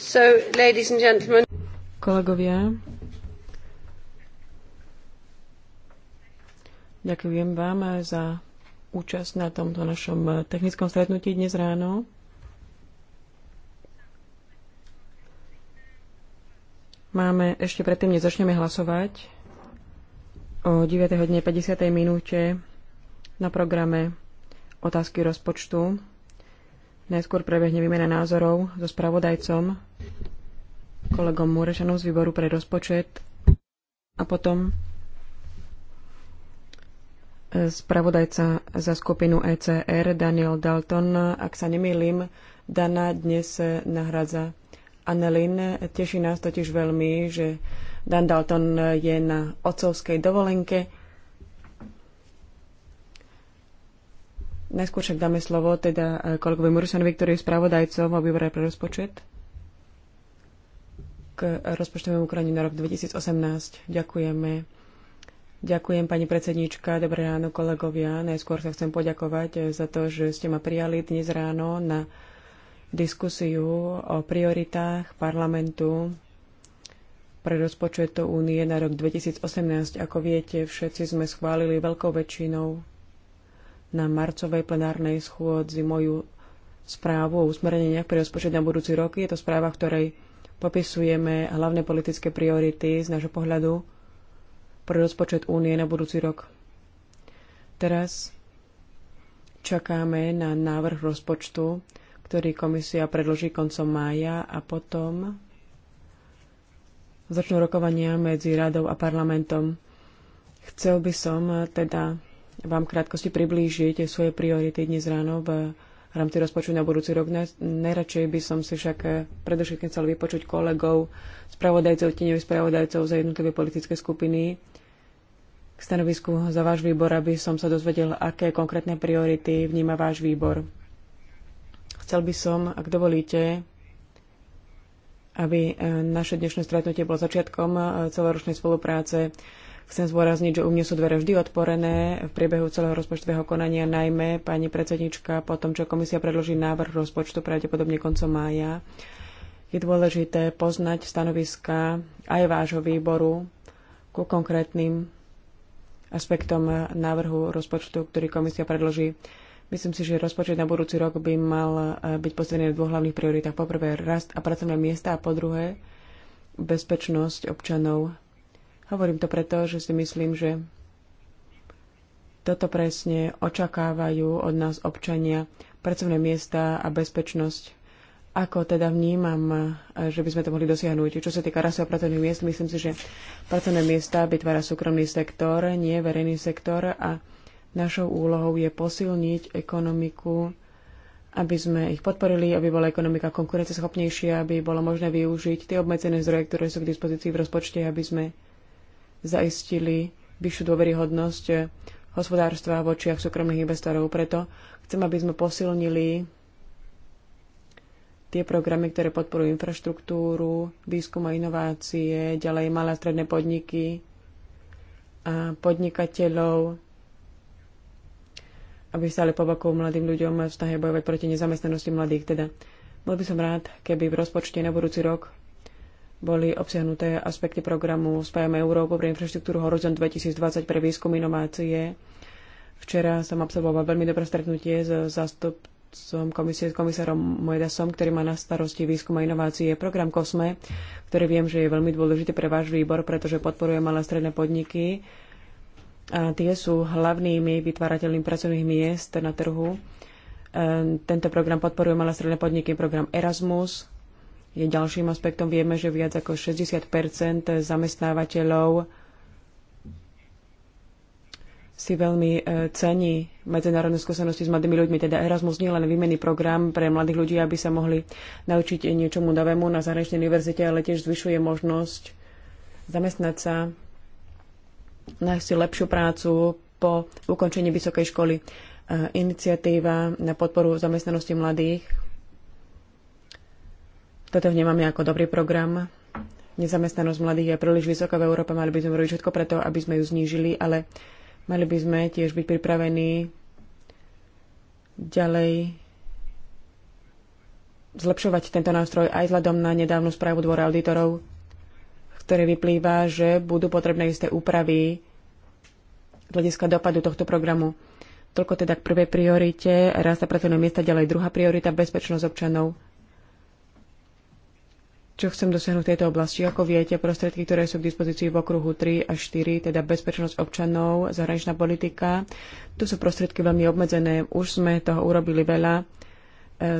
So, ladies and gentlemen. Kolegovia, ďakujem vám za účasť na tomto našom technickom stretnutí dnes ráno. Máme, ešte predtým, než začneme hlasovať, o 9.50 minúte na programe otázky rozpočtu Najskôr prebehne výmena názorov so spravodajcom, kolegom Múrešanom z výboru pre rozpočet a potom e, spravodajca za skupinu ECR Daniel Dalton. Ak sa nemýlim, Dana dnes nahradza Annelin. Teší nás totiž veľmi, že Dan Dalton je na ocovskej dovolenke Najskôr však dáme slovo teda eh, kolegovi Murusanovi, ktorý je spravodajcom o výbore pre rozpočet k rozpočtovému kraniu na rok 2018. Ďakujeme. Ďakujem, pani predsedníčka. Dobré ráno, kolegovia. Najskôr sa chcem poďakovať eh, za to, že ste ma prijali dnes ráno na diskusiu o prioritách parlamentu pre rozpočet únie na rok 2018. Ako viete, všetci sme schválili veľkou väčšinou na marcovej plenárnej schôdzi moju správu o usmerneniach pre rozpočet na budúci rok. Je to správa, v ktorej popisujeme hlavné politické priority z nášho pohľadu pre rozpočet únie na budúci rok. Teraz čakáme na návrh rozpočtu, ktorý komisia predloží koncom mája a potom začnú rokovania medzi radou a parlamentom. Chcel by som teda vám krátkosti priblížiť svoje priority dnes ráno v rámci rozpočtu na budúci rok. Najradšej by som si však predovšetkým chcel vypočuť kolegov, spravodajcov, tieňových spravodajcov za jednotlivé politické skupiny. K stanovisku za váš výbor, aby som sa dozvedel, aké konkrétne priority vníma váš výbor. Chcel by som, ak dovolíte, aby naše dnešné stretnutie bolo začiatkom celoročnej spolupráce Chcem zdôrazniť, že u mňa sú dvere vždy odporené v priebehu celého rozpočtového konania, najmä pani predsednička, po tom, čo komisia predloží návrh rozpočtu pravdepodobne koncom mája. Je dôležité poznať stanoviska aj vášho výboru ku konkrétnym aspektom návrhu rozpočtu, ktorý komisia predloží. Myslím si, že rozpočet na budúci rok by mal eh, byť postavený na dvoch hlavných prioritách. Po prvé rast a pracovné miesta a po druhé bezpečnosť občanov Hovorím to preto, že si myslím, že toto presne očakávajú od nás občania pracovné miesta a bezpečnosť. Ako teda vnímam, že by sme to mohli dosiahnuť? Čo sa týka rasy a pracovných miest, myslím si, že pracovné miesta vytvára súkromný sektor, nie verejný sektor a našou úlohou je posilniť ekonomiku, aby sme ich podporili, aby bola ekonomika konkurenceschopnejšia, aby bolo možné využiť tie obmedzené zdroje, ktoré sú k dispozícii v rozpočte, aby sme zaistili vyššiu dôveryhodnosť eh, hospodárstva v očiach súkromných investorov. Preto chcem, aby sme posilnili tie programy, ktoré podporujú infraštruktúru, výskum a inovácie, ďalej malé a stredné podniky a podnikateľov, aby stali po boku mladým ľuďom v snahe bojovať proti nezamestnanosti mladých. Teda bol by som rád, keby v rozpočte na budúci rok boli obsiahnuté aspekty programu Spájame Európu pre infraštruktúru Horizon 2020 pre výskum inovácie. Včera som absolvoval veľmi dobré stretnutie s zástupcom komisie, s komisárom Mojdasom, ktorý má na starosti výskum a inovácie program COSME, ktorý viem, že je veľmi dôležitý pre váš výbor, pretože podporuje malé stredné podniky a tie sú hlavnými vytvárateľmi pracovných miest na trhu. Ehm, tento program podporuje malé stredné podniky, program Erasmus, je ďalším aspektom. Vieme, že viac ako 60 zamestnávateľov si veľmi e, cení medzinárodné skúsenosti s mladými ľuďmi. Teda Erasmus nie len výmenný program pre mladých ľudí, aby sa mohli naučiť niečomu novému na zahraničnej univerzite, ale tiež zvyšuje možnosť zamestnať sa, nájsť si lepšiu prácu po ukončení vysokej školy. E, iniciatíva na podporu zamestnanosti mladých toto vnímame ako dobrý program. Nezamestnanosť mladých je príliš vysoká v Európe, mali by sme robiť všetko preto, aby sme ju znížili, ale mali by sme tiež byť pripravení ďalej zlepšovať tento nástroj aj vzhľadom na nedávnu správu dvora auditorov, ktoré vyplýva, že budú potrebné isté úpravy z hľadiska dopadu tohto programu. Toľko teda k prvej priorite, rast sa pracovné miesta, ďalej druhá priorita, bezpečnosť občanov čo chcem dosiahnuť v tejto oblasti. Ako viete, prostriedky, ktoré sú k dispozícii v okruhu 3 a 4, teda bezpečnosť občanov, zahraničná politika, tu sú prostriedky veľmi obmedzené. Už sme toho urobili veľa e,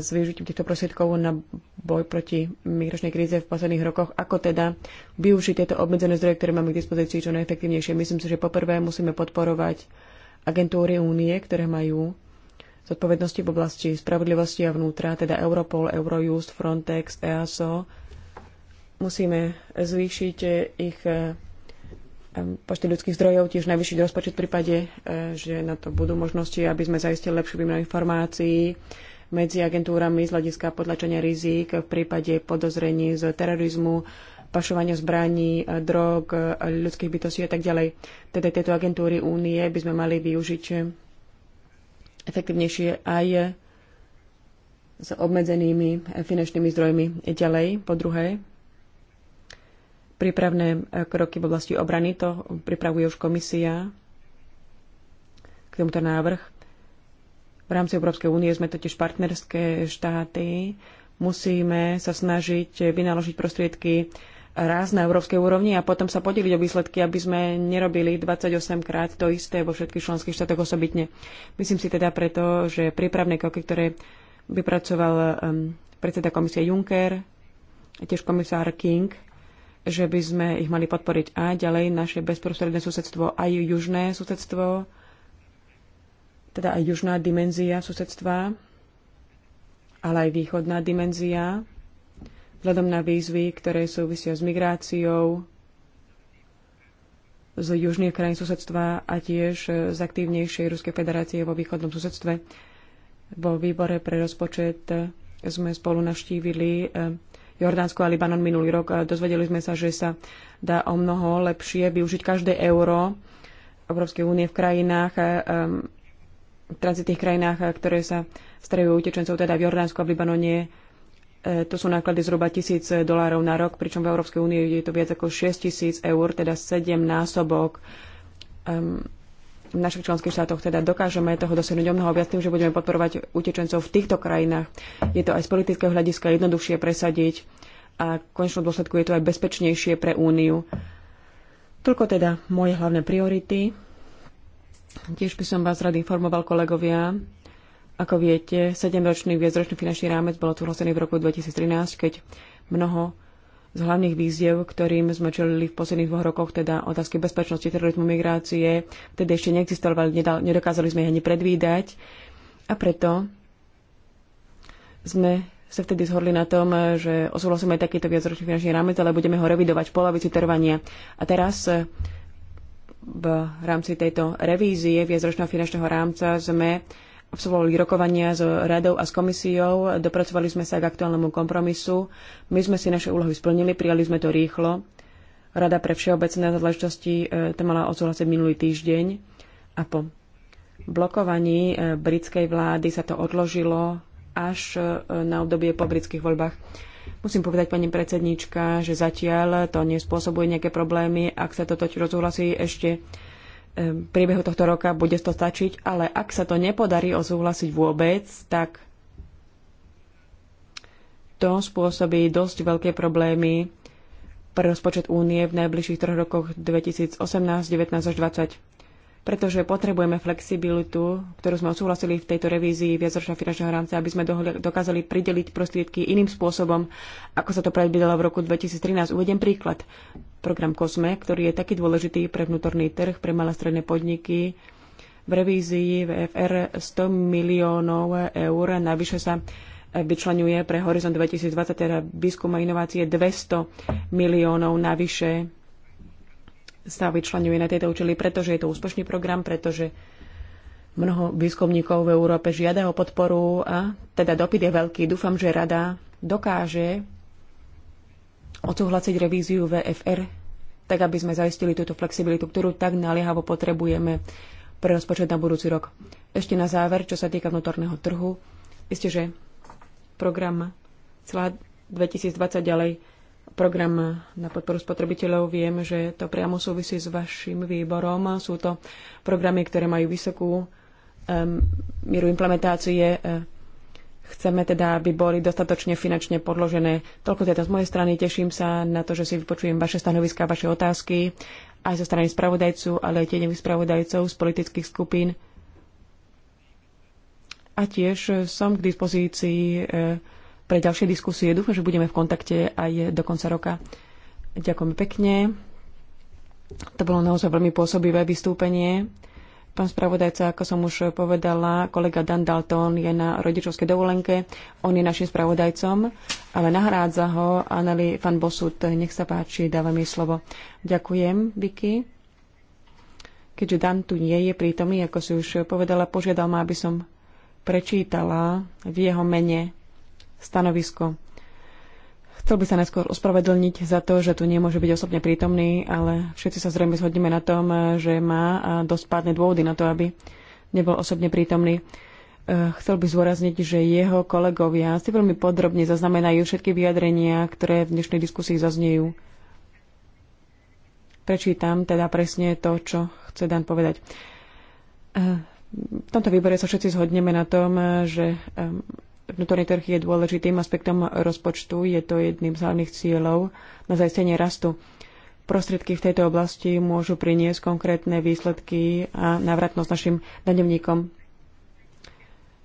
s využitím týchto prostriedkov na boj proti migračnej kríze v posledných rokoch. Ako teda využiť tieto obmedzené zdroje, ktoré máme k dispozícii čo najefektívnejšie? Myslím si, že poprvé musíme podporovať agentúry únie, ktoré majú zodpovednosti v oblasti spravodlivosti a vnútra, teda Europol, Eurojust, Frontex, EASO, Musíme zvýšiť eh, ich eh, počty ľudských zdrojov, tiež najvyšší rozpočet v prípade, eh, že na to budú možnosti, aby sme zaistili lepšiu výmenu informácií medzi agentúrami z hľadiska podlačenia rizík v prípade podozrení z terorizmu, pašovania zbraní, drog, ľudských bytostí a tak ďalej. Teda tieto agentúry únie by sme mali využiť efektívnejšie aj s obmedzenými finančnými zdrojmi. Ďalej, po druhé, Prípravné e, kroky v oblasti obrany to pripravuje už komisia k tomuto návrh. V rámci Európskej únie sme totiž partnerské štáty. Musíme sa snažiť vynaložiť prostriedky raz na európskej úrovni a potom sa podeliť o výsledky, aby sme nerobili 28 krát to isté vo všetkých členských štátoch osobitne. Myslím si teda preto, že prípravné kroky, ktoré vypracoval um, predseda komisie Juncker, tiež komisár King, že by sme ich mali podporiť aj ďalej naše bezprostredné susedstvo, aj južné susedstvo, teda aj južná dimenzia susedstva, ale aj východná dimenzia, vzhľadom na výzvy, ktoré súvisia s migráciou, z južných krajín susedstva a tiež z aktívnejšej Ruskej federácie vo východnom susedstve. Vo výbore pre rozpočet sme spolu navštívili eh, Jordánsko a Libanon minulý rok. Dozvedeli sme sa, že sa dá o mnoho lepšie využiť každé euro Európskej únie v krajinách, e, v tranzitných krajinách, e, ktoré sa starajú utečencov, teda v Jordánsku a v Libanone. E, to sú náklady zhruba tisíc dolárov na rok, pričom v Európskej únii je to viac ako 6 tisíc eur, teda 7 násobok v našich členských štátoch teda dokážeme toho dosiahnuť o mnoho viac tým, že budeme podporovať utečencov v týchto krajinách. Je to aj z politického hľadiska jednoduchšie presadiť a v konečnom dôsledku je to aj bezpečnejšie pre Úniu. Toľko teda moje hlavné priority. Tiež by som vás rád informoval, kolegovia. Ako viete, 7-ročný viacročný finančný rámec bol otvorený v roku 2013, keď mnoho z hlavných výziev, ktorým sme čelili v posledných dvoch rokoch, teda otázky bezpečnosti, terorizmu, migrácie, vtedy ešte neexistovali, nedokázali sme ich ani predvídať. A preto sme sa vtedy zhodli na tom, že osúhlasíme takýto viacročný finančný rámec, ale budeme ho revidovať v polovici trvania. A teraz v rámci tejto revízie viacročného finančného rámca sme absolvovali rokovania s radou a s komisiou, dopracovali sme sa k aktuálnemu kompromisu. My sme si naše úlohy splnili, prijali sme to rýchlo. Rada pre všeobecné záležitosti e, to mala odsúhlasiť minulý týždeň a po blokovaní e, britskej vlády sa to odložilo až e, na obdobie po britských voľbách. Musím povedať, pani predsednička, že zatiaľ to nespôsobuje nejaké problémy. Ak sa to totiž rozhlasí ešte priebehu tohto roka bude to stačiť, ale ak sa to nepodarí osúhlasiť vôbec, tak to spôsobí dosť veľké problémy pre rozpočet únie v najbližších troch rokoch 2018, 19 až 20 pretože potrebujeme flexibilitu, ktorú sme odsúhlasili v tejto revízii viacročného finančného rámca, aby sme dokázali prideliť prostriedky iným spôsobom, ako sa to predvidelo v roku 2013. Uvediem príklad. Program COSME, ktorý je taký dôležitý pre vnútorný trh, pre malé stredné podniky, v revízii VFR 100 miliónov eur, navyše sa vyčlenuje pre Horizon 2020, teda výskum a inovácie 200 miliónov navyše sa vyčlenuje na tieto účely, pretože je to úspešný program, pretože mnoho výskumníkov v Európe žiada o podporu a teda dopyt je veľký. Dúfam, že rada dokáže odsúhlasiť revíziu VFR, tak aby sme zaistili túto flexibilitu, ktorú tak naliehavo potrebujeme pre rozpočet na budúci rok. Ešte na záver, čo sa týka vnútorného trhu, isté, že program celá 2020 ďalej program na podporu spotrebiteľov. Viem, že to priamo súvisí s vašim výborom. Sú to programy, ktoré majú vysokú um, mieru implementácie. E, chceme teda, aby boli dostatočne finančne podložené. Toľko teda z mojej strany. Teším sa na to, že si vypočujem vaše stanoviská, vaše otázky aj zo strany spravodajcu, ale aj tieňových spravodajcov z politických skupín. A tiež som k dispozícii e, pre ďalšie diskusie. Dúfam, že budeme v kontakte aj do konca roka. Ďakujem pekne. To bolo naozaj veľmi pôsobivé vystúpenie. Pán spravodajca, ako som už povedala, kolega Dan Dalton je na rodičovskej dovolenke. On je našim spravodajcom, ale nahrádza ho Anneli van Bosut. Nech sa páči, dávam jej slovo. Ďakujem, Vicky. Keďže Dan tu nie je prítomný, ako si už povedala, požiadal ma, aby som prečítala v jeho mene stanovisko. Chcel by sa neskôr ospravedlniť za to, že tu nemôže byť osobne prítomný, ale všetci sa zrejme zhodneme na tom, že má dosť pádne dôvody na to, aby nebol osobne prítomný. E, chcel by zdôrazniť, že jeho kolegovia si veľmi podrobne zaznamenajú všetky vyjadrenia, ktoré v dnešnej diskusii zaznejú. Prečítam teda presne to, čo chce Dan povedať. E, v tomto výbore sa všetci zhodneme na tom, že e, Vnútorný trh je dôležitým aspektom rozpočtu, je to jedným z hlavných cieľov na zaistenie rastu. Prostriedky v tejto oblasti môžu priniesť konkrétne výsledky a návratnosť našim daňovníkom.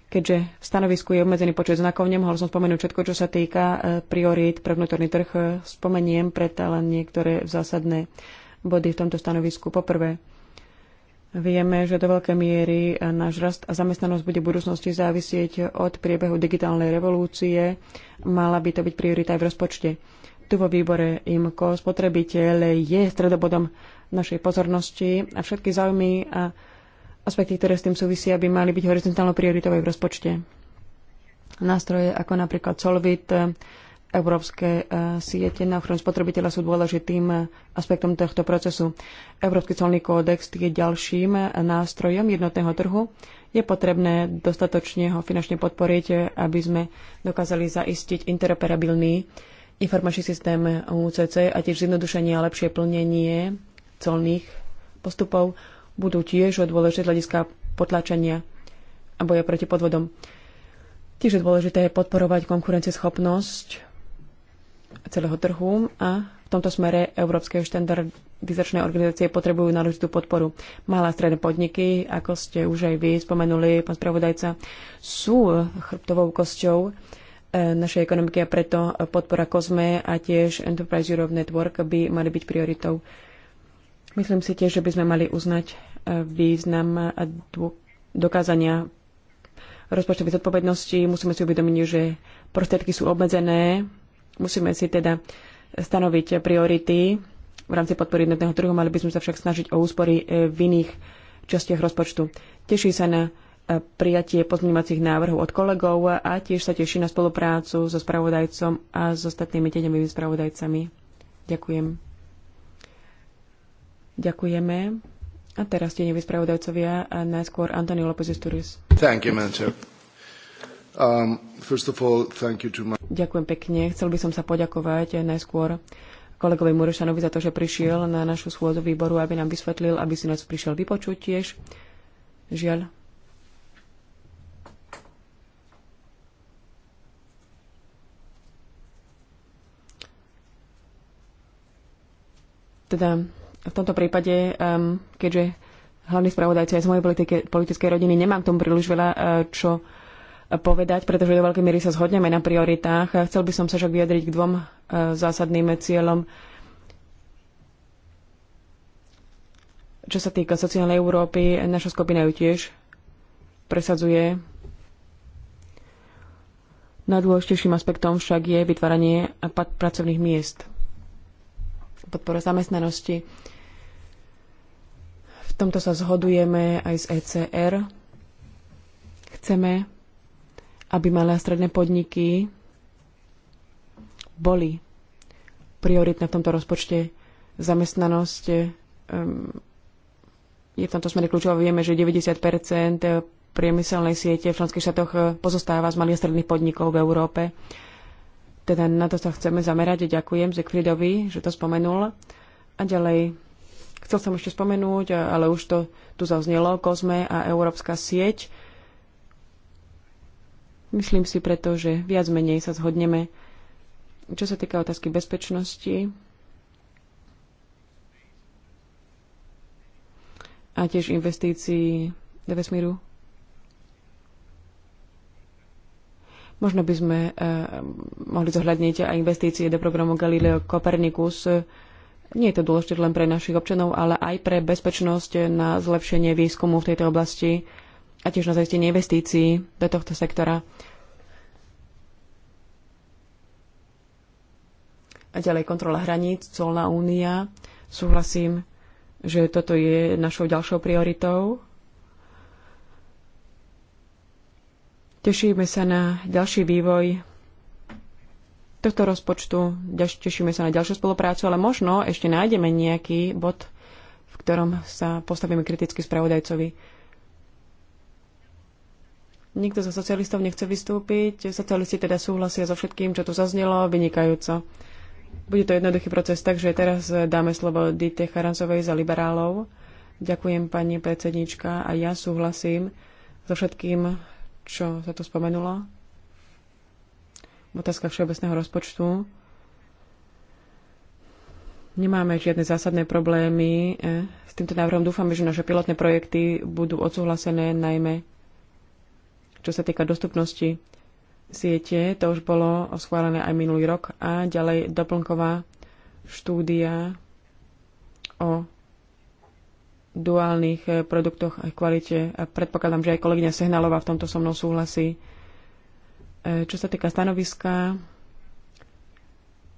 Keďže v stanovisku je obmedzený počet znakov, nemohol som spomenúť všetko, čo sa týka e, priorít pre vnútorný trh. Spomeniem preto len niektoré zásadné body v tomto stanovisku. Poprvé, Vieme, že do veľkej miery eh, náš rast a zamestnanosť bude v budúcnosti závisieť od priebehu digitálnej revolúcie. Mala by to byť priorita aj v rozpočte. Tu vo výbore IMKO spotrebiteľ je stredobodom našej pozornosti a všetky záujmy a aspekty, ktoré s tým súvisia, by mali byť horizontálnou prioritou aj v rozpočte. Nástroje ako napríklad Solvit, eh, Európske e, siete na ochranu spotrebiteľa sú dôležitým e, aspektom tohto procesu. Európsky colný kódex je ďalším e, nástrojom jednotného trhu. Je potrebné dostatočne ho finančne podporiť, aby sme dokázali zaistiť interoperabilný informačný systém UCC a tiež zjednodušenie a lepšie plnenie colných postupov budú tiež dôležité z hľadiska potlačenia a boja proti podvodom. Tiež je dôležité podporovať konkurencieschopnosť celého trhu a v tomto smere európske štandardizačné organizácie potrebujú náležitú podporu. Malé a stredné podniky, ako ste už aj vy spomenuli, pán spravodajca, sú chrbtovou kosťou eh, našej ekonomiky a preto podpora COSME a tiež Enterprise Europe Network by mali byť prioritou. Myslím si tiež, že by sme mali uznať eh, význam a dokázania rozpočtovej zodpovednosti. Musíme si uvedomiť, že prostriedky sú obmedzené Musíme si teda stanoviť priority v rámci podpory jednotného trhu, mali by sme sa však snažiť o úspory e, v iných častiach rozpočtu. Teší sa na e, prijatie pozmeňovacích návrhov od kolegov a tiež sa teší na spoluprácu so spravodajcom a s ostatnými tieňovými spravodajcami. Ďakujem. Ďakujeme. A teraz tieňoví spravodajcovia a najskôr Antonio López Isturiz. Thank you, Um, all, my... Ďakujem pekne. Chcel by som sa poďakovať najskôr kolegovi Murešanovi za to, že prišiel na našu schôdzu výboru, aby nám vysvetlil, aby si nás prišiel vypočuť tiež. Žiaľ. Teda v tomto prípade, um, keďže hlavný spravodajca je z mojej politike, politickej rodiny, nemám k tomu príliš veľa, uh, čo povedať, pretože do veľkej miery sa zhodneme na prioritách. Chcel by som sa však vyjadriť k dvom e, zásadným cieľom. Čo sa týka sociálnej Európy, naša skupina ju tiež presadzuje. Najdôležitejším aspektom však je vytváranie pracovných miest, podpora zamestnanosti. V tomto sa zhodujeme aj z ECR. Chceme aby malé a stredné podniky boli prioritné v tomto rozpočte. Zamestnanosť je v tomto smere kľúčová. Vieme, že 90 priemyselnej siete v členských štátoch eh, pozostáva z malých a stredných podnikov v Európe. Teda na to sa chceme zamerať. Ďakujem Zekfridovi, že to spomenul. A ďalej, chcel som ešte spomenúť, eh, ale už to tu zaznelo, Kozme a Európska sieť Myslím si preto, že viac menej sa zhodneme, čo sa týka otázky bezpečnosti a tiež investícií do vesmíru. Možno by sme uh, mohli zohľadniť aj investície do programu Galileo Copernicus. Nie je to dôležité len pre našich občanov, ale aj pre bezpečnosť na zlepšenie výskumu v tejto oblasti a tiež na zaistenie investícií do tohto sektora. A ďalej kontrola hraníc, colná únia. Súhlasím, že toto je našou ďalšou prioritou. Tešíme sa na ďalší vývoj tohto rozpočtu, tešíme sa na ďalšiu spoluprácu, ale možno ešte nájdeme nejaký bod, v ktorom sa postavíme kriticky spravodajcovi. Nikto za socialistov nechce vystúpiť. Socialisti teda súhlasia so všetkým, čo tu zaznelo, vynikajúco. Bude to jednoduchý proces, takže teraz eh, dáme slovo Dite Charanzovej za liberálov. Ďakujem pani predsednička a ja súhlasím so všetkým, čo sa tu spomenulo v otázkach všeobecného rozpočtu. Nemáme žiadne zásadné problémy eh, s týmto návrhom. Dúfame, že naše pilotné projekty budú odsúhlasené najmä čo sa týka dostupnosti siete, to už bolo schválené aj minulý rok, a ďalej doplnková štúdia o duálnych eh, produktoch a kvalite. A predpokladám, že aj kolegyňa Sehnalová v tomto so mnou súhlasí. Eh, čo sa týka stanoviska,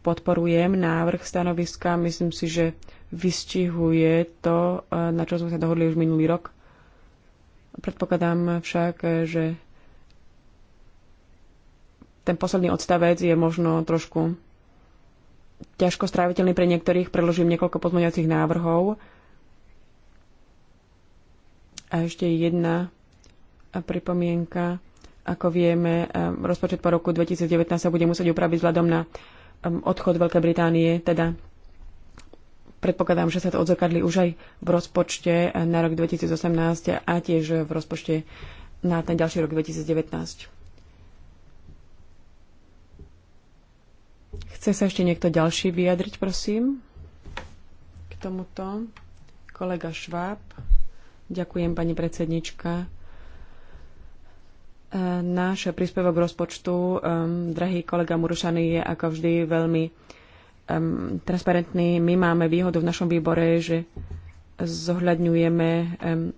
podporujem návrh stanoviska. Myslím si, že vystihuje to, eh, na čo sme sa dohodli už minulý rok. Predpokladám však, že ten posledný odstavec je možno trošku ťažko stráviteľný pre niektorých. Predložím niekoľko pozmeňovacích návrhov. A ešte jedna pripomienka. Ako vieme, rozpočet po roku 2019 sa bude musieť upraviť vzhľadom na odchod Veľkej Británie, teda predpokladám, že sa to odzrkadli už aj v rozpočte na rok 2018 a tiež v rozpočte na ten ďalší rok 2019. Chce sa ešte niekto ďalší vyjadriť, prosím, k tomuto? Kolega Šváb. Ďakujem, pani predsednička. E, náš príspevok k rozpočtu, um, drahý kolega Murušany, je ako vždy veľmi um, transparentný. My máme výhodu v našom výbore, že zohľadňujeme um,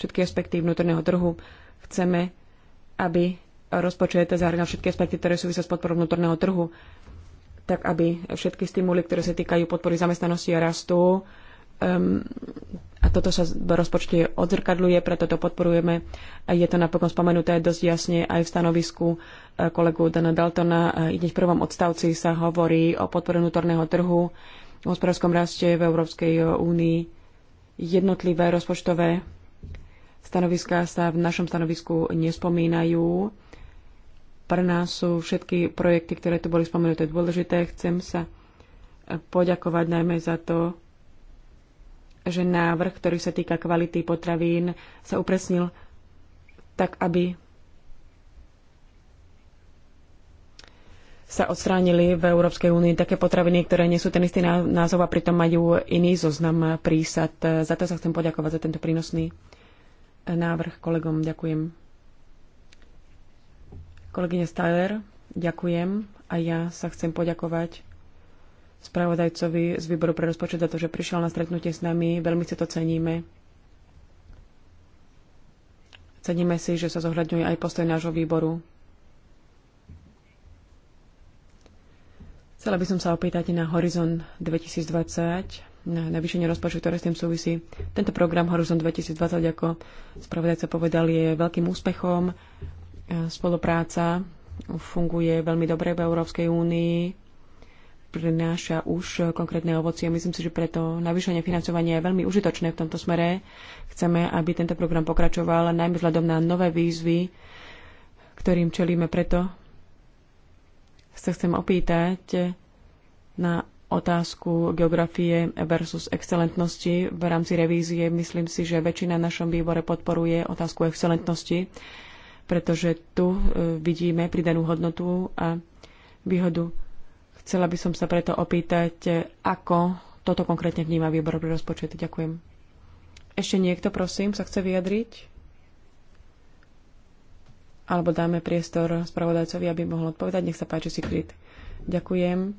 všetky aspekty vnútorného trhu. Chceme, aby rozpočet zahrňa všetky aspekty, ktoré súvisia s podporou vnútorného trhu, tak aby všetky stimuly, ktoré sa týkajú podpory zamestnanosti a rastu, um, a toto sa v rozpočte odzrkadľuje, preto to podporujeme. A je to napokon spomenuté dosť jasne aj v stanovisku uh, kolegu Dana Daltona. Ide uh, v prvom odstavci sa hovorí o podpore vnútorného trhu, v hospodárskom raste v Európskej uh, únii. Jednotlivé rozpočtové stanoviská sa v našom stanovisku nespomínajú. Pre nás sú všetky projekty, ktoré tu boli spomenuté, dôležité. Chcem sa poďakovať najmä za to, že návrh, ktorý sa týka kvality potravín, sa upresnil tak, aby sa odstránili v Európskej únii také potraviny, ktoré nie sú ten istý názov a pritom majú iný zoznam prísad. Za to sa chcem poďakovať za tento prínosný návrh kolegom. Ďakujem. Kolegyne Styler, ďakujem a ja sa chcem poďakovať spravodajcovi z výboru pre rozpočet za to, že prišiel na stretnutie s nami. Veľmi si to ceníme. Ceníme si, že sa zohľadňuje aj postoj nášho výboru. Chcela by som sa opýtať na Horizon 2020 na navýšenie rozpočtu, ktoré s tým súvisí. Tento program Horizon 2020, ako spravodajca povedal, je veľkým úspechom. Spolupráca funguje veľmi dobre v Európskej únii, prináša už konkrétne ovocie. Myslím si, že preto navýšenie financovania je veľmi užitočné v tomto smere. Chceme, aby tento program pokračoval, najmä vzhľadom na nové výzvy, ktorým čelíme preto. Sa chcem opýtať na otázku geografie versus excelentnosti v rámci revízie. Myslím si, že väčšina v našom výbore podporuje otázku excelentnosti. Mm pretože tu e, vidíme pridanú hodnotu a výhodu. Chcela by som sa preto opýtať, e, ako toto konkrétne vníma výbor pre rozpočet. Ďakujem. Ešte niekto, prosím, sa chce vyjadriť? Alebo dáme priestor spravodajcovi, aby mohol odpovedať. Nech sa páči, si kryt. Ďakujem.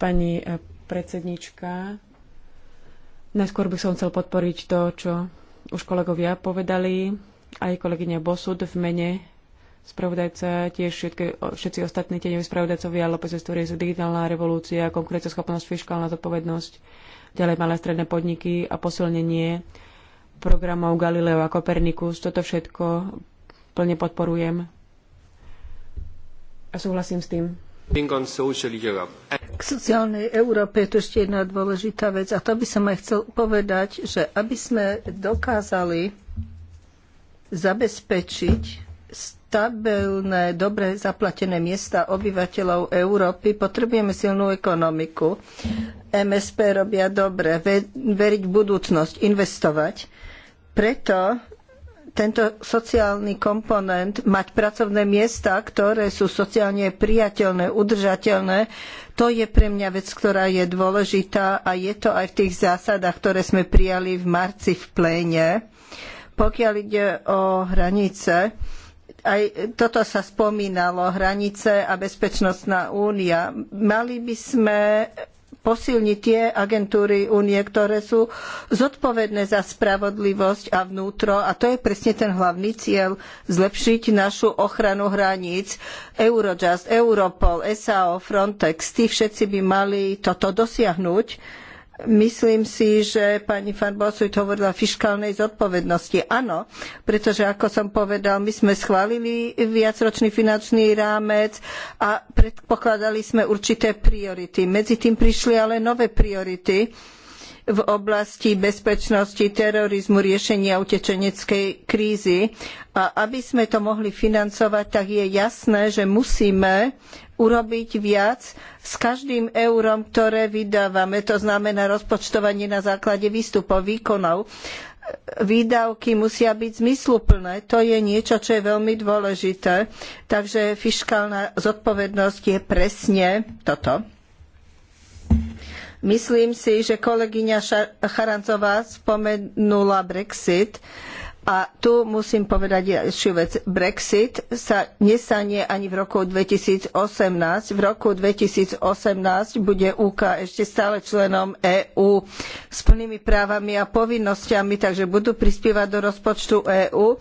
Pani e, predsednička, najskôr by som chcel podporiť to, čo už kolegovia povedali aj kolegyňa Bosud v mene spravodajca, tiež všetky, všetci ostatní tieňoví spravodajcovia, Lopez Estoriz, digitálna revolúcia, konkurenceschopnosť, fiskálna zodpovednosť, ďalej malé stredné podniky a posilnenie programov Galileo a Kopernikus. Toto všetko plne podporujem a súhlasím s tým. K sociálnej Európe je to ešte jedna dôležitá vec a to by som aj chcel povedať, že aby sme dokázali zabezpečiť stabilné, dobre zaplatené miesta obyvateľov Európy, potrebujeme silnú ekonomiku. MSP robia dobre, veriť v budúcnosť, investovať. Preto tento sociálny komponent, mať pracovné miesta, ktoré sú sociálne prijateľné, udržateľné, to je pre mňa vec, ktorá je dôležitá a je to aj v tých zásadách, ktoré sme prijali v marci v pléne pokiaľ ide o hranice, aj toto sa spomínalo, hranice a bezpečnostná únia. Mali by sme posilniť tie agentúry únie, ktoré sú zodpovedné za spravodlivosť a vnútro. A to je presne ten hlavný cieľ, zlepšiť našu ochranu hraníc. Eurojust, Europol, SAO, Frontex, tí všetci by mali toto dosiahnuť Myslím si, že pani Farbosuit hovorila o fiškálnej zodpovednosti. Áno, pretože ako som povedal, my sme schválili viacročný finančný rámec a predpokladali sme určité priority. Medzi tým prišli ale nové priority v oblasti bezpečnosti, terorizmu, riešenia utečeneckej krízy. A aby sme to mohli financovať, tak je jasné, že musíme urobiť viac s každým eurom, ktoré vydávame. To znamená rozpočtovanie na základe výstupov, výkonov výdavky musia byť zmysluplné. To je niečo, čo je veľmi dôležité. Takže fiškálna zodpovednosť je presne toto. Myslím si, že kolegyňa Charancová spomenula Brexit. A tu musím povedať ďalšiu vec. Brexit sa nestane ani v roku 2018. V roku 2018 bude UK ešte stále členom EÚ s plnými právami a povinnosťami, takže budú prispievať do rozpočtu EÚ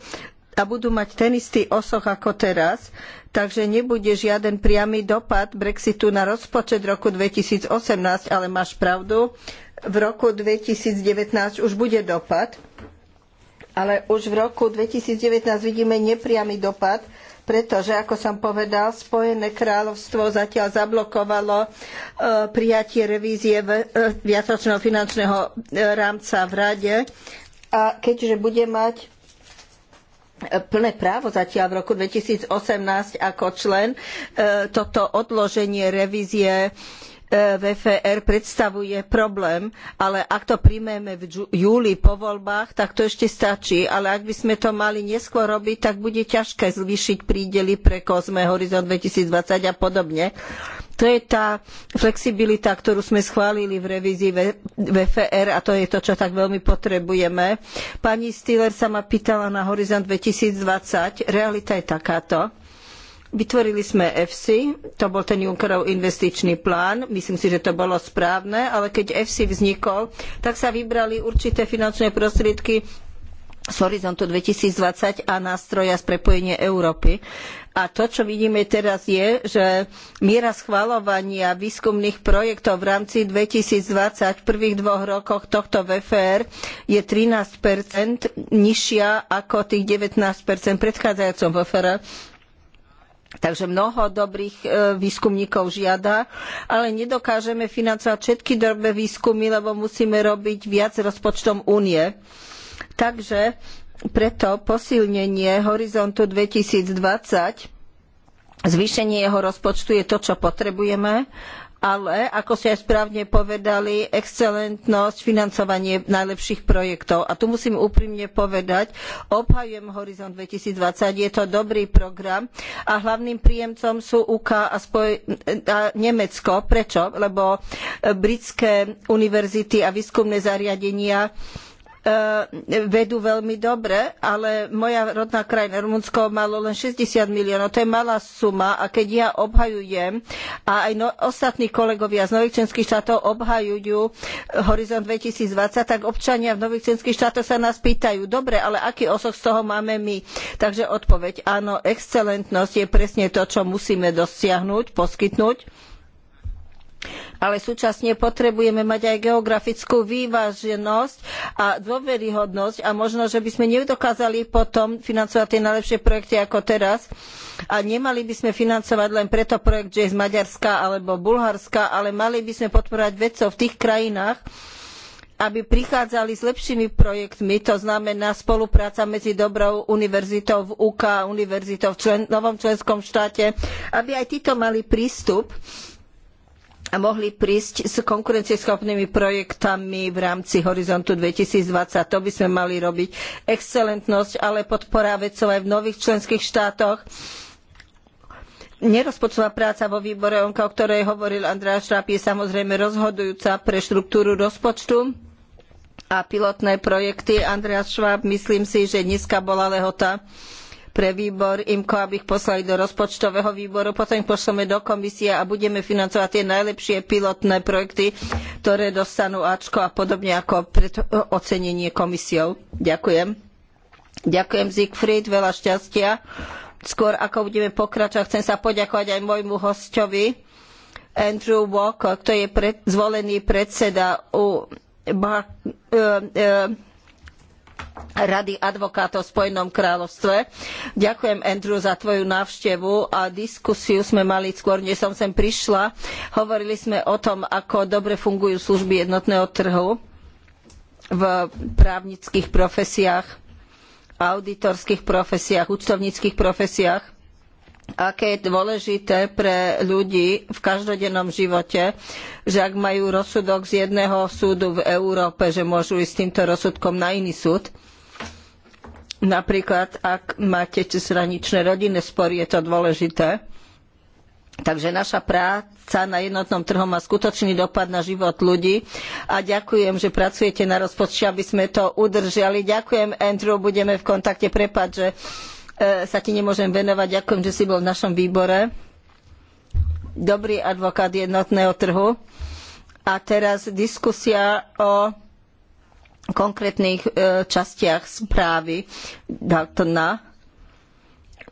a budú mať ten istý osoch ako teraz takže nebude žiaden priamy dopad Brexitu na rozpočet roku 2018, ale máš pravdu, v roku 2019 už bude dopad, ale už v roku 2019 vidíme nepriamy dopad, pretože, ako som povedal, Spojené kráľovstvo zatiaľ zablokovalo e, prijatie revízie e, viacročného finančného e, rámca v Rade a keďže bude mať plné právo zatiaľ v roku 2018 ako člen. E, toto odloženie revízie e, VFR predstavuje problém, ale ak to príjmeme v júli po voľbách, tak to ešte stačí. Ale ak by sme to mali neskôr robiť, tak bude ťažké zvýšiť prídely pre Kozme, Horizont 2020 a podobne. To je tá flexibilita, ktorú sme schválili v revízii VFR a to je to, čo tak veľmi potrebujeme. Pani Stiller sa ma pýtala na Horizont 2020. Realita je takáto. Vytvorili sme EFSI, to bol ten Junckerov investičný plán, myslím si, že to bolo správne, ale keď EFSI vznikol, tak sa vybrali určité finančné prostriedky z Horizontu 2020 a nástroja z prepojenie Európy. A to, čo vidíme teraz je, že miera schvalovania výskumných projektov v rámci 2020 v prvých dvoch rokoch tohto VFR je 13 nižšia ako tých 19 v predchádzajúcom VFR. Takže mnoho dobrých e, výskumníkov žiada, ale nedokážeme financovať všetky dobré výskumy, lebo musíme robiť viac rozpočtom únie. Takže preto posilnenie horizontu 2020, zvýšenie jeho rozpočtu je to, čo potrebujeme, ale ako ste aj správne povedali, excelentnosť, financovanie najlepších projektov. A tu musím úprimne povedať, obhajujem Horizont 2020, je to dobrý program a hlavným príjemcom sú UK a, Spoj- a Nemecko. Prečo? Lebo e, britské univerzity a výskumné zariadenia E, vedú veľmi dobre, ale moja rodná krajina Rumunsko malo len 60 miliónov. To je malá suma a keď ja obhajujem a aj no, ostatní kolegovia z nových členských štátov obhajujú e, Horizont 2020, tak občania v nových členských štátoch sa nás pýtajú, dobre, ale aký osoch z toho máme my? Takže odpoveď, áno, excelentnosť je presne to, čo musíme dosiahnuť, poskytnúť ale súčasne potrebujeme mať aj geografickú vyváženosť a dôveryhodnosť a možno, že by sme nedokázali potom financovať tie najlepšie projekty ako teraz a nemali by sme financovať len preto projekt, že je z Maďarska alebo Bulharska, ale mali by sme podporovať vedcov v tých krajinách, aby prichádzali s lepšími projektmi to znamená spolupráca medzi dobrou univerzitou v uk a univerzitou v člen, novom členskom štáte aby aj títo mali prístup k a mohli prísť s konkurencieschopnými projektami v rámci Horizontu 2020. To by sme mali robiť. Excelentnosť, ale podpora vedcov aj v nových členských štátoch. Nerozpočtová práca vo výbore ONKA, o ktorej hovoril Andreas Šrap, je samozrejme rozhodujúca pre štruktúru rozpočtu a pilotné projekty. Andreas Šváb, myslím si, že dneska bola lehota pre výbor IMKO, aby ich poslali do rozpočtového výboru, potom ich pošleme do komisie a budeme financovať tie najlepšie pilotné projekty, ktoré dostanú Ačko a podobne ako e, ocenenie komisiou. Ďakujem. Ďakujem Siegfried, veľa šťastia. Skôr ako budeme pokračovať, chcem sa poďakovať aj môjmu hostovi, Andrew Walker, ktorý je pred, zvolený predseda u, ba, e, e, Rady advokátov v Spojenom kráľovstve. Ďakujem, Andrew, za tvoju návštevu a diskusiu sme mali skôr, než som sem prišla. Hovorili sme o tom, ako dobre fungujú služby jednotného trhu v právnických profesiách, auditorských profesiách, účtovníckých profesiách aké je dôležité pre ľudí v každodennom živote, že ak majú rozsudok z jedného súdu v Európe, že môžu ísť s týmto rozsudkom na iný súd. Napríklad, ak máte cezhraničné rodinné spory, je to dôležité. Takže naša práca na jednotnom trhu má skutočný dopad na život ľudí a ďakujem, že pracujete na rozpočte, aby sme to udržali. Ďakujem, Andrew, budeme v kontakte. Prepad, že E, sa ti nemôžem venovať. Ďakujem, že si bol v našom výbore. Dobrý advokát jednotného trhu. A teraz diskusia o konkrétnych e, častiach správy Daltona.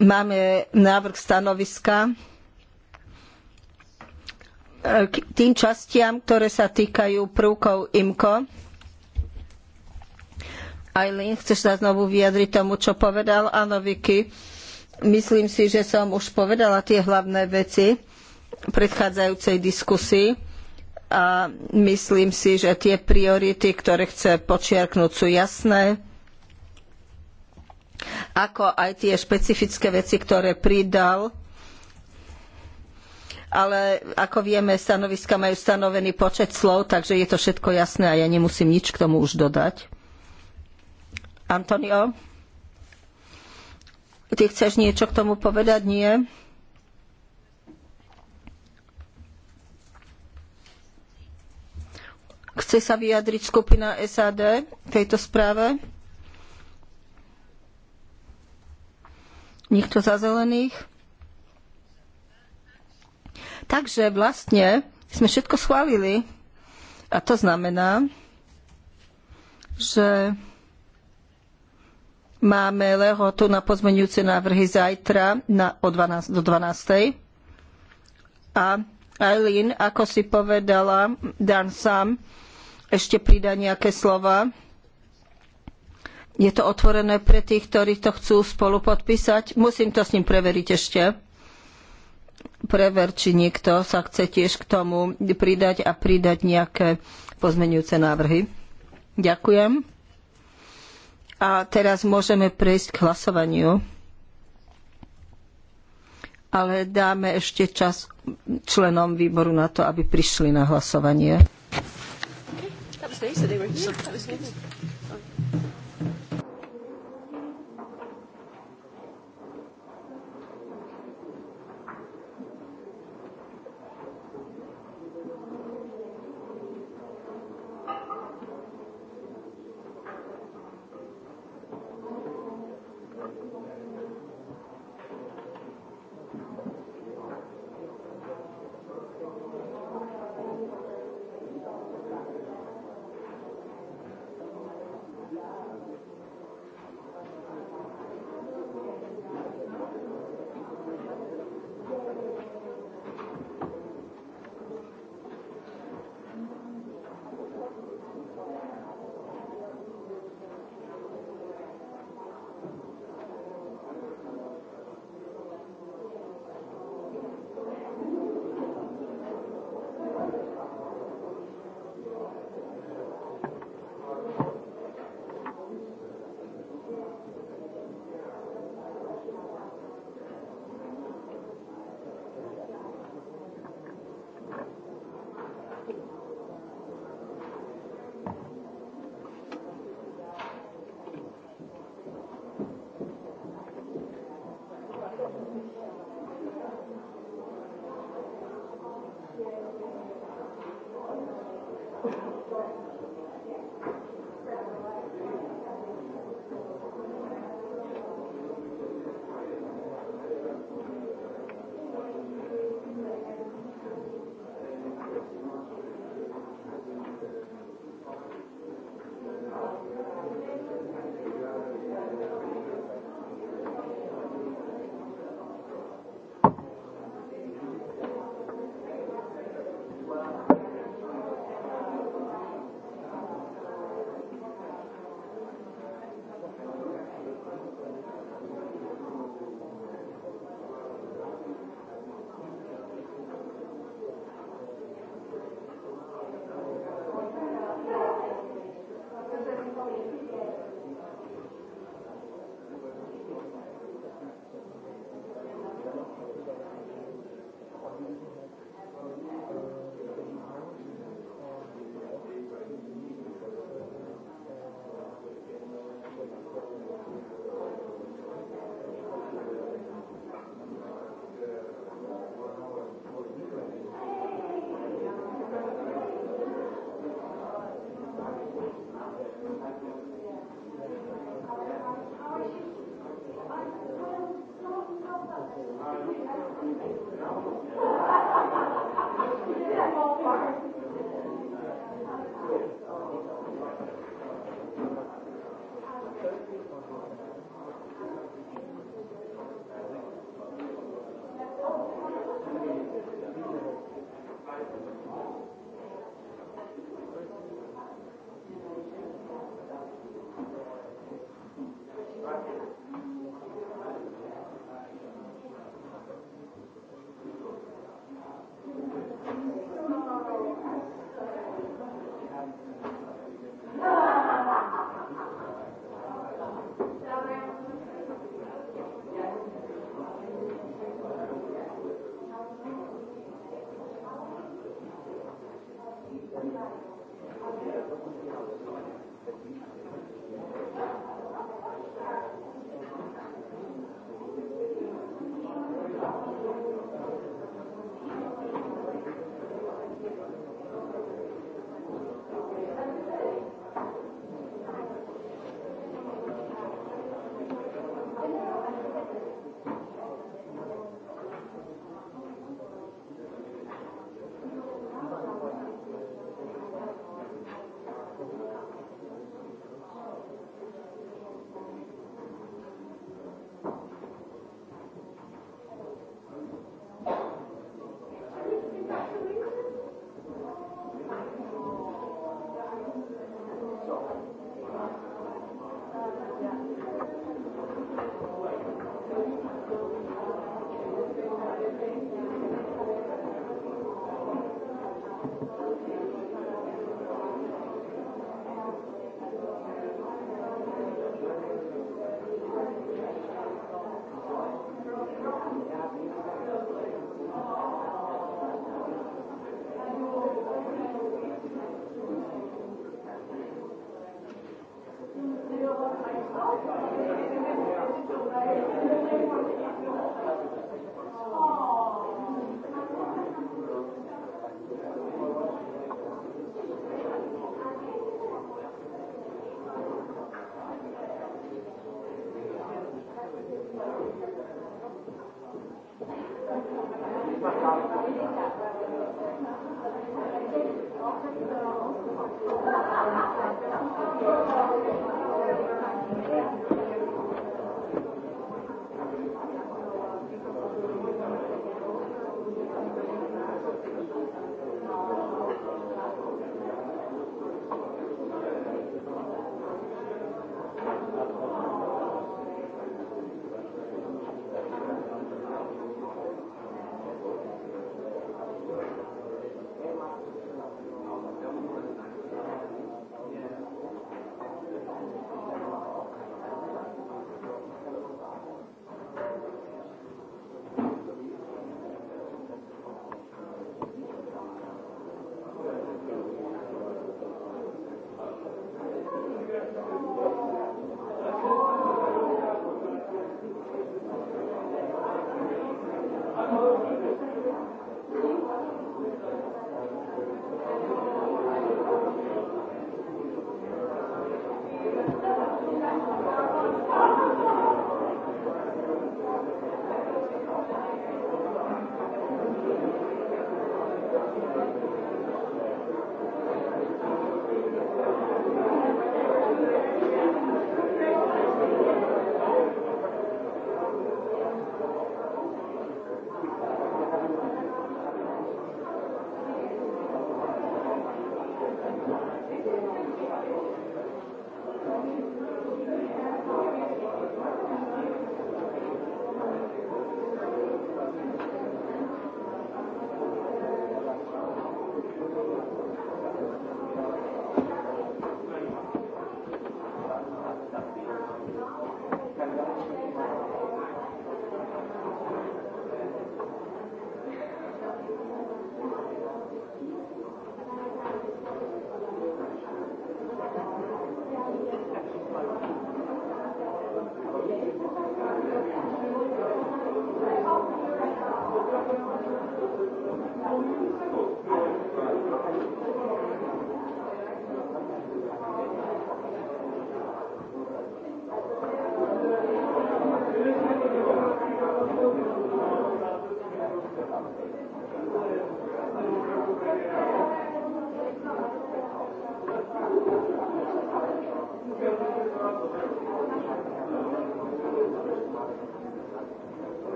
Máme návrh stanoviska k tým častiam, ktoré sa týkajú prvkov IMCO Eileen, chceš sa znovu vyjadriť tomu, čo povedal? Áno, Vicky. Myslím si, že som už povedala tie hlavné veci v predchádzajúcej diskusii a myslím si, že tie priority, ktoré chce počiarknúť, sú jasné ako aj tie špecifické veci, ktoré pridal. Ale ako vieme, stanoviska majú stanovený počet slov, takže je to všetko jasné a ja nemusím nič k tomu už dodať. Antonio, ty chceš niečo k tomu povedať? Nie. Chce sa vyjadriť skupina SAD v tejto správe? Nikto za zelených? Takže vlastne sme všetko schválili. A to znamená, že Máme lehotu na pozmeňujúce návrhy zajtra na, o 12, do 12. A Eileen, ako si povedala, Dan sám ešte pridá nejaké slova. Je to otvorené pre tých, ktorí to chcú spolu podpísať? Musím to s ním preveriť ešte. Prever, či niekto sa chce tiež k tomu pridať a pridať nejaké pozmeňujúce návrhy. Ďakujem. A teraz môžeme prejsť k hlasovaniu. Ale dáme ešte čas členom výboru na to, aby prišli na hlasovanie. Okay.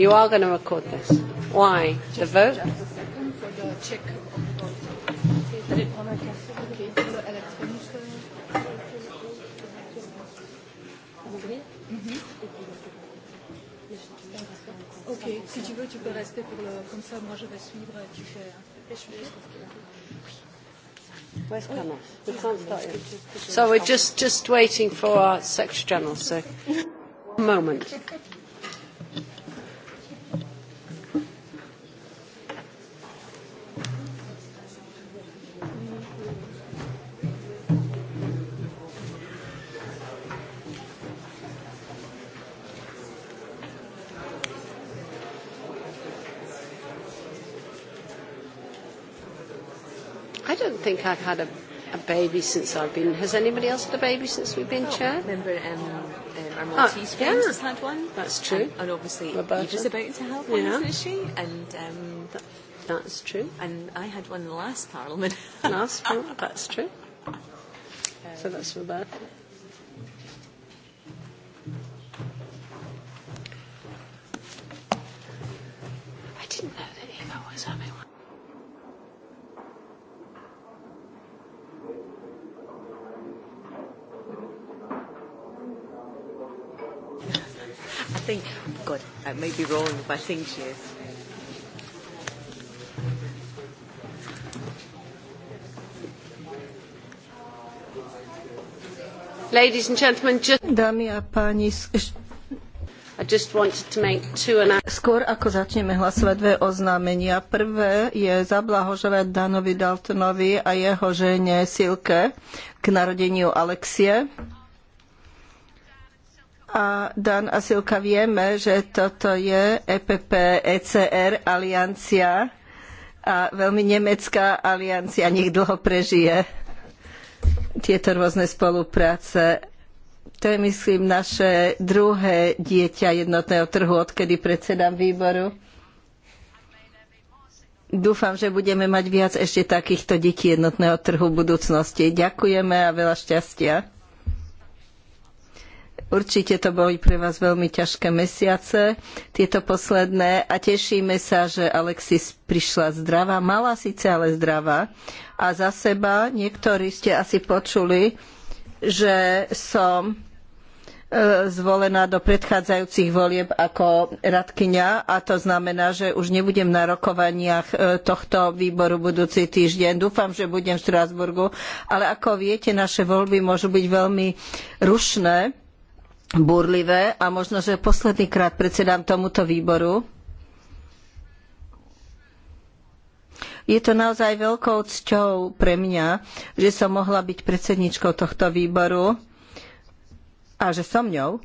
You are going to record this. Why? The vote? Ok, si tu veux, tu peux rester pour le... Comme ça, moi, je vais suivre et euh, tu fais... So we're just, just waiting for our Secretary General, so... One moment. think I've had a, a baby since I've been. Has anybody else had a baby since we've been oh, chair? Remember, um, um, our oh, Maltese oh, friends yeah. has had one. That's true. And, and obviously, Roberta. Eva's about to have one, yeah. isn't she? And um, that, that's true. And I had one in the last Parliament. last Parliament. That's true. Um, so that's Roberta. I think she is. Ladies and gentlemen, just... Dámy a páni, i just wanted to make two and... Skôr ako začneme hlasovať dve oznámenia. Prvé je zablahoželať Danovi Daltonovi a jeho žene Silke k narodeniu Alexie a Dan a Silka vieme, že toto je EPP, ECR, aliancia a veľmi nemecká aliancia, nech dlho prežije tieto rôzne spolupráce. To je, myslím, naše druhé dieťa jednotného trhu, odkedy predsedám výboru. Dúfam, že budeme mať viac ešte takýchto detí jednotného trhu v budúcnosti. Ďakujeme a veľa šťastia. Určite to boli pre vás veľmi ťažké mesiace, tieto posledné, a tešíme sa, že Alexis prišla zdravá, malá síce, ale zdravá. A za seba, niektorí ste asi počuli, že som e, zvolená do predchádzajúcich volieb ako radkyňa a to znamená, že už nebudem na rokovaniach e, tohto výboru budúci týždeň. Dúfam, že budem v Strasburgu, ale ako viete, naše voľby môžu byť veľmi rušné burlivé a možno, že poslednýkrát predsedám tomuto výboru. Je to naozaj veľkou cťou pre mňa, že som mohla byť predsedničkou tohto výboru a že som ňou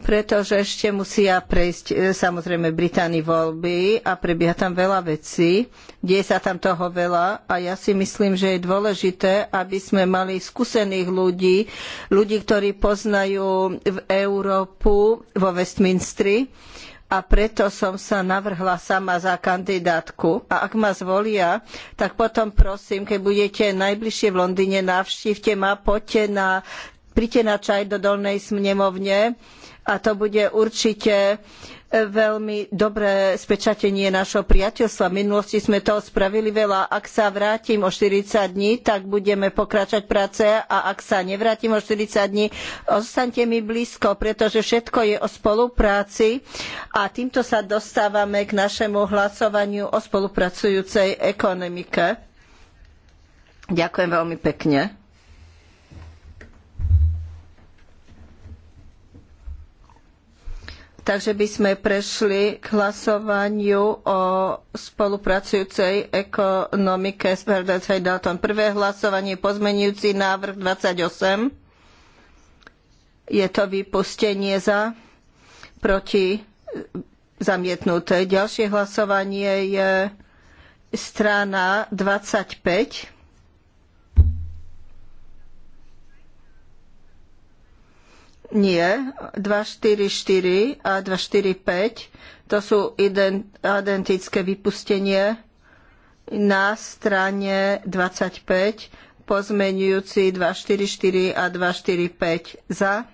pretože ešte musia prejsť e, samozrejme Británii voľby a prebieha tam veľa vecí. Deje sa tam toho veľa a ja si myslím, že je dôležité, aby sme mali skúsených ľudí, ľudí, ktorí poznajú v Európu vo Westminstri a preto som sa navrhla sama za kandidátku. A ak ma zvolia, tak potom prosím, keď budete najbližšie v Londýne, navštívte ma, poďte na príďte na čaj do Dolnej snemovne a to bude určite e, veľmi dobré spečatenie našho priateľstva. V minulosti sme toho spravili veľa. Ak sa vrátim o 40 dní, tak budeme pokračovať práce a ak sa nevrátim o 40 dní, ostaňte mi blízko, pretože všetko je o spolupráci a týmto sa dostávame k našemu hlasovaniu o spolupracujúcej ekonomike. Ďakujem veľmi pekne. Takže by sme prešli k hlasovaniu o spolupracujúcej ekonomike s Verdecej Dalton. Prvé hlasovanie pozmenujúci návrh 28. Je to vypustenie za, proti zamietnuté. Ďalšie hlasovanie je strana 25. Nie, 244 a 245 to sú identické vypustenie na strane 25 pozmenujúci 244 a 245 za,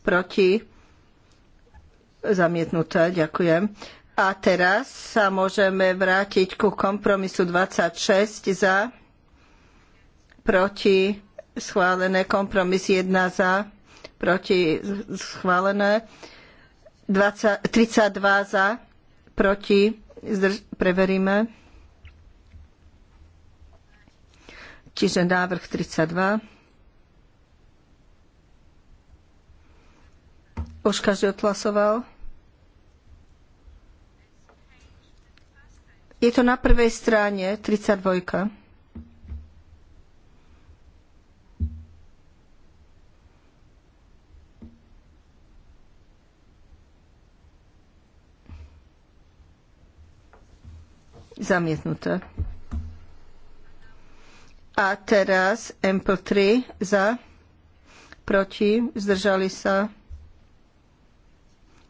proti, zamietnuté, ďakujem. A teraz sa môžeme vrátiť ku kompromisu 26 za, proti, schválené kompromis 1 za, proti schválené, 20, 32 za, proti, zdrž, preveríme. Čiže návrh 32. Už každý odhlasoval? Je to na prvej strane, 32. Zamietnuté. A teraz MP3 za, proti, zdržali sa,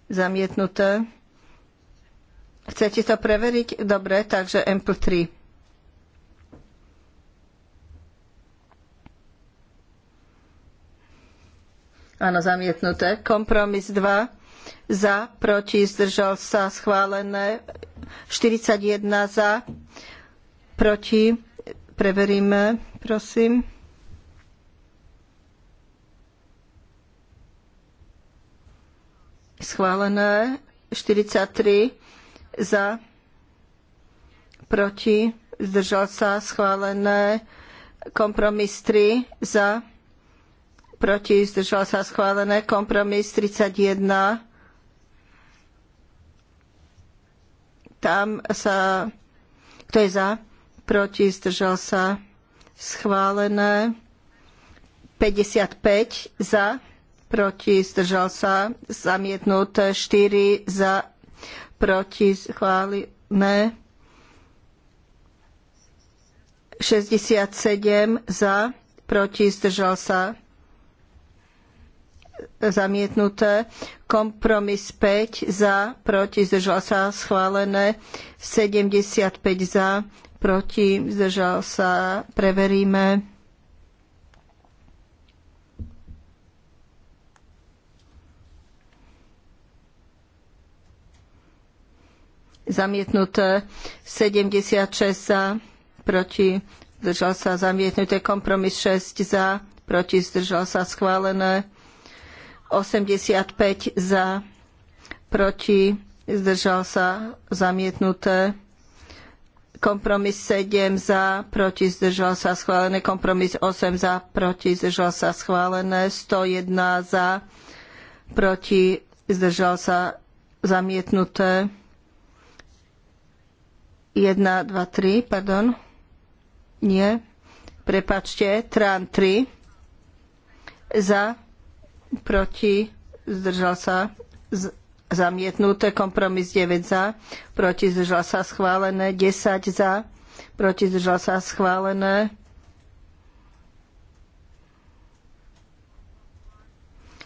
zamietnuté. Chcete to preveriť? Dobre, takže MP3. Áno, zamietnuté. Kompromis 2 za, proti, zdržal sa, schválené. 41 za, proti, preveríme, prosím. Schválené. 43 za, proti, zdržal sa, schválené. Kompromis 3 za, proti, zdržal sa, schválené. Kompromis 31 tam sa... Kto je za? Proti? Zdržal sa? Schválené. 55 za, proti, zdržal sa, zamietnuté 4 za, proti, schválené 67 za, proti, zdržal sa, zamietnuté, kompromis 5 za, proti, zdržal sa, schválené, 75 za, proti, zdržal sa, preveríme. Zamietnuté 76 za, proti, zdržal sa, zamietnuté kompromis 6 za, proti, zdržal sa, schválené 85 za, proti, zdržal sa, zamietnuté. Kompromis 7 za, proti, zdržal sa, schválené. Kompromis 8 za, proti, zdržal sa, schválené. 101 za, proti, zdržal sa, zamietnuté. 1, 2, 3, pardon. Nie. Prepačte, Trán 3. Za, proti, zdržal sa, zamietnuté, kompromis 9 za, proti, zdržal sa, schválené, 10 za, proti, zdržal sa, schválené,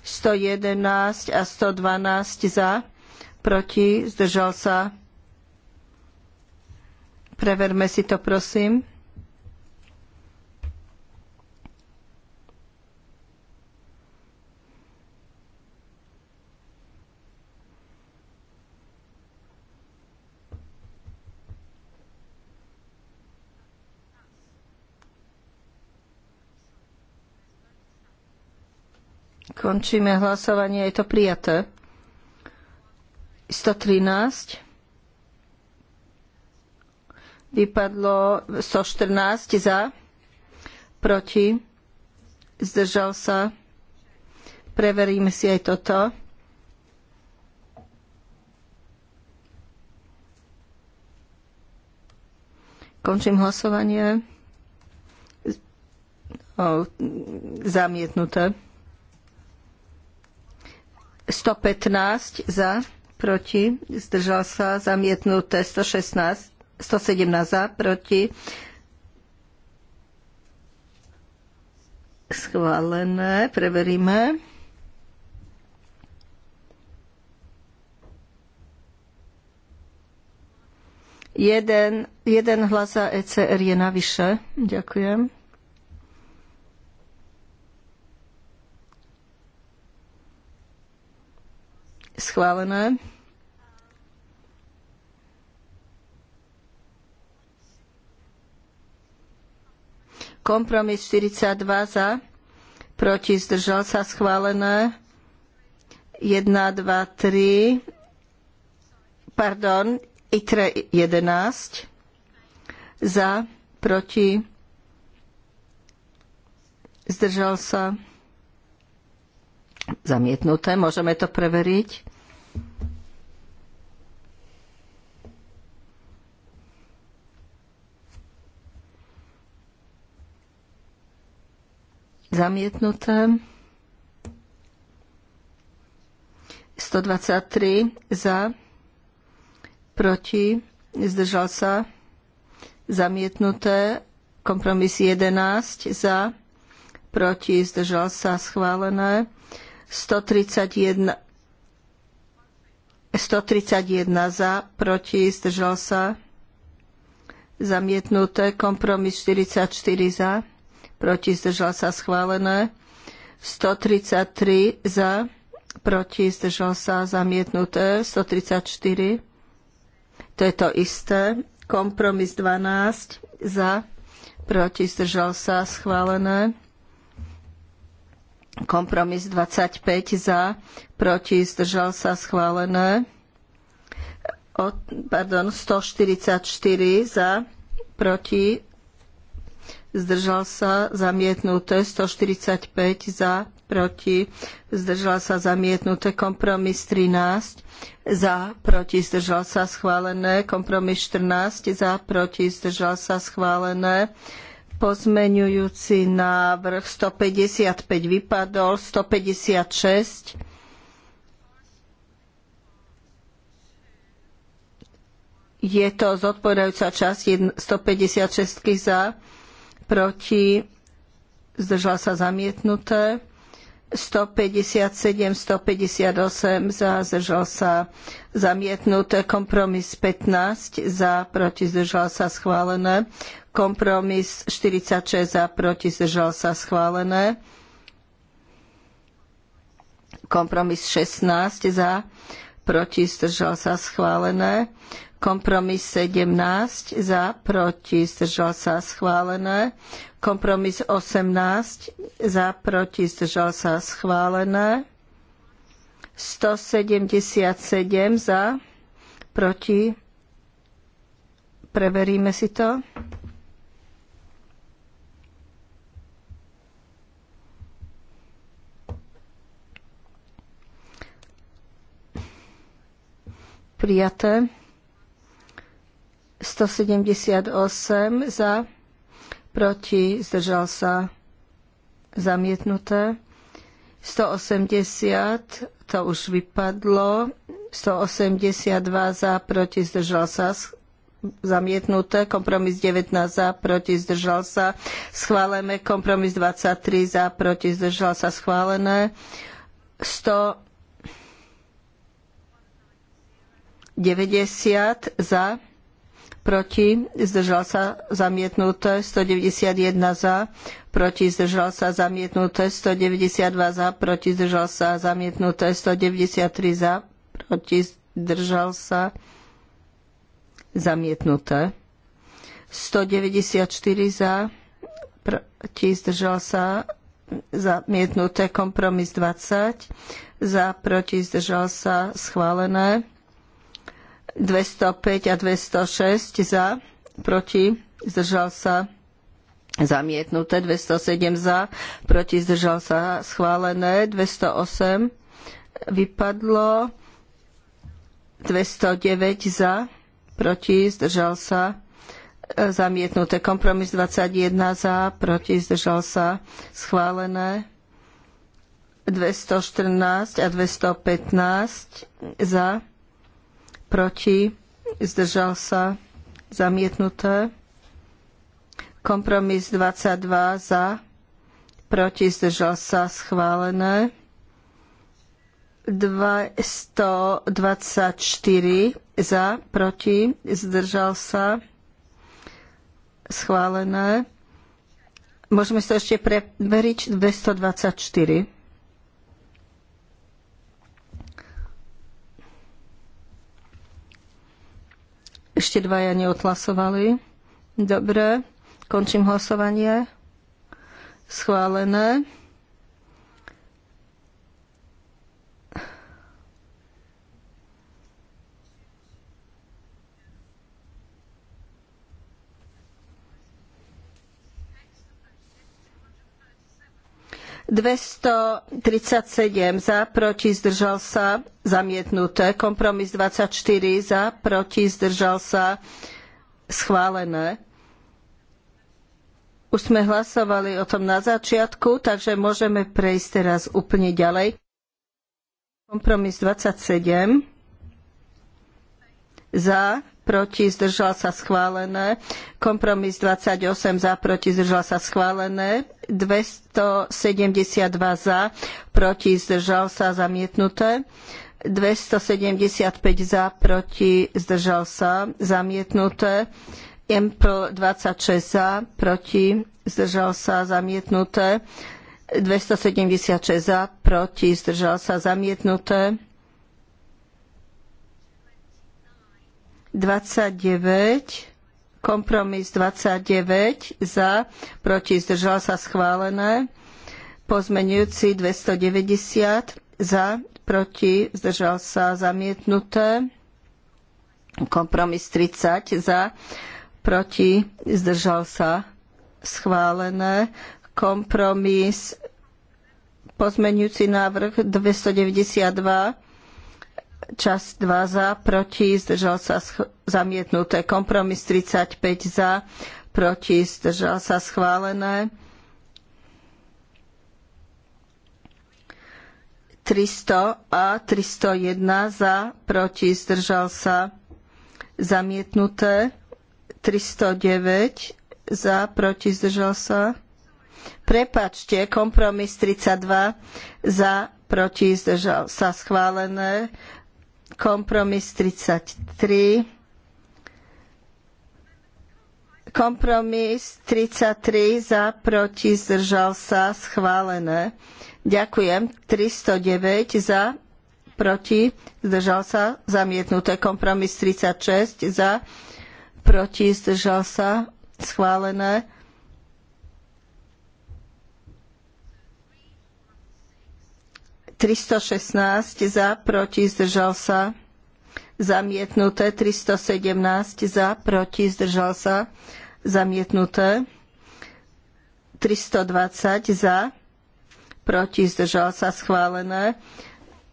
111 a 112 za, proti, zdržal sa. Preverme si to, prosím. Končíme hlasovanie, je to prijaté. 113. Vypadlo 114 za, proti, zdržal sa. Preveríme si aj toto. Končím hlasovanie. O, zamietnuté. 115 za, proti, zdržal sa, zamietnuté 116, 117 za, proti, schválené, preveríme. Jeden, jeden hlas za ECR je navyše. Ďakujem. Schválené. Kompromis 42 za, proti zdržal sa schválené. 1, 2, 3, pardon, ITRE 11 za, proti zdržal sa Zamietnuté. Môžeme to preveriť? Zamietnuté. 123 za, proti, zdržal sa, zamietnuté, kompromis 11 za, proti, zdržal sa, schválené, 131, 131 za, proti, zdržal sa. Zamietnuté. Kompromis 44 za, proti, zdržal sa. Schválené. 133 za, proti, zdržal sa. Zamietnuté. 134. To je to isté. Kompromis 12 za, proti, zdržal sa. Schválené. Kompromis 25 za, proti, zdržal sa schválené. O, pardon, 144 za, proti, zdržal sa zamietnuté, 145 za, proti, zdržal sa zamietnuté, kompromis 13, za, proti, zdržal sa schválené, kompromis 14, za, proti, zdržal sa schválené, Pozmeňujúci návrh 155 vypadol, 156. Je to zodpovedajúca časť 156 za, proti, zdržala sa zamietnuté. 157, 158 za, zdržal sa zamietnuté, kompromis 15 za, proti zdržal sa schválené, Kompromis 46 za, proti, zdržal sa schválené. Kompromis 16 za, proti, zdržal sa schválené. Kompromis 17 za, proti, zdržal sa schválené. Kompromis 18 za, proti, zdržal sa schválené. 177 za, proti. Preveríme si to. prijaté. 178 za, proti, zdržal sa, zamietnuté. 180, to už vypadlo. 182 za, proti, zdržal sa, zamietnuté. Kompromis 19 za, proti, zdržal sa, schválené. Kompromis 23 za, proti, zdržal sa, schválené. 100 90 za, proti, zdržal sa zamietnuté, 191 za, proti, zdržal sa zamietnuté, 192 za, proti, zdržal sa zamietnuté, 193 za, proti, zdržal sa zamietnuté, 194 za, proti, zdržal sa zamietnuté, kompromis 20 za, proti, zdržal sa schválené, 205 a 206 za, proti, zdržal sa zamietnuté, 207 za, proti, zdržal sa schválené, 208 vypadlo, 209 za, proti, zdržal sa zamietnuté, kompromis 21 za, proti, zdržal sa schválené, 214 a 215 za, proti, zdržal sa, zamietnuté. Kompromis 22 za, proti, zdržal sa, schválené. 224 za, proti, zdržal sa, schválené. Môžeme sa ešte preveriť 224. Ešte dvaja neodhlasovali. Dobre, končím hlasovanie. Schválené. 237 za, proti, zdržal sa, zamietnuté. Kompromis 24 za, proti, zdržal sa, schválené. Už sme hlasovali o tom na začiatku, takže môžeme prejsť teraz úplne ďalej. Kompromis 27 za, proti, zdržal sa schválené. Kompromis 28 za, proti, zdržal sa schválené. 272 za, proti, zdržal sa zamietnuté. 275 za, proti, zdržal sa zamietnuté. MPL 26 za, proti, zdržal sa zamietnuté. 276 za, proti, zdržal sa zamietnuté. 29 kompromis 29 za, proti zdržal sa schválené, pozmenujúci 290 za, proti zdržal sa zamietnuté, kompromis 30 za, proti zdržal sa schválené, kompromis pozmenujúci návrh 292 Čas 2 za, proti, zdržal sa zamietnuté. Kompromis 35 za, proti, zdržal sa schválené. 300 a 301 za, proti, zdržal sa zamietnuté. 309 za, proti, zdržal sa. Prepačte, kompromis 32 za, proti, zdržal sa schválené kompromis 33, kompromis 33 za, proti, zdržal sa, schválené. Ďakujem. 309 za, proti, zdržal sa, zamietnuté. Kompromis 36 za, proti, zdržal sa, schválené. 316 za, proti, zdržal sa. Zamietnuté. 317 za, proti, zdržal sa. Zamietnuté. 320 za, proti, zdržal sa. Schválené.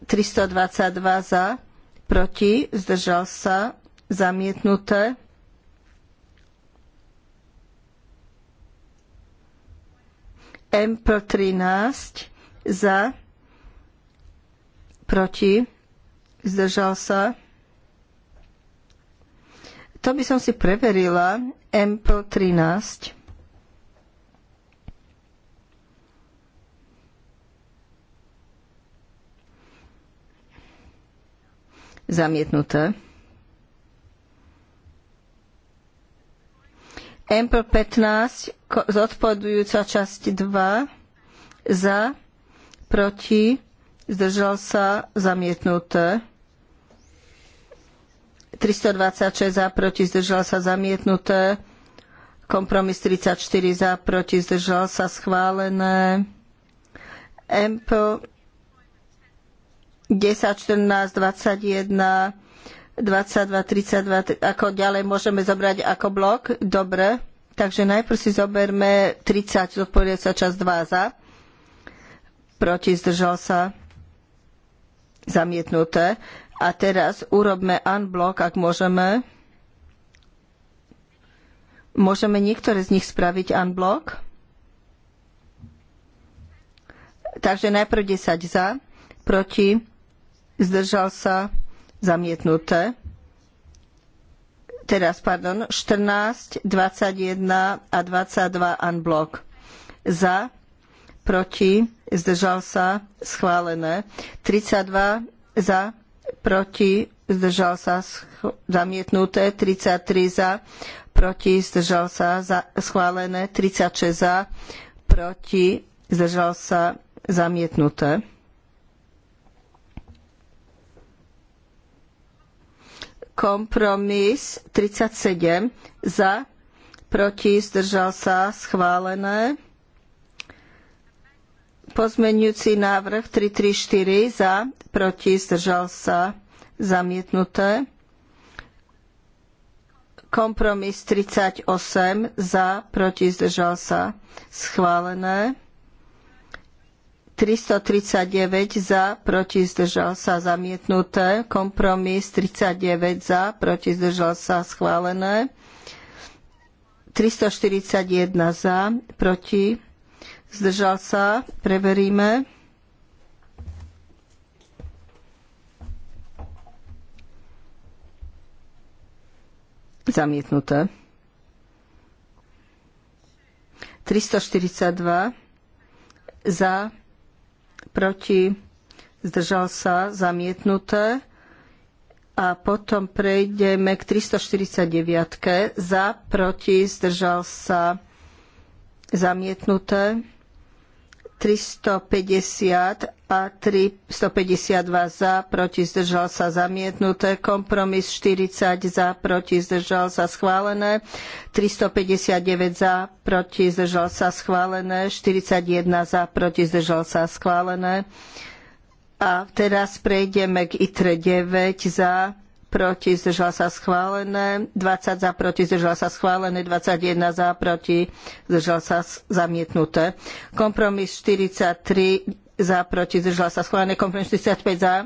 322 za, proti, zdržal sa. Zamietnuté. 13 za, proti, zdržal sa. To by som si preverila. mp 13. Zamietnuté. MPL 15, zodpovedujúca časť 2, za, proti, zdržal sa, zamietnuté. 326 za, proti, zdržal sa, zamietnuté. Kompromis 34 za, proti, zdržal sa, schválené. MP 10, 14, 21, 22, 32, ako ďalej môžeme zobrať ako blok? Dobre. Takže najprv si zoberme 30, sa čas 2 za. Proti, zdržal sa zamietnuté. A teraz urobme unblock, ak môžeme. Môžeme niektoré z nich spraviť unblock. Takže najprv 10 za, proti, zdržal sa, zamietnuté. Teraz, pardon, 14, 21 a 22 unblock. Za, proti, zdržal sa, schválené. 32 za, proti, zdržal sa, zamietnuté. 33 za, proti, zdržal sa, za, schválené. 36 za, proti, zdržal sa, zamietnuté. Kompromis 37 za, proti, zdržal sa, schválené. Pozmeňujúci návrh 334 za, proti, zdržal sa, zamietnuté. Kompromis 38 za, proti, zdržal sa, schválené. 339 za, proti, zdržal sa, zamietnuté. Kompromis 39 za, proti, zdržal sa, schválené. 341 za, proti, zdržal sa, preveríme. Zamietnuté. 342 za, proti, zdržal sa, zamietnuté. A potom prejdeme k 349 za, proti, zdržal sa, zamietnuté. 350 a 352 za, proti zdržal sa zamietnuté, kompromis 40 za, proti zdržal sa schválené, 359 za, proti zdržal sa schválené, 41 za, proti zdržal sa schválené. A teraz prejdeme k ITRE 9 za, proti, zdržal sa schválené, 20 za, proti, zdržal sa schválené, 21 za, proti, zdržal sa zamietnuté. Kompromis 43 za, proti, zdržal sa schválené, kompromis 45 za,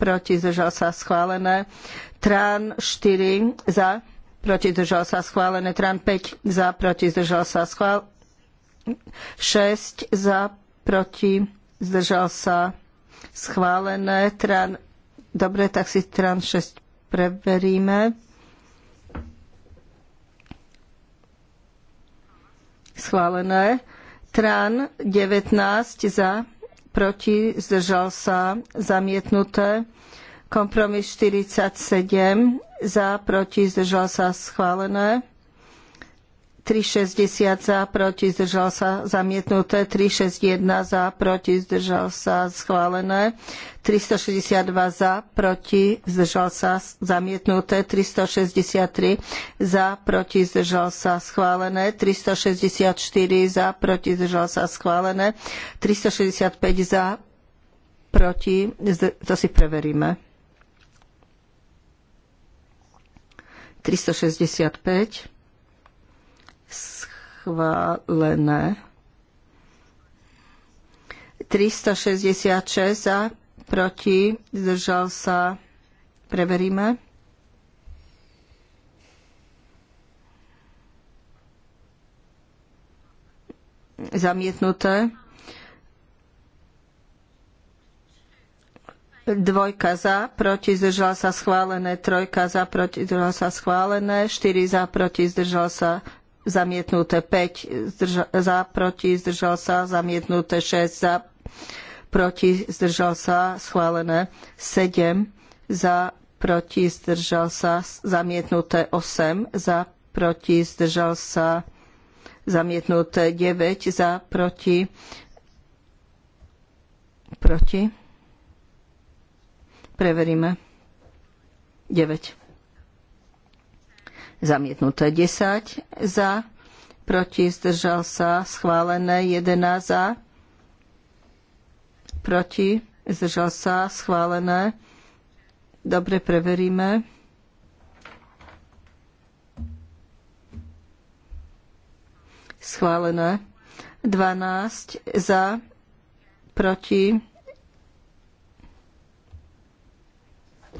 proti, zdržal sa schválené, Trán 4 za, proti, zdržal sa schválené, Trán 5 za, proti, zdržal sa schválené, 6 za, proti, zdržal sa schválené, Trán Dobre, tak si tran 6 preveríme. Schválené. Tran 19 za, proti, zdržal sa, zamietnuté. Kompromis 47 za, proti, zdržal sa, schválené. 360 za, proti, zdržal sa zamietnuté, 361 za, proti, zdržal sa schválené, 362 za, proti, zdržal sa zamietnuté, 363 za, proti, zdržal sa schválené, 364 za, proti, zdržal sa schválené, 365 za, proti, to si preveríme. 365 schválené. 366 za, proti, zdržal sa, preveríme. Zamietnuté. Dvojka za, proti, zdržal sa schválené. Trojka za, proti, zdržal sa schválené. Štyri za, proti, zdržal sa zamietnuté 5 zdrža, za, proti, zdržal sa, zamietnuté 6 za, proti, zdržal sa, schválené 7 za, proti, zdržal sa, zamietnuté 8 za, proti, zdržal sa, zamietnuté 9 za, proti, proti. Preveríme. 9 zamietnuté 10 za, proti zdržal sa schválené 11 za, proti zdržal sa schválené. Dobre, preveríme. Schválené. 12 za, proti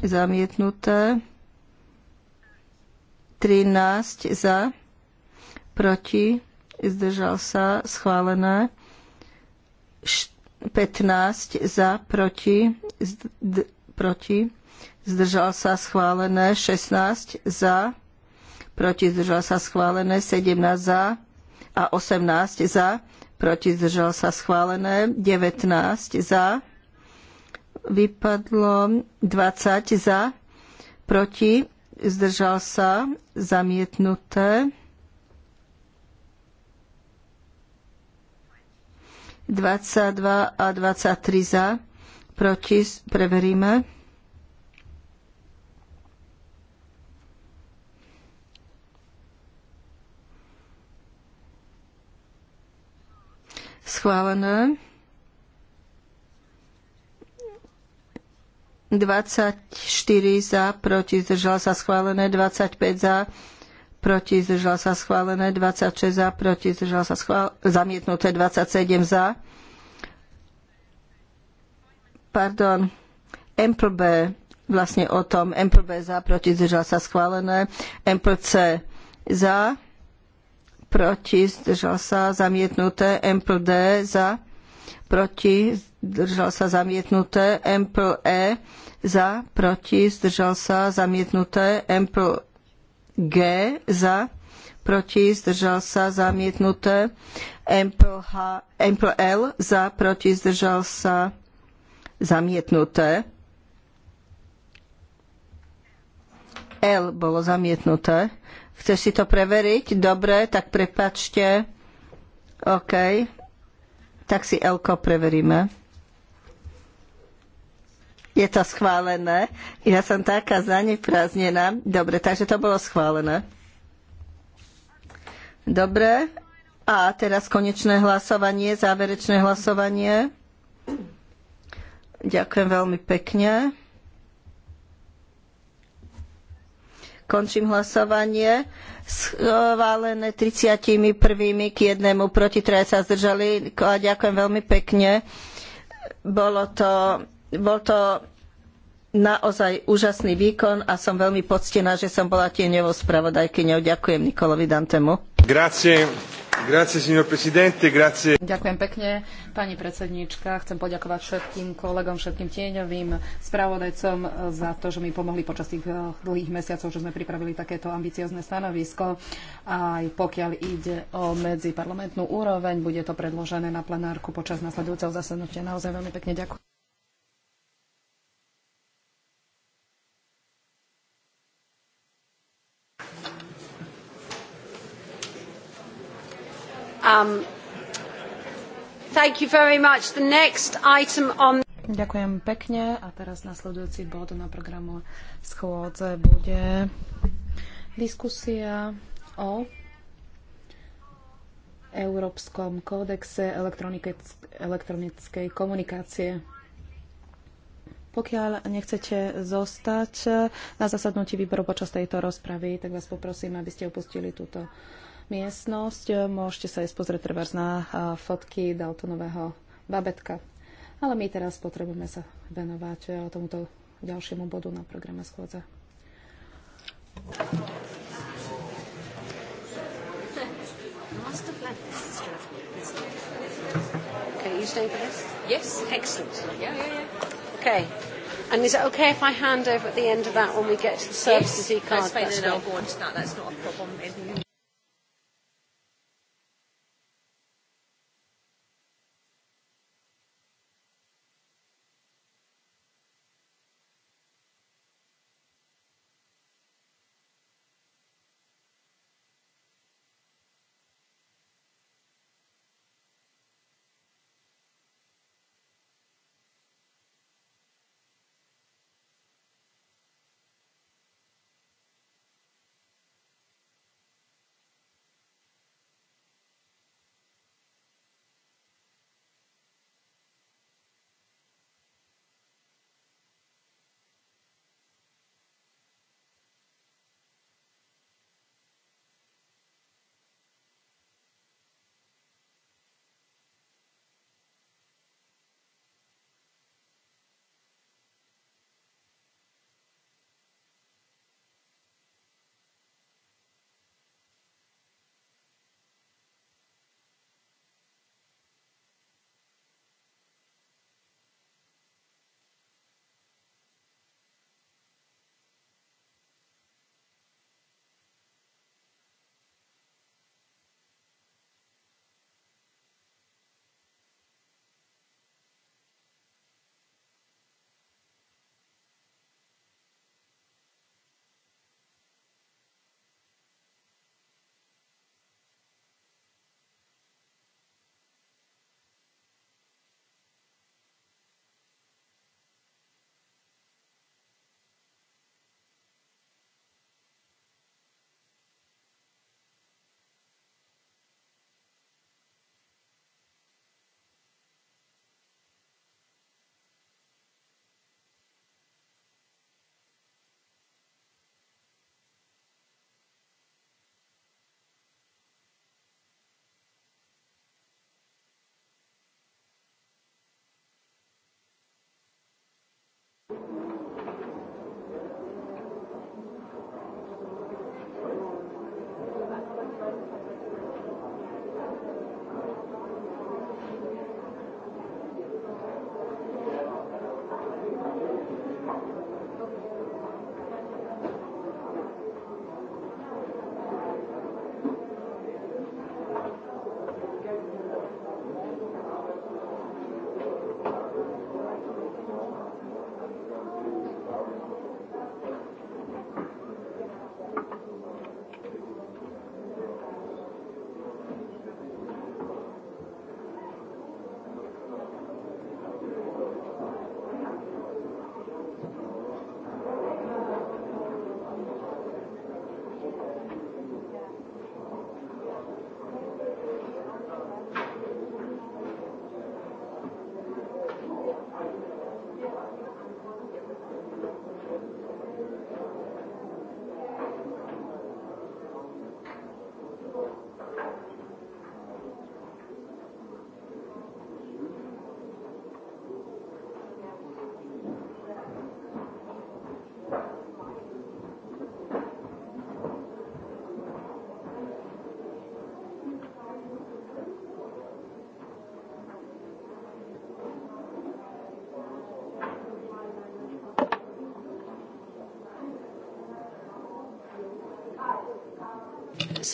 zamietnuté. 13 za, proti, zdržal sa, schválené. 15 za, proti, zd, proti, zdržal sa, schválené. 16 za, proti, zdržal sa, schválené. 17 za a 18 za, proti, zdržal sa, schválené. 19 za, vypadlo 20 za, proti, zdržal sa, zamietnuté. Dvadsaťdva a tri za, proti, preveríme. Schválené. 24 za, proti zdržal sa schválené, 25 za, proti zdržal sa schválené, 26 vlastne za, proti zdržal sa schválené, zamietnuté 27 za. Pardon, MPB vlastne o tom, MPB za, proti zdržal sa schválené, MPC za, proti zdržal sa zamietnuté, MPD za, proti zdržal sa zamietnuté, Empl E za, proti, zdržal sa zamietnuté, Empl G za, proti, zdržal sa zamietnuté, Empl, H, Empl L za, proti, zdržal sa zamietnuté. L bolo zamietnuté. Chceš si to preveriť? Dobre, tak prepačte. OK. Tak si L-ko preveríme. Je to schválené. Ja som taká zanepráznená. Dobre, takže to bolo schválené. Dobre. A teraz konečné hlasovanie, záverečné hlasovanie. Ďakujem veľmi pekne. Končím hlasovanie. Schválené 31 k jednému, proti ktoré sa zdržali. A ďakujem veľmi pekne. Bolo to bol to naozaj úžasný výkon a som veľmi poctená, že som bola tieňovou spravodajkyňou. Ďakujem Nikolovi Dantemu. Grazie. Grazie, signor presidente, grazie. Ďakujem pekne, pani predsedníčka. Chcem poďakovať všetkým kolegom, všetkým tieňovým spravodajcom za to, že mi pomohli počas tých eh, dlhých mesiacov, že sme pripravili takéto ambiciozne stanovisko. Aj pokiaľ ide o medziparlamentnú úroveň, bude to predložené na plenárku počas nasledujúceho zasadnutia. Naozaj veľmi pekne ďakujem. Um, Ďakujem pekne a teraz nasledujúci bod na programu schôdze bude diskusia o Európskom kódexe elektronickej komunikácie. Pokiaľ nechcete zostať na zasadnutí výboru počas tejto rozpravy, tak vás poprosím, aby ste opustili túto miestnosť. Môžete sa aj pozrieť treba na fotky Daltonového babetka. Ale my teraz potrebujeme sa venovať e, tomuto ďalšiemu bodu na programe schôdze. Okay, you staying for this? Yes. Excellent. Yeah, yeah, yeah. Okay. And is it okay if I hand over at the end of that when we get to the services yes, e-card? That's fine, that's and I'll go no, on to that. That's not a problem. Anything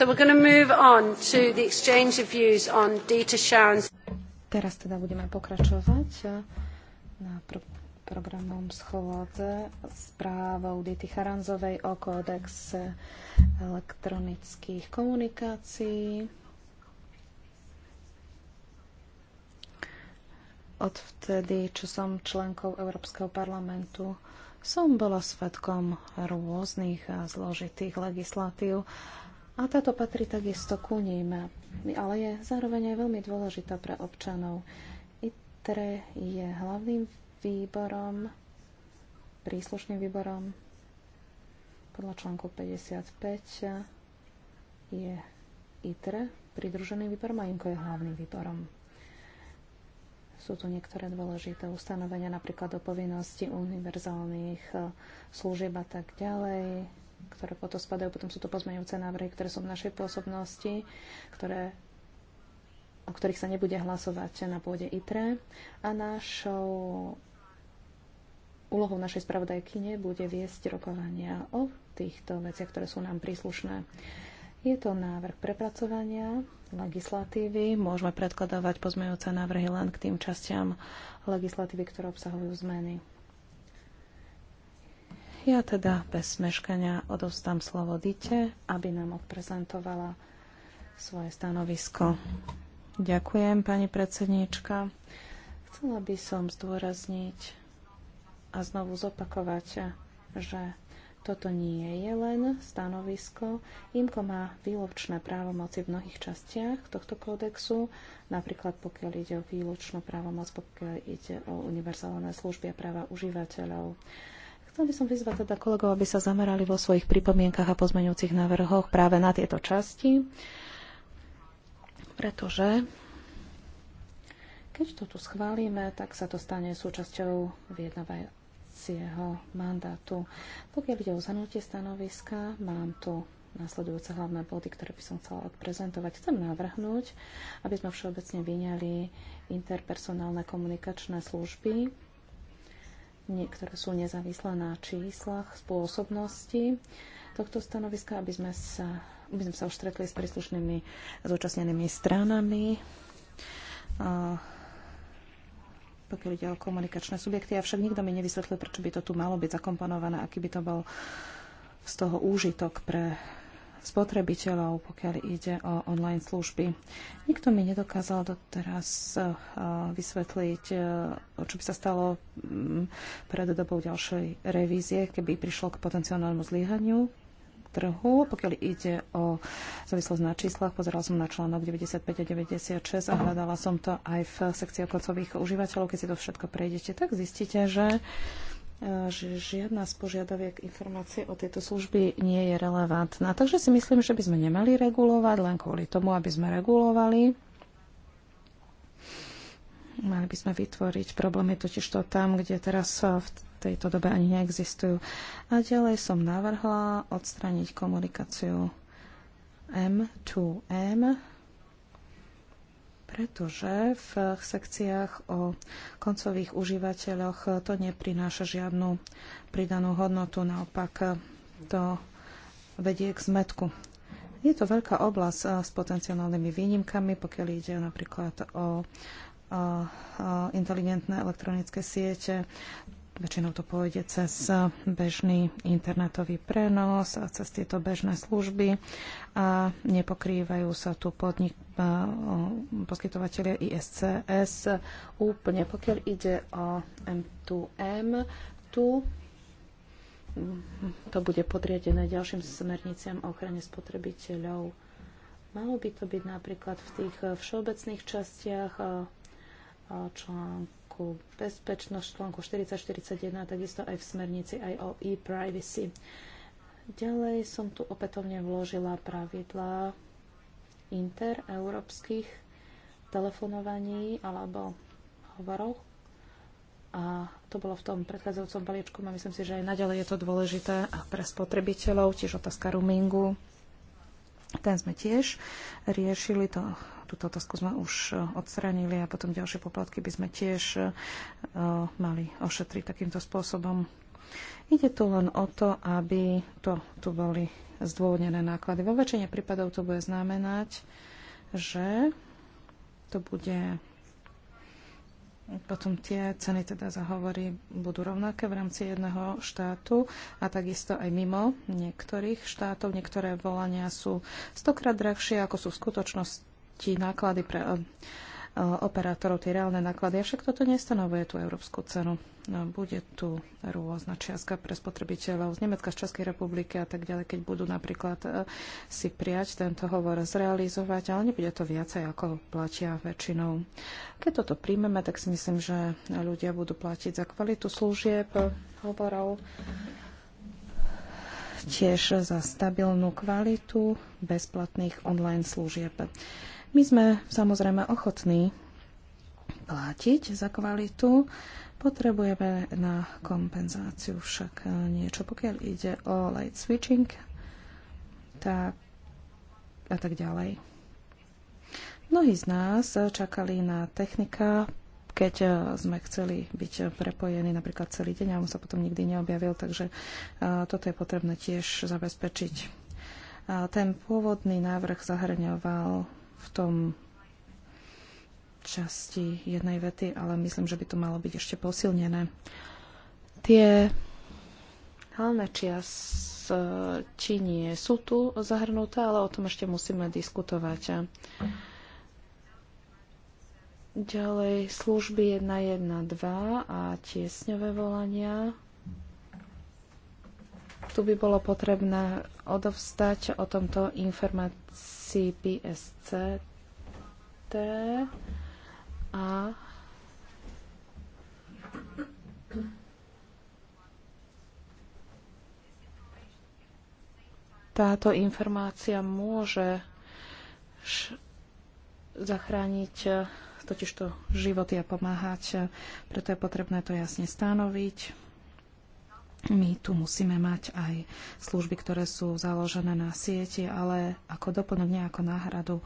So we're going to move on to the exchange of views on data sharing. Teraz teda budeme pokračovať eh, na pr- programom schôdze správou Dity Charanzovej o kódexe elektronických komunikácií. Odvtedy, čo som členkou Európskeho parlamentu, som bola svetkom rôznych a zložitých legislatív a táto patrí takisto ku ním, ale je zároveň aj veľmi dôležitá pre občanov. ITRE je hlavným výborom, príslušným výborom podľa článku 55 je ITRE pridružený výborom a INKO je hlavným výborom. Sú tu niektoré dôležité ustanovenia, napríklad o povinnosti univerzálnych služieb a tak ďalej ktoré po to spadajú. Potom sú to pozmeňujúce návrhy, ktoré sú v našej pôsobnosti, ktoré, o ktorých sa nebude hlasovať na pôde ITRE. A našou úlohou našej spravodajkyne bude viesť rokovania o týchto veciach, ktoré sú nám príslušné. Je to návrh prepracovania legislatívy. Môžeme predkladávať pozmejúce návrhy len k tým častiam legislatívy, ktoré obsahujú zmeny ja teda bez meškania odovstám slovo Dite, aby nám odprezentovala svoje stanovisko. Ďakujem, pani predsedníčka. Chcela by som zdôrazniť a znovu zopakovať, že toto nie je len stanovisko. IMKO má výlučné právomoci v mnohých častiach tohto kódexu, napríklad pokiaľ ide o výlučnú právomoc, pokiaľ ide o univerzálne služby a práva užívateľov. Chcel by som vyzvať teda kolegov, aby sa zamerali vo svojich pripomienkach a pozmeňujúcich návrhoch práve na tieto časti, pretože keď to tu schválime, tak sa to stane súčasťou vyjednávacieho mandátu. Pokiaľ ide o zanutie stanoviska, mám tu následujúce hlavné body, ktoré by som chcela odprezentovať. Chcem navrhnúť, aby sme všeobecne vyňali interpersonálne komunikačné služby ktoré sú nezávislé na číslach spôsobnosti tohto stanoviska, aby sme sa, aby sme sa už stretli s príslušnými zúčastnenými stranami, a, pokiaľ ide o komunikačné subjekty. Avšak nikto mi nevysvetlil, prečo by to tu malo byť zakomponované, aký by to bol z toho úžitok pre spotrebiteľov, pokiaľ ide o online služby. Nikto mi nedokázal doteraz eh, vysvetliť, eh, čo by sa stalo mm, pred dobou ďalšej revízie, keby prišlo k potenciálnemu zlyhaniu trhu. Pokiaľ ide o závislosť na číslach, pozerala som na článok 95 a 96 a hľadala som to aj v sekcii koncových užívateľov. Keď si to všetko prejdete, tak zistíte, že že žiadna z požiadaviek informácie o tejto služby nie je relevantná. Takže si myslím, že by sme nemali regulovať len kvôli tomu, aby sme regulovali. Mali by sme vytvoriť problémy totiž to tam, kde teraz v tejto dobe ani neexistujú. A ďalej som navrhla odstraniť komunikáciu M2M pretože v sekciách o koncových užívateľoch to neprináša žiadnu pridanú hodnotu, naopak to vedie k zmetku. Je to veľká oblasť eh, s potenciálnymi výnimkami, pokiaľ ide napríklad o eh, eh, inteligentné elektronické siete, Väčšinou to pôjde cez bežný internetový prenos a cez tieto bežné služby a nepokrývajú sa tu podnik poskytovateľia ISCS úplne. Pokiaľ ide o M2M, tu mm, to bude podriadené ďalším smerniciam o ochrane spotrebiteľov. Malo by to byť napríklad v tých všeobecných častiach článku článku bezpečnosť, článku 4041, takisto aj v smernici aj o e-privacy. Ďalej som tu opätovne vložila pravidlá intereurópskych telefonovaní alebo hovorov. A to bolo v tom predchádzajúcom balíčku a myslím si, že aj naďalej je to dôležité pre spotrebiteľov, tiež otázka roamingu. Ten sme tiež riešili, to túto otázku sme už e, odstránili a potom ďalšie poplatky by sme tiež e, mali ošetriť takýmto spôsobom. Ide tu len o to, aby to tu boli zdôvodnené náklady. Vo väčšine prípadov to bude znamenať, že to bude potom tie ceny teda za hovory budú rovnaké v rámci jedného štátu a takisto aj mimo niektorých štátov. Niektoré volania sú stokrát drahšie, ako sú v skutočnosti ti náklady pre eh, eh, operátorov, tie reálne náklady. Avšak toto nestanovuje tú európsku cenu. No, bude tu rôzna čiastka pre spotrebiteľov z Nemecka, z Českej republiky a tak ďalej, keď budú napríklad eh, si prijať tento hovor zrealizovať, ale nebude to viacej, ako platia väčšinou. Keď toto príjmeme, tak si myslím, že ľudia budú platiť za kvalitu služieb, hovorov, tiež za stabilnú kvalitu bezplatných online služieb. My sme samozrejme ochotní platiť za kvalitu, potrebujeme na kompenzáciu však niečo. Pokiaľ ide o light switching tak a tak ďalej. Mnohí z nás čakali na technika, keď sme chceli byť prepojení napríklad celý deň a on sa potom nikdy neobjavil, takže toto je potrebné tiež zabezpečiť. Ten pôvodný návrh zahrňoval v tom časti jednej vety, ale myslím, že by to malo byť ešte posilnené. Tie hlavné či nie sú tu zahrnuté, ale o tom ešte musíme diskutovať. Ďalej služby 112 a tiesňové volania. Tu by bolo potrebné odovstať o tomto informácii PSCT a táto informácia môže zachrániť totižto životy a pomáhať. Preto je potrebné to jasne stanoviť my tu musíme mať aj služby, ktoré sú založené na sieti, ale ako doplnok, nie ako náhradu.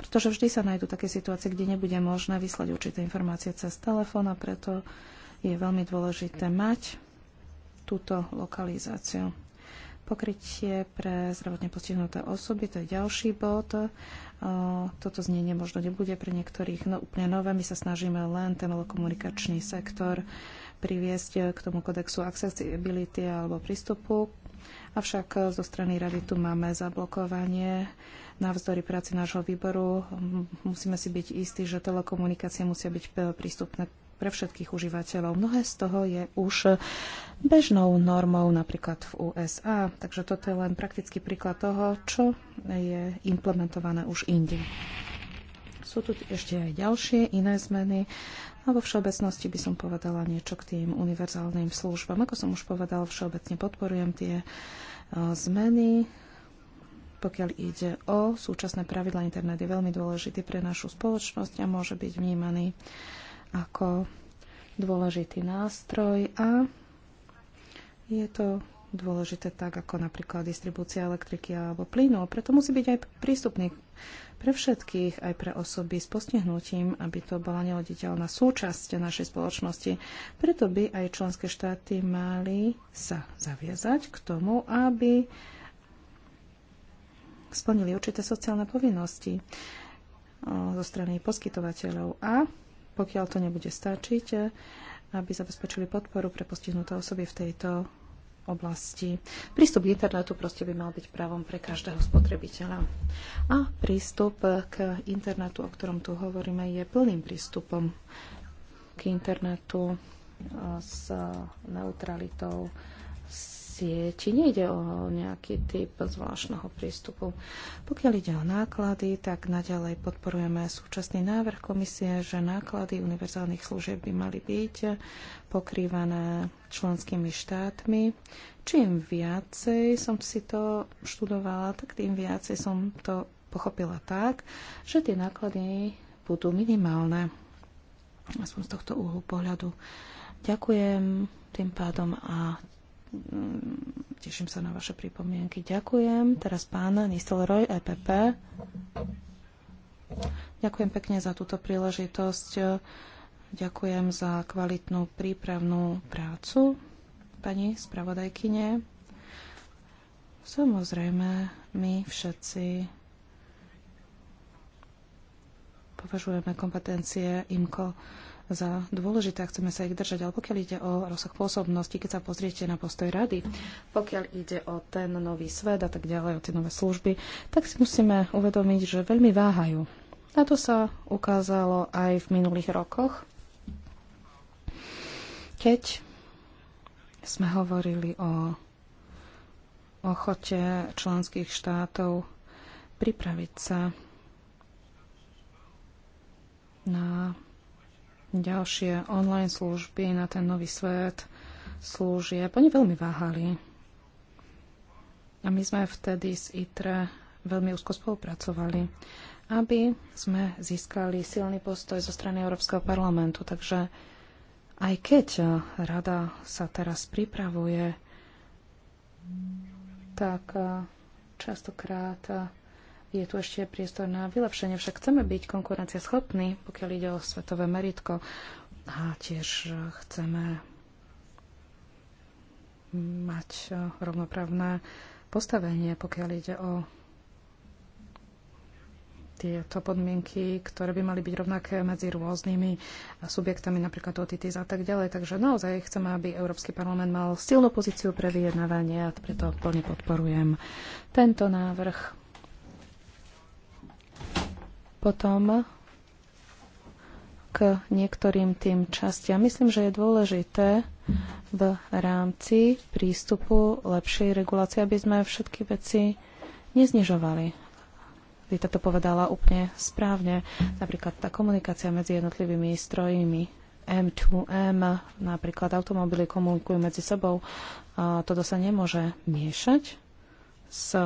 Pretože vždy sa nájdú také situácie, kde nebude možné vyslať určité informácie cez telefón a preto je veľmi dôležité mať túto lokalizáciu. Pokrytie pre zdravotne postihnuté osoby, to je ďalší bod. Toto znenie možno nebude pre niektorých no, úplne nové. My sa snažíme len ten telekomunikačný sektor priviesť k tomu kodexu accessibility alebo prístupu. Avšak zo strany rady tu máme zablokovanie. Navzdory práci nášho výboru musíme si byť istí, že telekomunikácie musia byť prístupné pre všetkých užívateľov. Mnohé z toho je už bežnou normou napríklad v USA, takže toto je len praktický príklad toho, čo je implementované už inde. Sú tu ešte aj ďalšie iné zmeny. A vo všeobecnosti by som povedala niečo k tým univerzálnym službám. Ako som už povedala, všeobecne podporujem tie e, zmeny. Pokiaľ ide o súčasné pravidla, internet je veľmi dôležitý pre našu spoločnosť a môže byť vnímaný ako dôležitý nástroj a je to dôležité tak ako napríklad distribúcia elektriky alebo plynu. Preto musí byť aj prístupný pre všetkých, aj pre osoby s postihnutím, aby to bola neoditeľná súčasť našej spoločnosti. Preto by aj členské štáty mali sa zaviazať k tomu, aby splnili určité sociálne povinnosti eh, zo strany poskytovateľov a pokiaľ to nebude stačiť, eh, aby zabezpečili podporu pre postihnuté osoby v tejto oblasti. Prístup k internetu proste by mal byť právom pre každého spotrebiteľa. A prístup k internetu, o ktorom tu hovoríme, je plným prístupom k internetu e, s neutralitou či Nejde o nejaký typ zvláštneho prístupu. Pokiaľ ide o náklady, tak naďalej podporujeme súčasný návrh komisie, že náklady univerzálnych služieb by mali byť pokrývané členskými štátmi. Čím viacej som si to študovala, tak tým viacej som to pochopila tak, že tie náklady budú minimálne. Aspoň z tohto úhlu pohľadu. Ďakujem tým pádom a Mm, teším sa na vaše pripomienky. Ďakujem. Teraz pán Nistelroj, EPP. Ďakujem pekne za túto príležitosť. Ďakujem za kvalitnú prípravnú prácu pani spravodajkyne. Samozrejme, my všetci považujeme kompetencie IMCO za dôležité a chceme sa ich držať. Ale pokiaľ ide o rozsah pôsobnosti, keď sa pozriete na postoj rady, pokiaľ ide o ten nový svet a tak ďalej, o tie nové služby, tak si musíme uvedomiť, že veľmi váhajú. A to sa ukázalo aj v minulých rokoch, keď sme hovorili o ochote členských štátov pripraviť sa na ďalšie online služby na ten nový svet slúžie. Oni veľmi váhali. A my sme vtedy s ITRE veľmi úzko spolupracovali, aby sme získali silný postoj zo strany Európskeho parlamentu. Takže aj keď rada sa teraz pripravuje, tak častokrát je tu ešte priestor na vylepšenie, však chceme byť konkurencieschopní, pokiaľ ide o svetové meritko a tiež chceme mať e, rovnoprávne postavenie, pokiaľ ide o tieto podmienky, ktoré by mali byť rovnaké medzi rôznymi subjektami, napríklad OTTs a tak ďalej. Takže naozaj chceme, aby Európsky parlament mal silnú pozíciu pre vyjednávanie a preto plne podporujem tento návrh. Potom k niektorým tým častiam. Myslím, že je dôležité v rámci prístupu lepšej regulácie, aby sme všetky veci neznižovali. Vy to povedala úplne správne. Napríklad tá komunikácia medzi jednotlivými strojmi M2M, napríklad automobily komunikujú medzi sebou. toto sa nemôže miešať s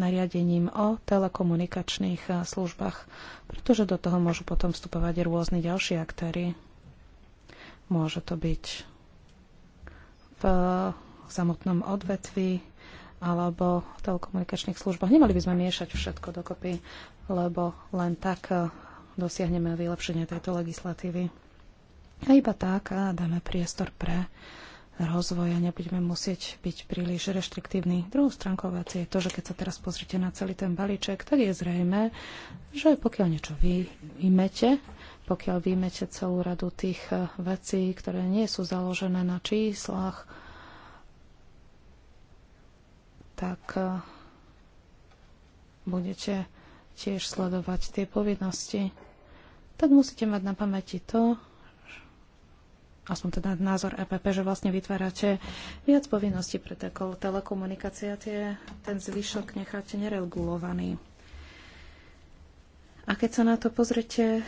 nariadením o telekomunikačných eh, službách, pretože do toho môžu potom vstupovať rôzni ďalší aktéry. Môže to byť v samotnom odvetvi alebo v telekomunikačných službách. Nemali by sme miešať všetko dokopy, lebo len tak eh, dosiahneme vylepšenie tejto legislatívy. A iba tak a eh, dáme priestor pre rozvoja nebudeme musieť byť príliš reštriktívni. Druhou stránkou je to, že keď sa teraz pozrite na celý ten balíček, tak je zrejme, že pokiaľ niečo vy, vymete, pokiaľ vymete celú radu tých eh, vecí, ktoré nie sú založené na číslach, tak eh, budete tiež sledovať tie povinnosti, tak musíte mať na pamäti to, aspoň teda názor EPP, že vlastne vytvárate viac povinností pre telekomunikácie a tie, ten zvyšok necháte neregulovaný. A keď sa na to pozrete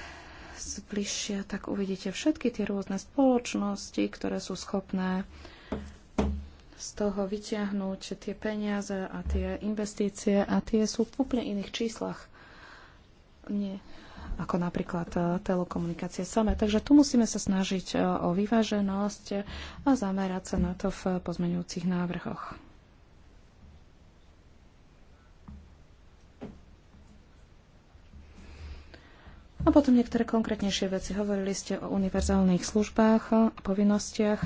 zbližšia, tak uvidíte všetky tie rôzne spoločnosti, ktoré sú schopné z toho vyťahnuť tie peniaze a tie investície a tie sú v úplne iných číslach. Nie, ako napríklad e, telekomunikácie samé. Takže tu musíme sa snažiť e, o vyváženosť a zamerať sa na to v pozmeňujúcich návrhoch. A potom niektoré konkrétnejšie veci. Hovorili ste o univerzálnych službách a povinnostiach.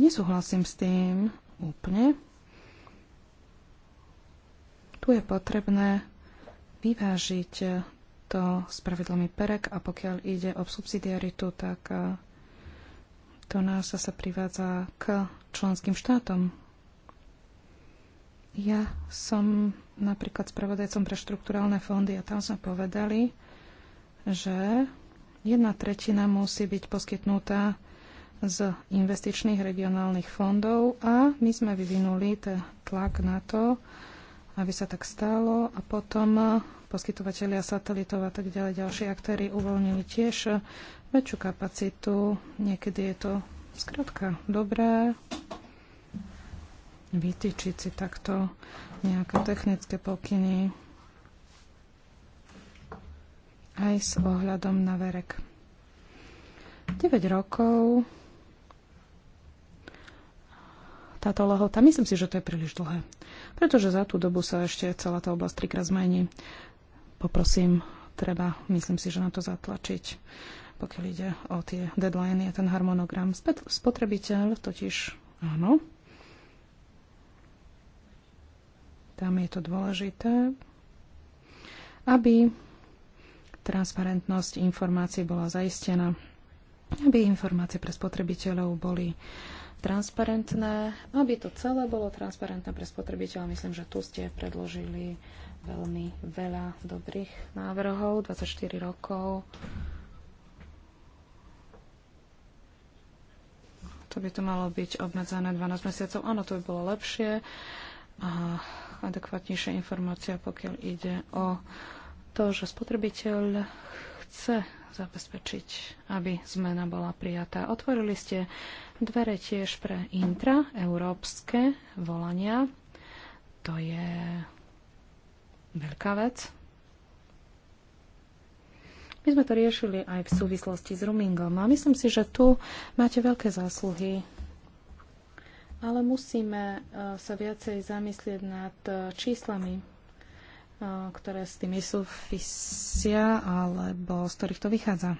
Nesúhlasím s tým úplne. Tu je potrebné vyvážiť to s pravidlami PEREK a pokiaľ ide o subsidiaritu, tak eh, to nás sa privádza k členským štátom. Ja som napríklad spravodajcom pre štrukturálne fondy a tam sme povedali, že jedna tretina musí byť poskytnutá z investičných regionálnych fondov a my sme vyvinuli ten tlak na to, aby sa tak stalo a potom eh, poskytovateľia satelitov a tak ďalej, ďalší aktéry uvoľnili tiež eh, väčšiu kapacitu. Niekedy je to zkrátka dobré vytýčiť si takto nejaké technické pokyny aj s ohľadom na verek. 9 rokov táto lehota, myslím si, že to je príliš dlhé pretože za tú dobu sa ešte celá tá oblasť trikrát zmení. Poprosím, treba, myslím si, že na to zatlačiť, pokiaľ ide o tie deadline a ten harmonogram. Spotrebiteľ totiž, áno, tam je to dôležité, aby transparentnosť informácií bola zaistená, aby informácie pre spotrebiteľov boli uh, transparentné, aby to celé bolo transparentné pre spotrebiteľa. Myslím, že tu ste predložili veľmi veľa dobrých návrhov, 24 rokov. To by to malo byť obmedzené 12 mesiacov. Áno, to by bolo lepšie a adekvátnejšia informácia, pokiaľ ide o to, že spotrebiteľ chce zabezpečiť, aby zmena bola prijatá. Otvorili ste dvere tiež pre intraeurópske volania. To je veľká vec. My sme to riešili aj v súvislosti s rumingom a myslím si, že tu máte veľké zásluhy ale musíme eh, sa viacej zamyslieť nad eh, číslami ktoré s tými súvisia alebo z ktorých to vychádza.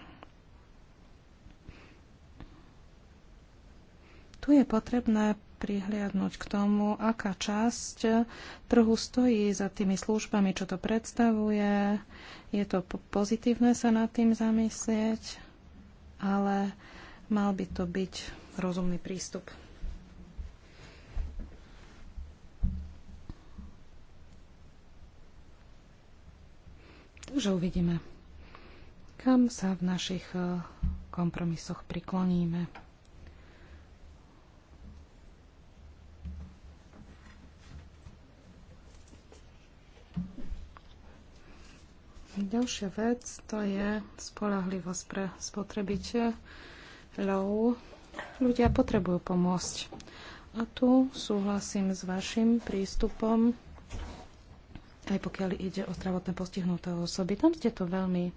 Tu je potrebné prihliadnúť k tomu, aká časť trhu stojí za tými službami, čo to predstavuje. Je to pozitívne sa nad tým zamyslieť, ale mal by to byť rozumný prístup. že uvidíme, kam sa v našich eh, kompromisoch prikloníme. Ďalšia vec to je spolahlivosť pre spotrebiteľov. Ľudia potrebujú pomôcť. A tu súhlasím s vašim prístupom aj pokiaľ ide o zdravotné postihnuté osoby. Tam ste to veľmi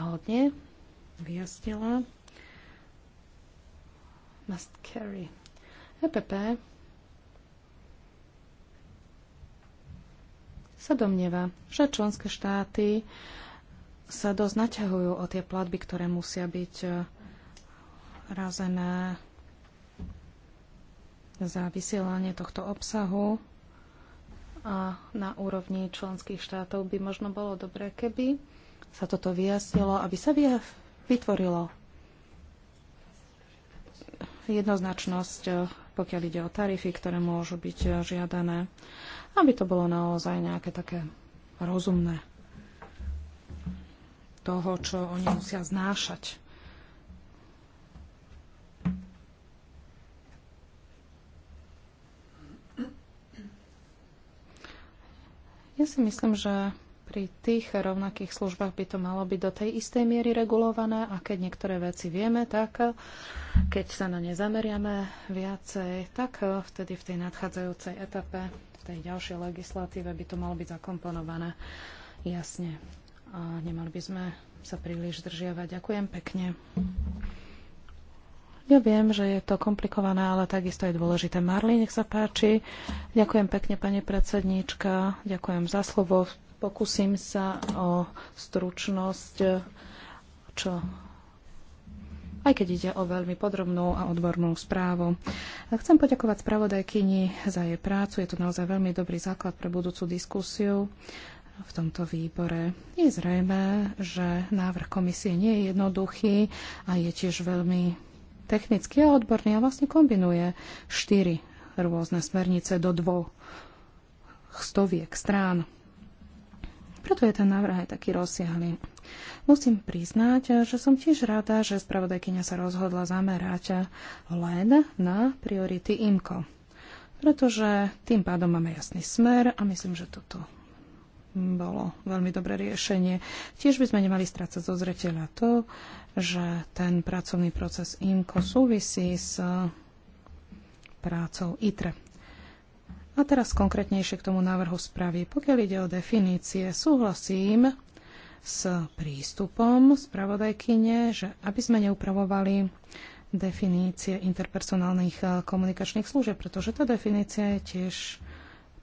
hodne vyjasnila. Must carry. EPP sa domnieva, že členské štáty sa dosť naťahujú o tie platby, ktoré musia byť e, razené za vysielanie tohto obsahu a na úrovni členských štátov by možno bolo dobré, keby sa toto vyjasnilo, aby sa vytvorilo jednoznačnosť, eh, pokiaľ ide o tarify, ktoré môžu byť eh, žiadané, aby to bolo naozaj nejaké také rozumné toho, čo oni musia znášať. Ja si myslím, že pri tých rovnakých službách by to malo byť do tej istej miery regulované a keď niektoré veci vieme, tak keď sa na ne zameriame viacej, tak vtedy v tej nadchádzajúcej etape, v tej ďalšej legislatíve by to malo byť zakomponované jasne. A nemali by sme sa príliš držiavať. Ďakujem pekne. Ja viem, že je to komplikované, ale takisto je dôležité. Marli, nech sa páči. Ďakujem pekne, pani predsedníčka. Ďakujem za slovo. Pokúsim sa o stručnosť, čo aj keď ide o veľmi podrobnú a odbornú správu. Chcem poďakovať spravodajkyni za jej prácu. Je to naozaj veľmi dobrý základ pre budúcu diskusiu v tomto výbore. Je zrejme, že návrh komisie nie je jednoduchý a je tiež veľmi technický a odborný a vlastne kombinuje štyri rôzne smernice do dvoch stoviek strán. Preto je ten návrh aj taký rozsiahly. Musím priznať, že som tiež rada, že spravodajkynia sa rozhodla zamerať len na priority IMCO. Pretože tým pádom máme jasný smer a myslím, že toto bolo veľmi dobré riešenie. Tiež by sme nemali strácať zo zreteľa to, že ten pracovný proces IMCO súvisí s prácou ITRE. A teraz konkrétnejšie k tomu návrhu správy. Pokiaľ ide o definície, súhlasím s prístupom spravodajkyne, že aby sme neupravovali definície interpersonálnych eh, komunikačných služieb, pretože tá definícia je tiež,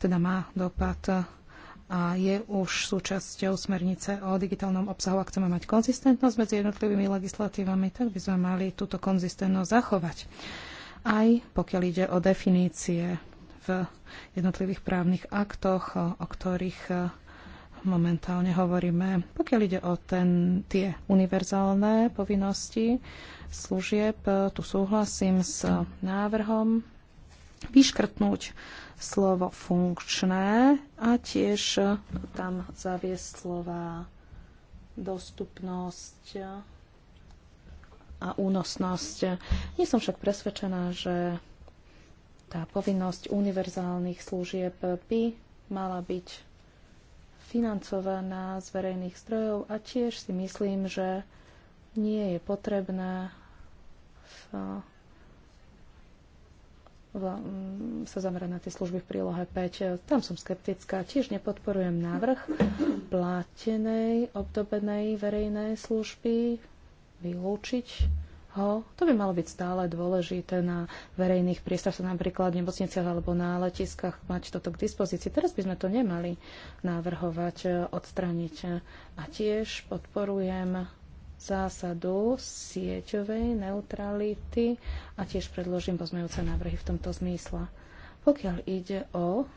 teda má dopad a je už súčasťou smernice o digitálnom obsahu. Ak chceme mať konzistentnosť medzi jednotlivými legislatívami, tak by sme mali túto konzistentnosť zachovať. Aj pokiaľ ide o definície v jednotlivých právnych aktoch, o ktorých eh, momentálne hovoríme. Pokiaľ ide o ten, tie univerzálne povinnosti služieb, eh, tu súhlasím s návrhom vyškrtnúť slovo funkčné a tiež tam zaviesť slova dostupnosť a únosnosť. Nie som však presvedčená, že tá povinnosť univerzálnych služieb by mala byť financovaná z verejných zdrojov a tiež si myslím, že nie je potrebné v Mm, sa zamera na tie služby v prílohe 5. Tam som skeptická. Tiež nepodporujem návrh platenej, obdobenej verejnej služby vylúčiť ho. To by malo byť stále dôležité na verejných sa napríklad v nemocniciach alebo na letiskách, mať toto k dispozícii. Teraz by sme to nemali návrhovať, odstraniť. A tiež podporujem zásadu sieťovej neutrality a tiež predložím pozmejúce návrhy v tomto zmysle. Pokiaľ ide o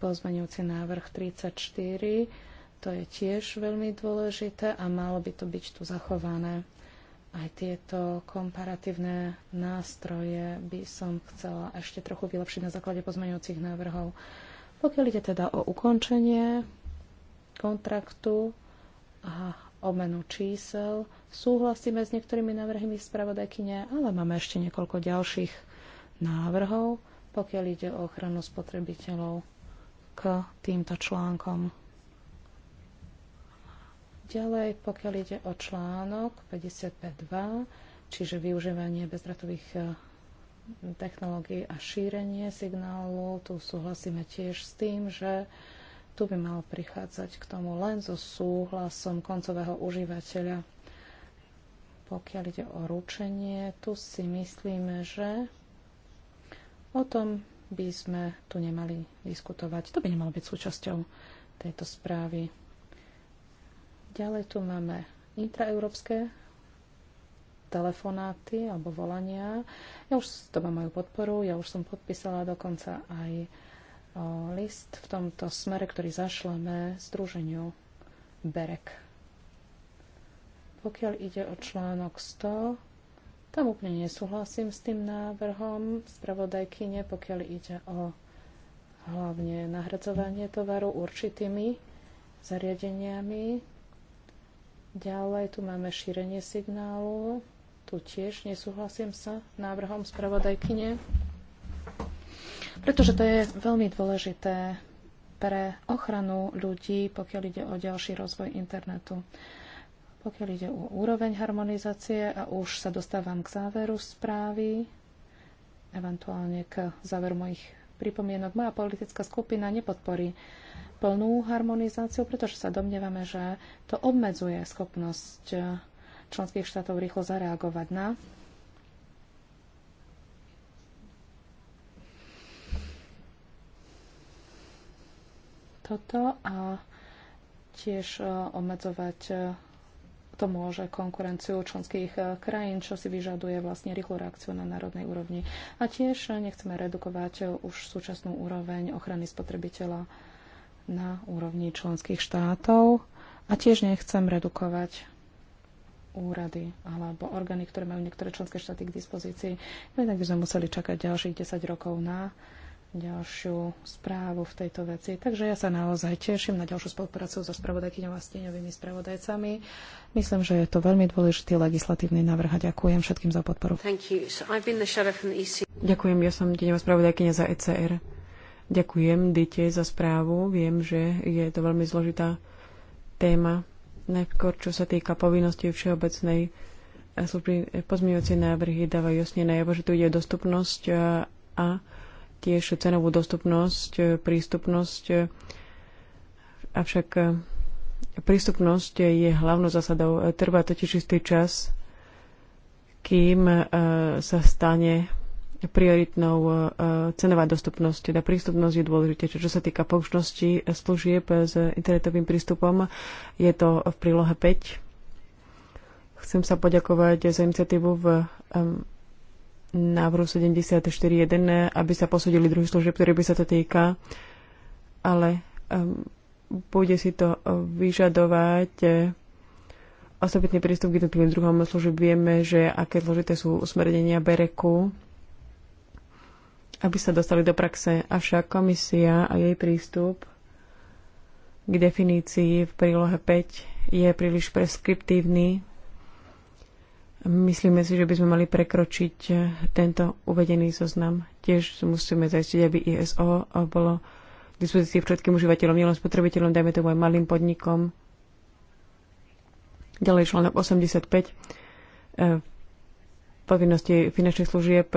pozmeňujúci návrh 34, to je tiež veľmi dôležité a malo by to byť tu zachované. Aj tieto komparatívne nástroje by som chcela ešte trochu vylepšiť na základe pozmeňujúcich návrhov. Pokiaľ ide teda o ukončenie kontraktu, obmenu čísel. Súhlasíme s niektorými návrhmi spravodajkyne, ale máme ešte niekoľko ďalších návrhov, pokiaľ ide o ochranu spotrebiteľov k týmto článkom. Ďalej, pokiaľ ide o článok 55.2, čiže využívanie bezdratových eh, technológií a šírenie signálu, tu súhlasíme tiež s tým, že tu by mal prichádzať k tomu len so súhlasom koncového užívateľa. Pokiaľ ide o ručenie, tu si myslíme, že o tom by sme tu nemali diskutovať. To by nemalo byť súčasťou tejto správy. Ďalej tu máme intraeurópske telefonáty alebo volania. Ja už to majú podporu, ja už som podpísala dokonca aj list v tomto smere, ktorý zašleme Združeniu Berek. Pokiaľ ide o článok 100, tam úplne nesúhlasím s tým návrhom spravodajkyne, pokiaľ ide o hlavne nahradzovanie tovaru určitými zariadeniami. Ďalej tu máme šírenie signálu. Tu tiež nesúhlasím sa návrhom spravodajkyne pretože to je veľmi dôležité pre ochranu ľudí, pokiaľ ide o ďalší rozvoj internetu. Pokiaľ ide o úroveň harmonizácie, a už sa dostávam k záveru správy, eventuálne k záveru mojich pripomienok, moja politická skupina nepodporí plnú harmonizáciu, pretože sa domnievame, že to obmedzuje schopnosť členských štátov rýchlo zareagovať na toto a tiež e, obmedzovať e, to môže konkurenciu členských e, krajín, čo si vyžaduje vlastne rýchlu reakciu na národnej úrovni. A tiež nechceme redukovať už súčasnú úroveň ochrany spotrebiteľa na úrovni členských štátov a tiež nechcem redukovať úrady alebo orgány, ktoré majú niektoré členské štáty k dispozícii. No inak by sme museli čakať ďalších 10 rokov na ďalšiu správu v tejto veci. Takže ja sa naozaj teším na ďalšiu spoluprácu so spravodajkyňou a stieňovými spravodajcami. Myslím, že je to veľmi dôležitý legislatívny návrh a ďakujem všetkým za podporu. E ďakujem, ja som tieňová spravodajkyňa za ECR. Ďakujem Dite za správu. Viem, že je to veľmi zložitá téma, najskôr čo sa týka povinnosti všeobecnej služby. Pozmiňujúce návrhy dávajú jasne najavo, že tu ide dostupnosť a, a tiež cenovú dostupnosť, e, prístupnosť. E, avšak e, prístupnosť je hlavnou zásadou. Trvá totiž istý čas, kým sa stane prioritnou cenová dostupnosť, teda prístupnosť je dôležité. Čo sa týka použnosti služieb s internetovým prístupom, je to v prílohe 5. Chcem sa poďakovať za iniciatívu v návrhu 74.1, aby sa posúdili druhý služieb, ktoré by sa to týka, ale um, bude si to vyžadovať eh, osobitný prístup k jednotlivým druhom služeb Vieme, že aké zložité sú usmernenia Bereku, aby sa dostali do praxe. Avšak komisia a jej prístup k definícii v prílohe 5 je príliš preskriptívny Myslíme si, že by sme mali prekročiť eh, tento uvedený zoznam. Tiež musíme zaistiť, aby ISO eh, bolo k dispozícii všetkým užívateľom, nielen spotrebiteľom, dajme tomu aj malým podnikom. Ďalej článok 85. Eh, povinnosti finančných služieb,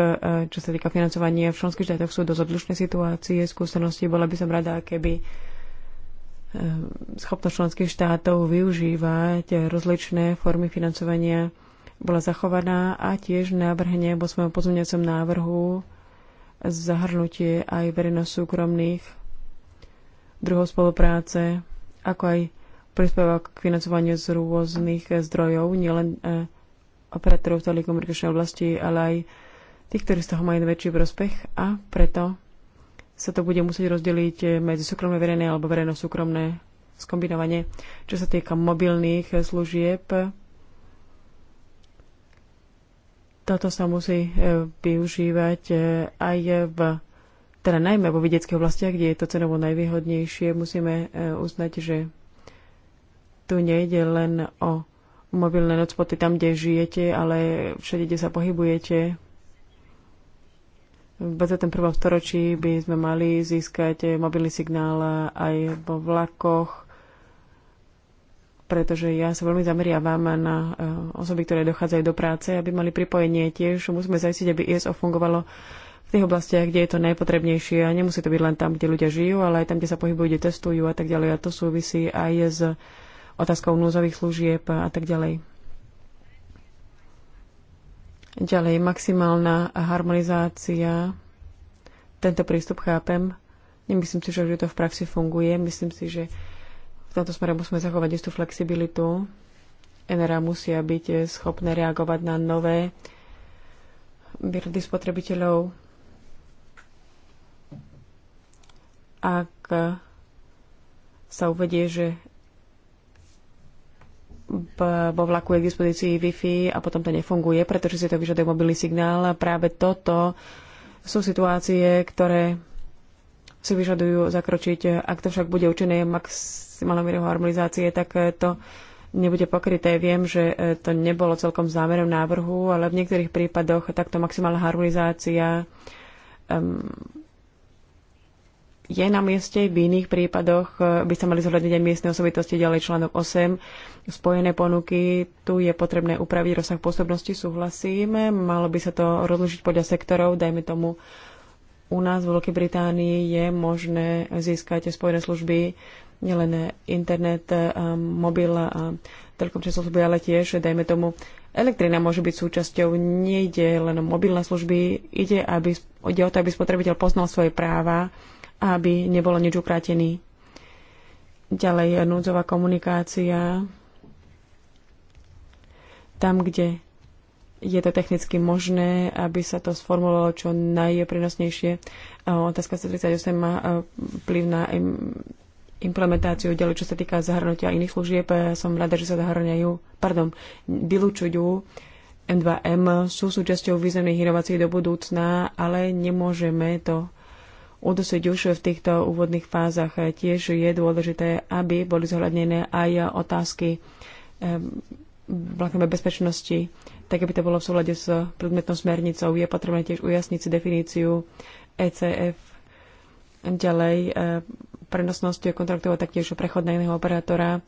čo sa týka financovania v členských štátoch, sú dosť odlišné situácie, skúsenosti. Bola by som rada, keby schopnosť členských štátov využívať rozličné formy financovania bola zachovaná a tiež navrhne vo svojom pozmeňujúcom návrhu zahrnutie aj verejno-súkromných druhov spolupráce, ako aj príspevok k financovaniu z rôznych zdrojov, nielen e, operátorov v telekomunikačnej oblasti, ale aj tých, ktorí z toho majú väčší prospech a preto sa to bude musieť rozdeliť medzi súkromné verejné alebo verejno-súkromné skombinovanie. Čo sa týka mobilných služieb, toto sa musí e, využívať e, aj v teda najmä vo vidieckých oblastiach, kde je to cenovo najvýhodnejšie, musíme e, uznať, že tu nejde len o mobilné hotspoty tam, kde žijete, ale všade, kde sa pohybujete. V 21. storočí by sme mali získať mobilný signál aj vo vlakoch, pretože ja sa veľmi zameriavam na eh, osoby, ktoré dochádzajú do práce, aby mali pripojenie tiež. Musíme zajistiť, aby ISO fungovalo v tých oblastiach, kde je to najpotrebnejšie a nemusí to byť len tam, kde ľudia žijú, ale aj tam, kde sa pohybujú, kde testujú a tak ďalej. A to súvisí aj s otázkou núzových služieb a tak ďalej. Ďalej, maximálna harmonizácia. Tento prístup chápem. Nemyslím si, že to v praxi funguje. Myslím si, že v tomto smere musíme zachovať istú flexibilitu. NRA musia byť schopné reagovať na nové výrody spotrebiteľov. Ak sa uvedie, že vo vlaku je k dispozícii Wi-Fi a potom to nefunguje, pretože si to vyžaduje mobilný signál. Práve toto sú situácie, ktoré si vyžadujú zakročiť. Ak to však bude určené maximálnou mierou harmonizácie, tak eh, to nebude pokryté. Viem, že eh, to nebolo celkom zámerom návrhu, ale v niektorých prípadoch takto maximálna harmonizácia um, je na mieste, v iných prípadoch eh, by sa mali zohľadniť aj miestne osobitosti, ďalej článok 8, spojené ponuky, tu je potrebné upraviť rozsah pôsobnosti, súhlasím, malo by sa to rozlišiť podľa sektorov, dajme tomu u nás v Veľkej Británii je možné získať spojené služby nielen internet, mobil a telekomčné služby, ale tiež, dajme tomu, elektrina môže byť súčasťou. Nejde len o mobilné služby, ide, aby, ide o to, aby spotrebiteľ poznal svoje práva a aby nebolo nič ukrátený. Ďalej núdzová komunikácia. Tam, kde je to technicky možné, aby sa to sformulovalo čo najprenosnejšie. Otázka 138 má e, vplyv na implementáciu ďalej, čo sa týka zahrnutia iných služieb. E, som rada, že sa zahrňajú, pardon, vylúčujú M2M sú súčasťou významných inovácií do budúcna, ale nemôžeme to udosiť už v týchto úvodných fázach. E, tiež je dôležité, aby boli zohľadnené aj otázky bezpečnosti tak aby to bolo v súlade s predmetnou smernicou. Je potrebné tiež ujasniť si definíciu ECF ďalej e, prenosnosť kontraktov a taktiež prechodného operátora. E,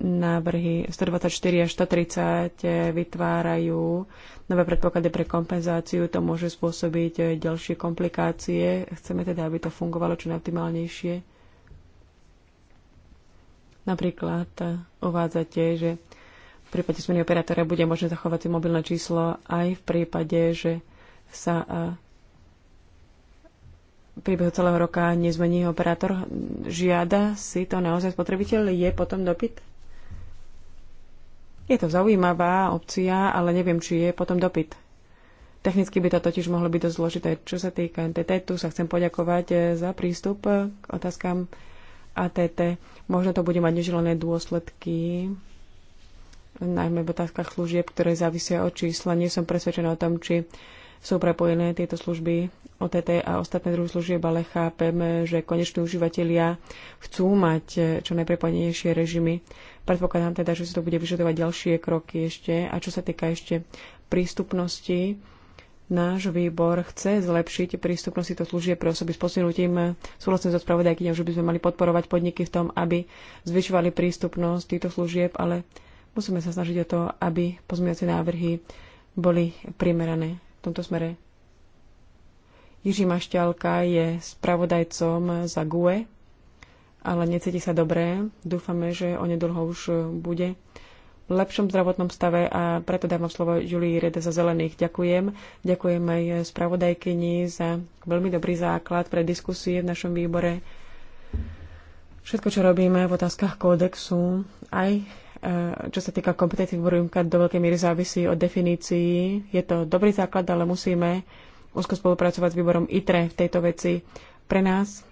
návrhy 124 až 130 vytvárajú nové predpoklady pre kompenzáciu. To môže spôsobiť ďalšie komplikácie. Chceme teda, aby to fungovalo čo najoptimálnejšie. Napríklad e, uvádzate, že v prípade zmeny operátora bude možné zachovať mobilné číslo aj v prípade, že sa v priebehu celého roka nezmení operátor. Žiada si to naozaj spotrebiteľ? Je potom dopyt? Je to zaujímavá opcia, ale neviem, či je potom dopyt. Technicky by to totiž mohlo byť dosť zložité. Čo sa týka NTT, tu sa chcem poďakovať e, za prístup k otázkam ATT. Možno to bude mať neželené dôsledky najmä v otázkach služieb, ktoré závisia od čísla. Nie som presvedčená o tom, či sú prepojené tieto služby OTT a ostatné druhy služieb, ale chápem, že koneční užívateľia chcú mať eh, čo najprepojenejšie režimy. Predpokladám teda, že si to bude vyžadovať ďalšie kroky ešte. A čo sa týka ešte prístupnosti, náš výbor chce zlepšiť prístupnosť týchto služieb pre osoby s posunutím. Súhlasím so spravodajkyňou, že by sme mali podporovať podniky v tom, aby zvyšovali prístupnosť týchto služieb, ale Musíme sa snažiť o to, aby pozmeňovacie návrhy boli primerané v tomto smere. Jiří Mašťalka je spravodajcom za GUE, ale necíti sa dobré. Dúfame, že o nedlho už bude v lepšom zdravotnom stave a preto dávam slovo Julii Rede za zelených. Ďakujem. Ďakujem aj spravodajkyni za veľmi dobrý základ pre diskusie v našom výbore. Všetko, čo robíme v otázkach kódexu, aj Eh, čo sa týka kompetencií výboru do veľkej miery závisí od definícií. Je to dobrý základ, ale musíme úzko spolupracovať s výborom ITRE v tejto veci. Pre nás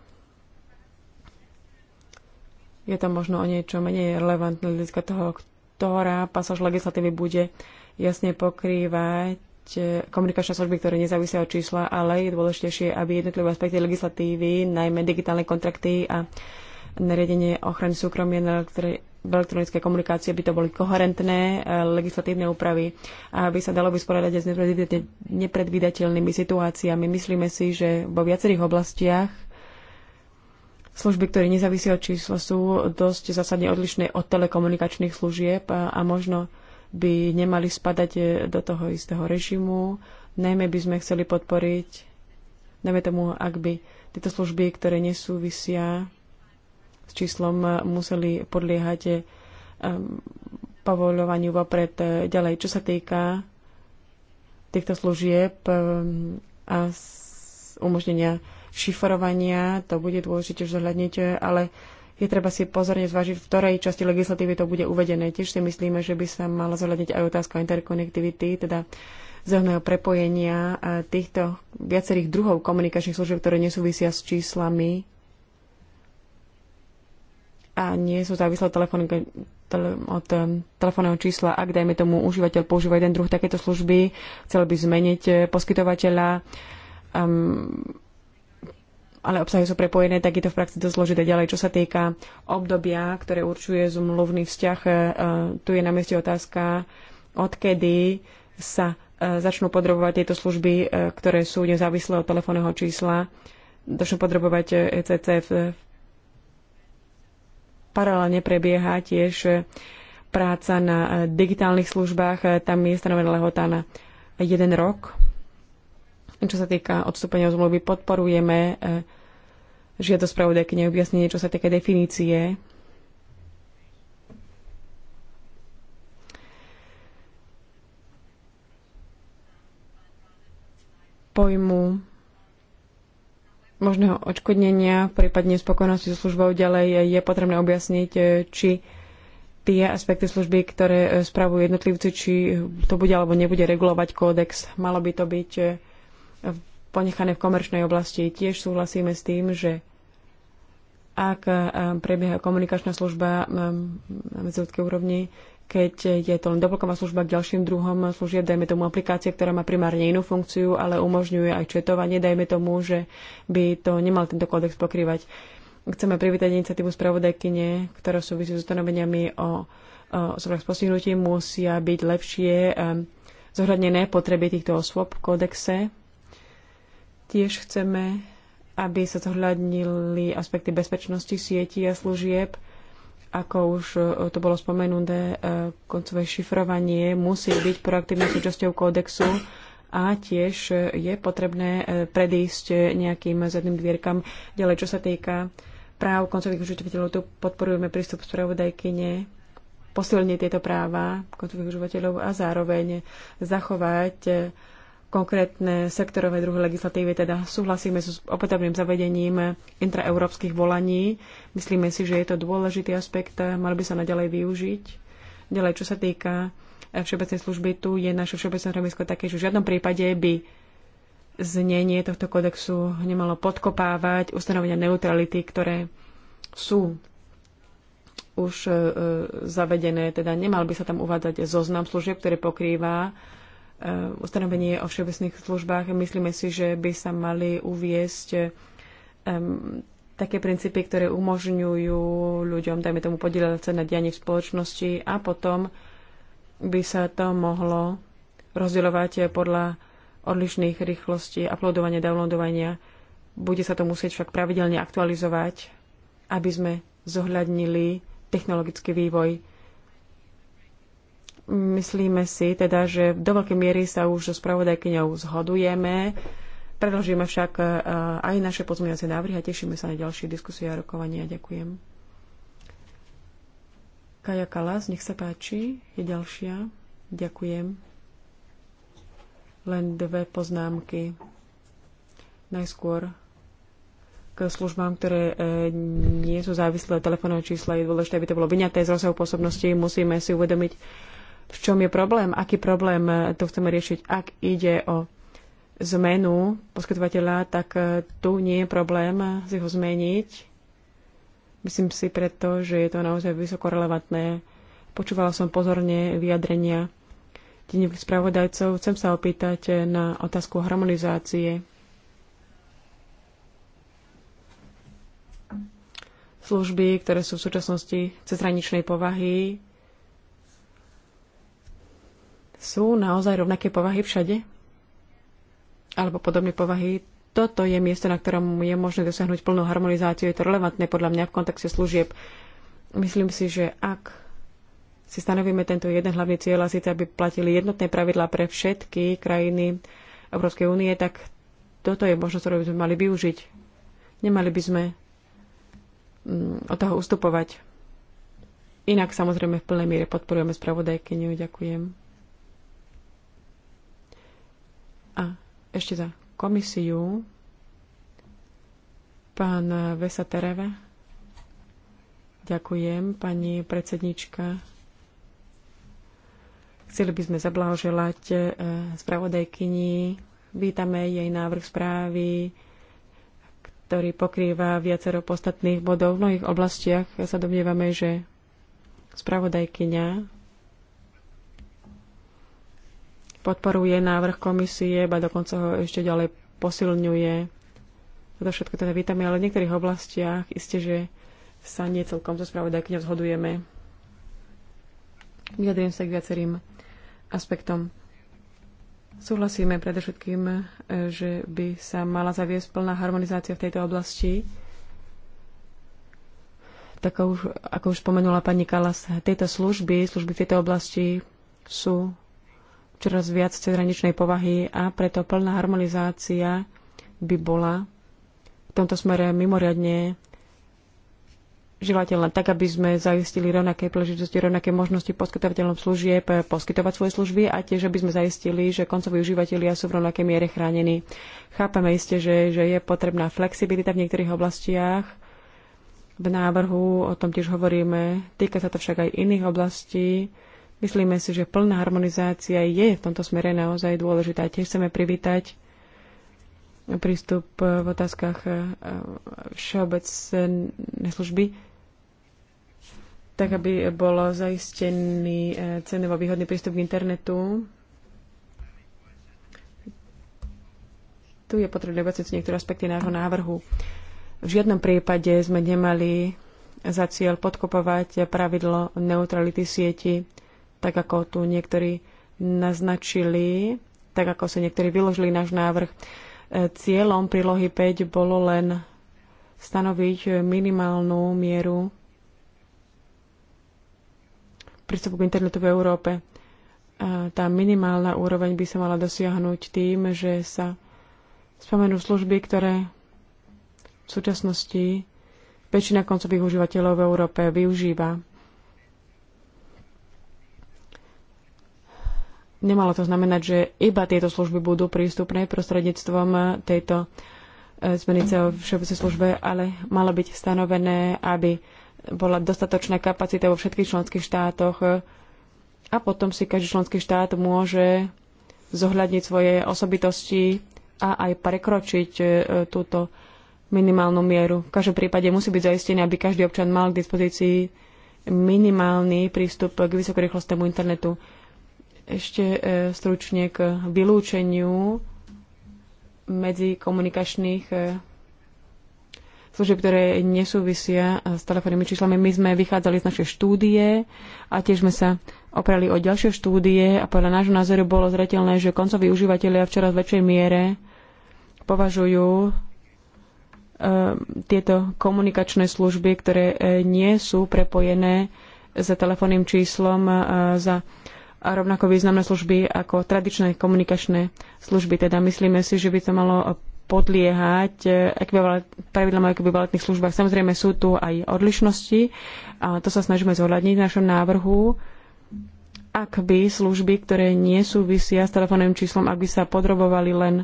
je to možno o niečo menej relevantné hľadiska toho, ktorá pasáž legislatívy bude jasne pokrývať eh, komunikačné služby, ktoré nezávisia od čísla, ale je dôležitejšie, aby jednotlivé aspekty legislatívy, najmä digitálne kontrakty a nariadenie ochrany súkromia na elektronické komunikácie by to boli koherentné e, legislatívne úpravy a aby sa dalo vysporiadať aj s nepredvídateľnými situáciami. Myslíme si, že vo viacerých oblastiach služby, ktoré nezávisia od čísla, sú dosť zásadne odlišné od telekomunikačných služieb a, a možno by nemali spadať e, do toho istého režimu. Najmä by sme chceli podporiť, najmä tomu, ak by tieto služby, ktoré nesúvisia s číslom museli podliehať eh, povoľovaniu vopred eh, ďalej. Čo sa týka týchto služieb eh, a umožnenia šifrovania, to bude dôležite už zohľadniť, ale je treba si pozorne zvážiť, v ktorej časti legislatívy to bude uvedené. Tiež si myslíme, že by sa mala zohľadniť aj otázka interkonektivity, teda zrovného prepojenia týchto viacerých druhov komunikačných služieb, ktoré nesúvisia s číslami a nie sú závislé telefón, tele, od telefónneho čísla. Ak, dajme tomu, užívateľ používa jeden druh takéto služby, chcel by zmeniť e, poskytovateľa, um, ale obsahy sú prepojené, tak je to v praxi dosť zložité. Ďalej, čo sa týka obdobia, ktoré určuje zmluvný vzťah, uh, tu je na mieste otázka, odkedy sa uh, začnú podrobovať tieto služby, uh, ktoré sú nezávislé od telefónneho čísla, začnú podrobovať ECC v, v paralelne prebieha tiež eh, práca na eh, digitálnych službách. Eh, tam je stanovená lehota na jeden rok. Čo sa týka odstúpenia od zmluvy, podporujeme žiadosť pravodajkyne neobjasnenie, čo sa týka definície pojmu možného odškodnenia v spokojnosti so službou ďalej je potrebné objasniť, e, či tie aspekty služby, ktoré e, spravujú jednotlivci, či to bude alebo nebude regulovať kódex. Malo by to byť e, ponechané v komerčnej oblasti. Tiež súhlasíme s tým, že ak prebieha komunikačná služba na medziľudskej úrovni, keď je to len doplnková služba k ďalším druhom služieb, dajme tomu aplikácie, ktorá má primárne inú funkciu, ale umožňuje aj četovanie, dajme tomu, že by to nemal tento kódex pokrývať. Chceme privítať iniciatívu spravodajkyne, ktorá súvisí s ustanoveniami o, osobách s postihnutím, musia byť lepšie zohľadnené potreby týchto osôb v kódexe. Tiež chceme, aby sa zohľadnili aspekty bezpečnosti sietí a služieb, ako už e, to bolo spomenuté, e, koncové šifrovanie musí byť proaktívnou súčasťou kódexu a tiež e, je potrebné predísť nejakým zadným dvierkam. Ďalej, čo sa týka práv koncových užívateľov, tu podporujeme prístup spravodajkyne posilniť tieto práva koncových užívateľov a zároveň zachovať konkrétne sektorové druhy legislatívy, teda súhlasíme s opätovným zavedením intraeurópskych volaní. Myslíme si, že je to dôležitý aspekt, mal by sa naďalej využiť. Ďalej, čo sa týka eh, všeobecnej služby, tu je naše všeobecné hremisko také, že v žiadnom prípade by znenie tohto kodexu nemalo podkopávať ustanovenia neutrality, ktoré sú už eh, zavedené, teda nemal by sa tam uvádzať zoznam služieb, ktoré pokrýva Eh, ustanovenie o všeobecných službách. Myslíme si, že by sa mali uviesť um, také princípy, ktoré umožňujú ľuďom, dajme tomu, podielať sa na dianie v spoločnosti a potom by sa to mohlo rozdeľovať podľa odlišných rýchlostí uploadovania, downloadovania. Bude sa to musieť však pravidelne aktualizovať, aby sme zohľadnili technologický vývoj. Myslíme si teda, že do veľkej miery sa už so spravodajkyňou zhodujeme. Predložíme však e, aj naše pozmeňovacie návrhy a tešíme sa na ďalšie diskusie a rokovania. Ďakujem. Kaja Kalas, nech sa páči, je ďalšia. Ďakujem. Len dve poznámky. Najskôr k službám, ktoré e, nie sú závislé od telefónneho čísla, je dôležité, aby to bolo vyňaté z rozsahu pôsobnosti. Musíme si uvedomiť, v čom je problém, aký problém to chceme riešiť. Ak ide o zmenu poskytovateľa, tak e, tu nie je problém si ho zmeniť. Myslím si preto, že je to naozaj vysoko relevantné. Počúvala som pozorne vyjadrenia tieňových spravodajcov. Chcem sa opýtať e, na otázku harmonizácie služby, ktoré sú v súčasnosti cezhraničnej povahy, sú naozaj rovnaké povahy všade? Alebo podobné povahy? Toto je miesto, na ktorom je možné dosiahnuť plnú harmonizáciu. Je to relevantné podľa mňa v kontexte služieb. Myslím si, že ak si stanovíme tento jeden hlavný cieľ a síce, aby platili jednotné pravidlá pre všetky krajiny Európskej únie, tak toto je možnosť, ktorú by sme mali využiť. Nemali by sme mm, od toho ustupovať. Inak samozrejme v plnej miere podporujeme spravodajkyňu. Ďakujem. ešte za komisiu pán Vesa Tereva. Ďakujem, pani predsednička. Chceli by sme zablahoželať e, spravodajkyni. Vítame jej návrh správy, ktorý pokrýva viacero podstatných bodov. V mnohých oblastiach sa domnievame, že spravodajkyňa podporuje návrh komisie, ba dokonca ho ešte ďalej posilňuje. Toto všetko teda vítame, ale v niektorých oblastiach iste, že sa nie celkom so spravodajkyňou zhodujeme. Vyjadrím sa k viacerým aspektom. Súhlasíme predovšetkým, že by sa mala zaviesť plná harmonizácia v tejto oblasti. Tak ako už spomenula pani Kalas, tieto služby, služby v tejto oblasti sú čoraz viac cezhraničnej povahy a preto plná harmonizácia by bola v tomto smere mimoriadne želateľná, tak aby sme zaistili rovnaké príležitosti, rovnaké možnosti poskytovateľom služieb eh, poskytovať svoje služby a tiež, aby sme zaistili, že koncoví užívateľia sú v rovnakej miere chránení. Chápame iste, že, že je potrebná flexibilita v niektorých oblastiach. V návrhu o tom tiež hovoríme. Týka sa to však aj iných oblastí Myslíme si, že plná harmonizácia je v tomto smere naozaj dôležitá. Tiež chceme privítať prístup v otázkach eh, všeobecnej služby, tak aby bol zaistený eh, cenovo výhodný prístup k internetu. Tu je potrebné objasniť niektoré aspekty nášho návrhu. V žiadnom prípade sme nemali za cieľ podkopovať pravidlo neutrality sieti tak ako tu niektorí naznačili, tak ako si niektorí vyložili náš návrh. E, cieľom prílohy 5 bolo len stanoviť minimálnu mieru prístupu k internetu v Európe. E, tá minimálna úroveň by sa mala dosiahnuť tým, že sa spomenú služby, ktoré v súčasnosti väčšina koncových užívateľov v Európe využíva. Nemalo to znamenať, že iba tieto služby budú prístupné prostredníctvom tejto zmenice e, o všeobecnej službe, ale malo byť stanovené, aby bola dostatočná kapacita vo všetkých členských štátoch e, a potom si každý členský štát môže zohľadniť svoje osobitosti a aj prekročiť e, túto minimálnu mieru. V každom prípade musí byť zaistené, aby každý občan mal k dispozícii minimálny prístup k vysokorýchlostnému internetu. Ešte e, stručne k vylúčeniu medzi komunikačných e, služieb, ktoré nesúvisia e, s telefónnymi číslami. My sme vychádzali z našej štúdie a tiež sme sa oprali o ďalšie štúdie a podľa nášho názoru bolo zretelné, že koncoví užívateľia v väčšej miere považujú tieto komunikačné služby, ktoré nie sú prepojené s telefónnym číslom, za a rovnako významné služby ako tradičné komunikačné služby. Teda myslíme si, že by to malo podliehať eh, pravidlom o ekvivalentných službách. Samozrejme sú tu aj odlišnosti a to sa snažíme zohľadniť v našom návrhu. Ak by služby, ktoré nie súvisia s telefónnym číslom, ak by sa podrobovali len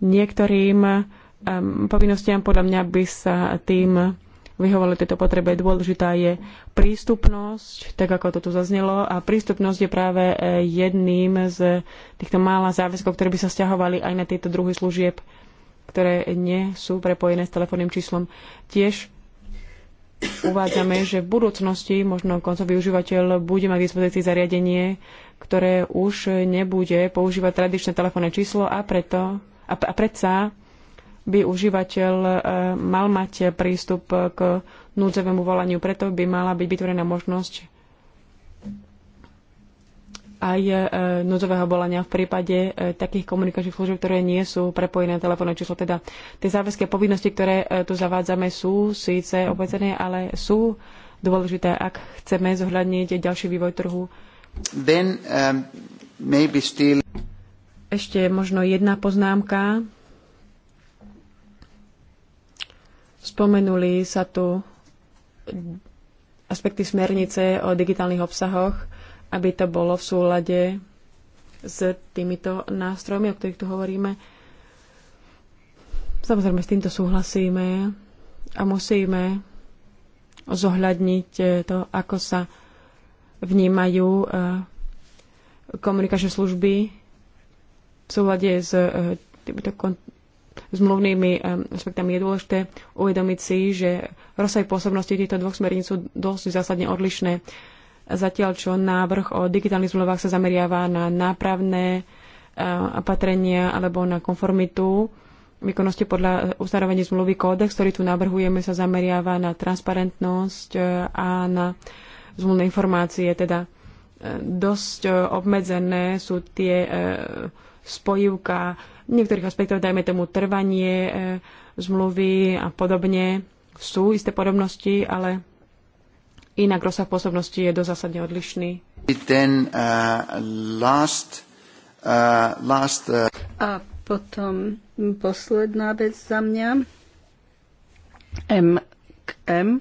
niektorým um, povinnostiam, podľa mňa by sa tým vyhovali tejto potrebe. Dôležitá je prístupnosť, tak ako to tu zaznelo, a prístupnosť je práve e, jedným z týchto mála záväzkov, ktoré by sa stiahovali aj na tieto druhy služieb, ktoré nie sú prepojené s telefónnym číslom. Tiež uvádzame, že v budúcnosti možno koncový užívateľ bude mať k dispozícii zariadenie, ktoré už nebude používať tradičné telefónne číslo a preto a, a predsa by užívateľ e, mal mať prístup k núdzovému volaniu. Preto by mala byť vytvorená možnosť aj e, núdzového volania v prípade e, takých komunikačných služieb, ktoré nie sú prepojené na telefónne číslo. Teda tie záväzky a povinnosti, ktoré tu zavádzame, sú síce obmedzené, ale sú dôležité, ak chceme zohľadniť ďalší vývoj trhu. Then, um, maybe still... Ešte možno jedna poznámka Spomenuli sa tu aspekty smernice o digitálnych obsahoch, aby to bolo v súlade s týmito nástrojmi, o ktorých tu hovoríme. Samozrejme, s týmto súhlasíme a musíme zohľadniť to, ako sa vnímajú e, komunikačné služby v súlade s e, týmito zmluvnými aspektami. Eh, je dôležité uvedomiť si, že rozsah pôsobnosti týchto dvoch smerníc sú dosť zásadne odlišné. Zatiaľ, čo návrh o digitálnych zmluvách sa zameriava na nápravné eh, opatrenia alebo na konformitu výkonnosti podľa ustanovení zmluvy kódex, ktorý tu navrhujeme, sa zameriava na transparentnosť eh, a na zmluvné informácie, teda dosť obmedzené sú tie spojivka v niektorých aspektoch, dajme tomu trvanie e, zmluvy a podobne, sú isté podobnosti, ale inak rozsah pôsobnosti je dozásadne odlišný. Then, uh, last, uh, last, uh... A potom posledná vec za mňa. M k M.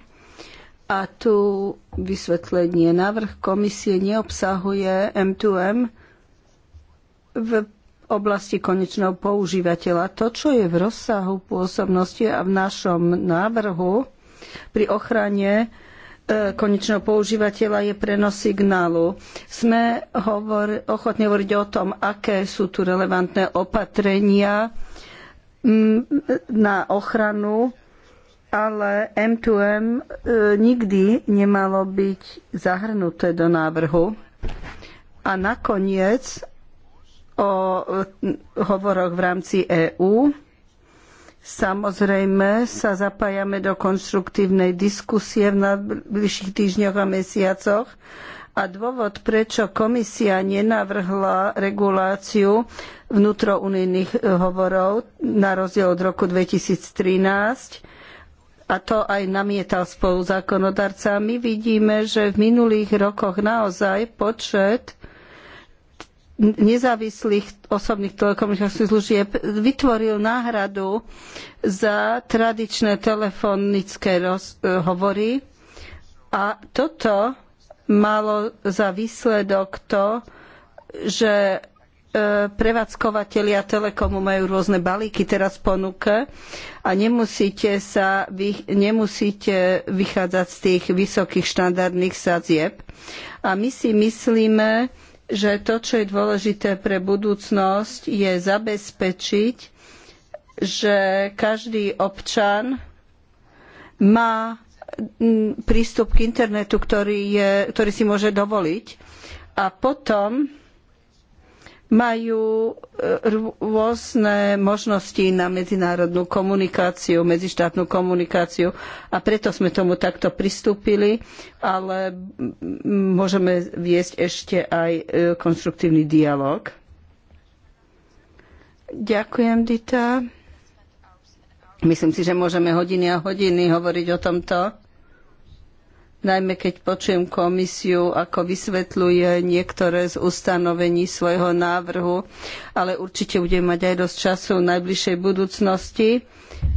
A tu vysvetlenie. Návrh komisie neobsahuje M2M v oblasti konečného používateľa. To, čo je v rozsahu pôsobnosti a v našom návrhu pri ochrane e, konečného používateľa je prenos signálu. Sme hovor, ochotní hovoriť o tom, aké sú tu relevantné opatrenia na ochranu, ale M2M e, nikdy nemalo byť zahrnuté do návrhu. A nakoniec o e, hovoroch v rámci EÚ. Samozrejme sa zapájame do konštruktívnej diskusie v najbližších týždňoch a mesiacoch a dôvod, prečo komisia nenavrhla reguláciu vnútrounijných e, hovorov na rozdiel od roku 2013, a to aj namietal spolu zákonodarca. My vidíme, že v minulých rokoch naozaj počet nezávislých osobných telekomunikačných služieb vytvoril náhradu za tradičné telefonické hovory a toto malo za výsledok to, že e, prevádzkovateľia telekomu majú rôzne balíky teraz v ponuke a nemusíte, sa, nemusíte vychádzať z tých vysokých štandardných sadzieb. A my si myslíme, že to, čo je dôležité pre budúcnosť, je zabezpečiť, že každý občan má prístup k internetu, ktorý, je, ktorý si môže dovoliť. A potom majú e, rôzne možnosti na medzinárodnú komunikáciu, medzištátnu komunikáciu a preto sme tomu takto pristúpili, ale môžeme viesť ešte aj e, konštruktívny dialog. Ďakujem, Dita. Myslím si, že môžeme hodiny a hodiny hovoriť o tomto najmä keď počujem komisiu, ako vysvetľuje niektoré z ustanovení svojho návrhu, ale určite budem mať aj dosť času v najbližšej budúcnosti.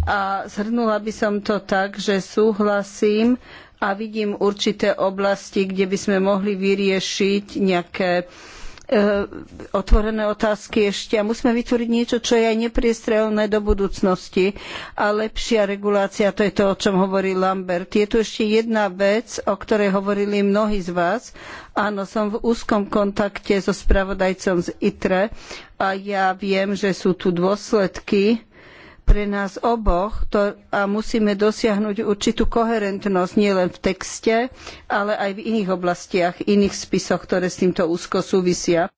A zhrnula by som to tak, že súhlasím a vidím určité oblasti, kde by sme mohli vyriešiť nejaké E, otvorené otázky ešte a musíme vytvoriť niečo, čo je aj nepriestrelné do budúcnosti a lepšia regulácia, to je to, o čom hovorí Lambert. Je tu ešte jedna vec, o ktorej hovorili mnohí z vás. Áno, som v úzkom kontakte so spravodajcom z ITRE a ja viem, že sú tu dôsledky pre nás oboch to, a musíme dosiahnuť určitú koherentnosť nielen v texte, ale aj v iných oblastiach, iných spisoch, ktoré s týmto úzko súvisia.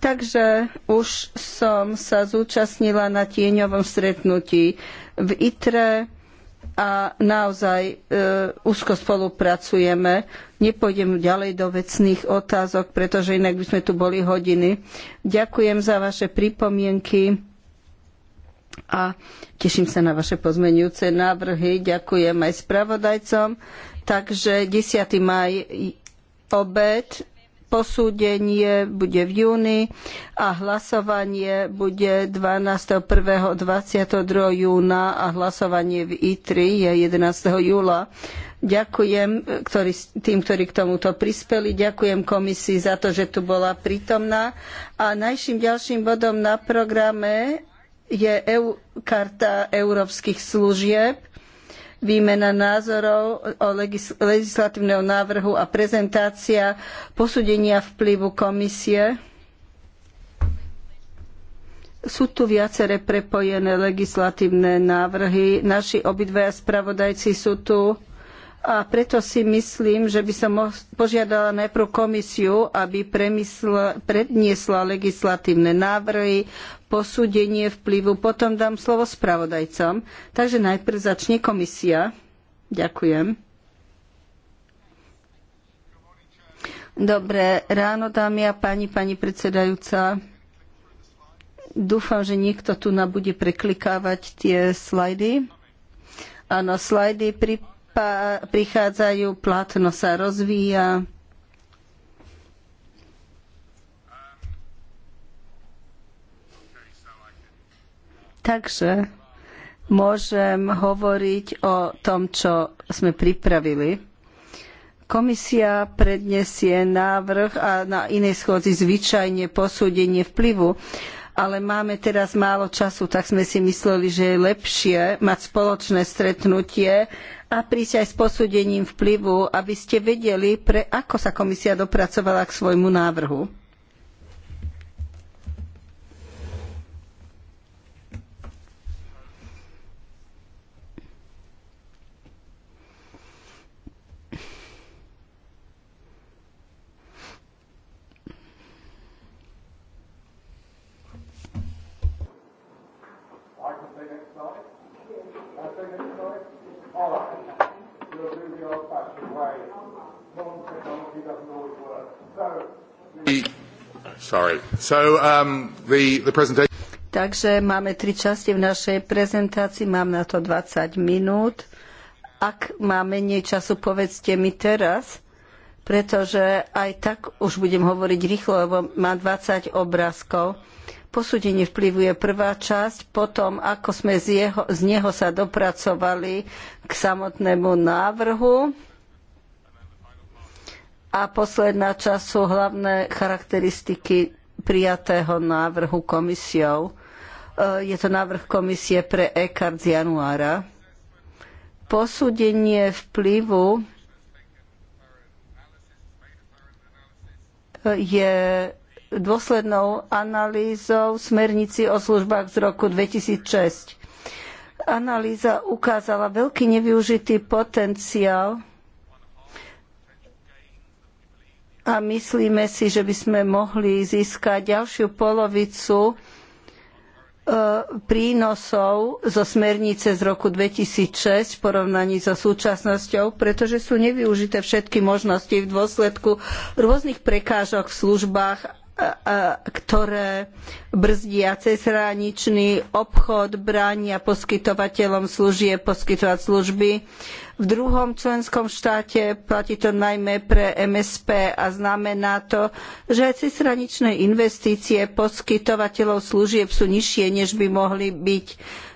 Takže už som sa zúčastnila na tieňovom stretnutí v ITRE, a naozaj e, úzko spolupracujeme. Nepôjdem ďalej do vecných otázok, pretože inak by sme tu boli hodiny. Ďakujem za vaše pripomienky a teším sa na vaše pozmenujúce návrhy. Ďakujem aj spravodajcom. Takže 10. maj obed posúdenie bude v júni a hlasovanie bude 12. 1. 22. júna a hlasovanie v ITRI je 11. júla. Ďakujem ktorý, tým, ktorí k tomuto prispeli. Ďakujem komisii za to, že tu bola prítomná. A najším ďalším bodom na programe je EU, karta európskych služieb výmena názorov o legislatívneho návrhu a prezentácia posúdenia vplyvu komisie. Sú tu viaceré prepojené legislatívne návrhy. Naši obidvaja spravodajci sú tu a preto si myslím, že by som požiadala najprv komisiu, aby predniesla legislatívne návrhy, posúdenie vplyvu, potom dám slovo spravodajcom. Takže najprv začne komisia. Ďakujem. Dobré ráno, dámy a páni, pani predsedajúca. Dúfam, že niekto tu na bude preklikávať tie slajdy. Áno, slajdy prichádzajú, plátno sa rozvíja. Takže môžem hovoriť o tom, čo sme pripravili. Komisia prednesie návrh a na inej schôdzi zvyčajne posúdenie vplyvu, ale máme teraz málo času, tak sme si mysleli, že je lepšie mať spoločné stretnutie a prísť aj s posúdením vplyvu, aby ste vedeli, pre ako sa komisia dopracovala k svojmu návrhu. Um, Takže máme tri časti v našej prezentácii, mám na to 20 minút. Ak mám menej času, povedzte mi teraz, pretože aj tak už budem hovoriť rýchlo, lebo mám 20 obrázkov. Posúdenie vplyvu je prvá časť, potom ako sme z, jeho, z neho sa dopracovali k samotnému návrhu a posledná časť sú hlavné charakteristiky prijatého návrhu komisiou. E, je to návrh komisie pre e-card z januára. Posúdenie vplyvu e, je dôslednou analýzou smernici o službách z roku 2006. Analýza ukázala veľký nevyužitý potenciál a myslíme si, že by sme mohli získať ďalšiu polovicu e, prínosov zo smernice z roku 2006 v porovnaní so súčasnosťou, pretože sú nevyužité všetky možnosti v dôsledku rôznych prekážok v službách ktoré brzdia cezhraničný obchod, bránia poskytovateľom služieb poskytovať služby. V druhom členskom štáte platí to najmä pre MSP a znamená to, že cezhraničné investície poskytovateľov služieb sú nižšie, než by mohli byť.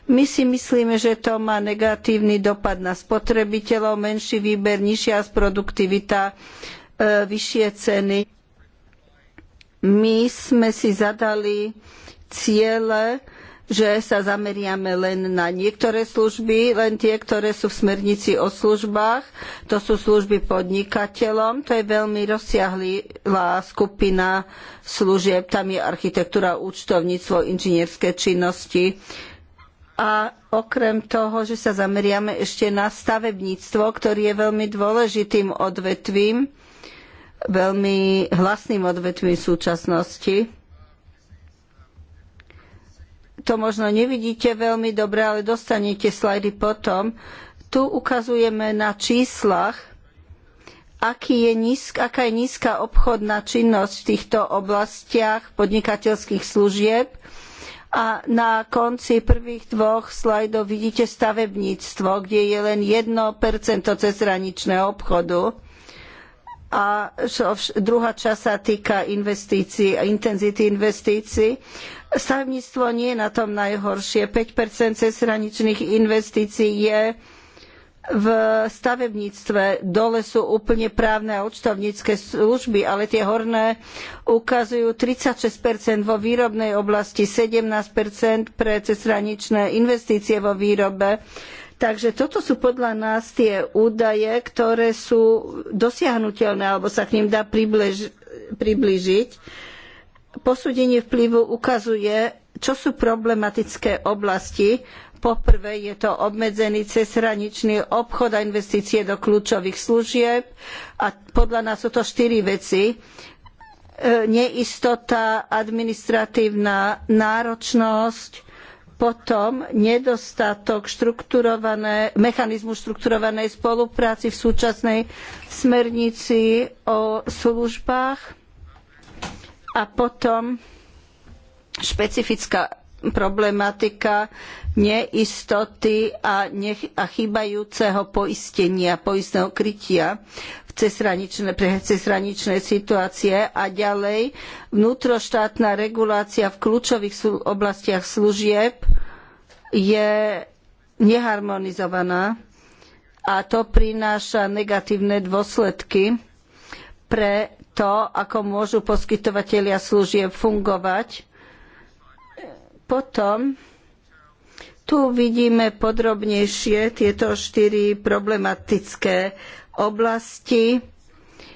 My si myslíme, že to má negatívny dopad na spotrebiteľov, menší výber, nižšia produktivita, e, vyššie ceny my sme si zadali ciele, že sa zameriame len na niektoré služby, len tie, ktoré sú v smernici o službách. To sú služby podnikateľom, to je veľmi rozsiahlá skupina služieb, tam je architektúra, účtovníctvo, inžinierské činnosti. A okrem toho, že sa zameriame ešte na stavebníctvo, ktoré je veľmi dôležitým odvetvím, veľmi hlasným odvetvím súčasnosti. To možno nevidíte veľmi dobre, ale dostanete slajdy potom. Tu ukazujeme na číslach, aký je nízk, aká je nízka obchodná činnosť v týchto oblastiach podnikateľských služieb. A na konci prvých dvoch slajdov vidíte stavebníctvo, kde je len 1% cezhraničného obchodu a druhá časť sa týka investícií, intenzity investícií. Stavebníctvo nie je na tom najhoršie. 5% cezhraničných investícií je v stavebníctve. Dole sú úplne právne a účtovnícke služby, ale tie horné ukazujú 36% vo výrobnej oblasti, 17% pre cezhraničné investície vo výrobe Takže toto sú podľa nás tie údaje, ktoré sú dosiahnuteľné alebo sa k ním dá približ, približiť. Posúdenie vplyvu ukazuje, čo sú problematické oblasti. Poprvé je to obmedzený cezhraničný obchod a investície do kľúčových služieb. A podľa nás sú to štyri veci e, neistota, administratívna náročnosť, potom nedostatok štrukturované, mechanizmu štrukturovanej spolupráci v súčasnej smernici o službách a potom špecifická problematika neistoty a, chýbajúceho poistenia, poistného krytia cezhraničné, pre cezhraničné situácie a ďalej vnútroštátna regulácia v kľúčových oblastiach služieb je neharmonizovaná a to prináša negatívne dôsledky pre to, ako môžu poskytovatelia služieb fungovať. Potom tu vidíme podrobnejšie tieto štyri problematické oblasti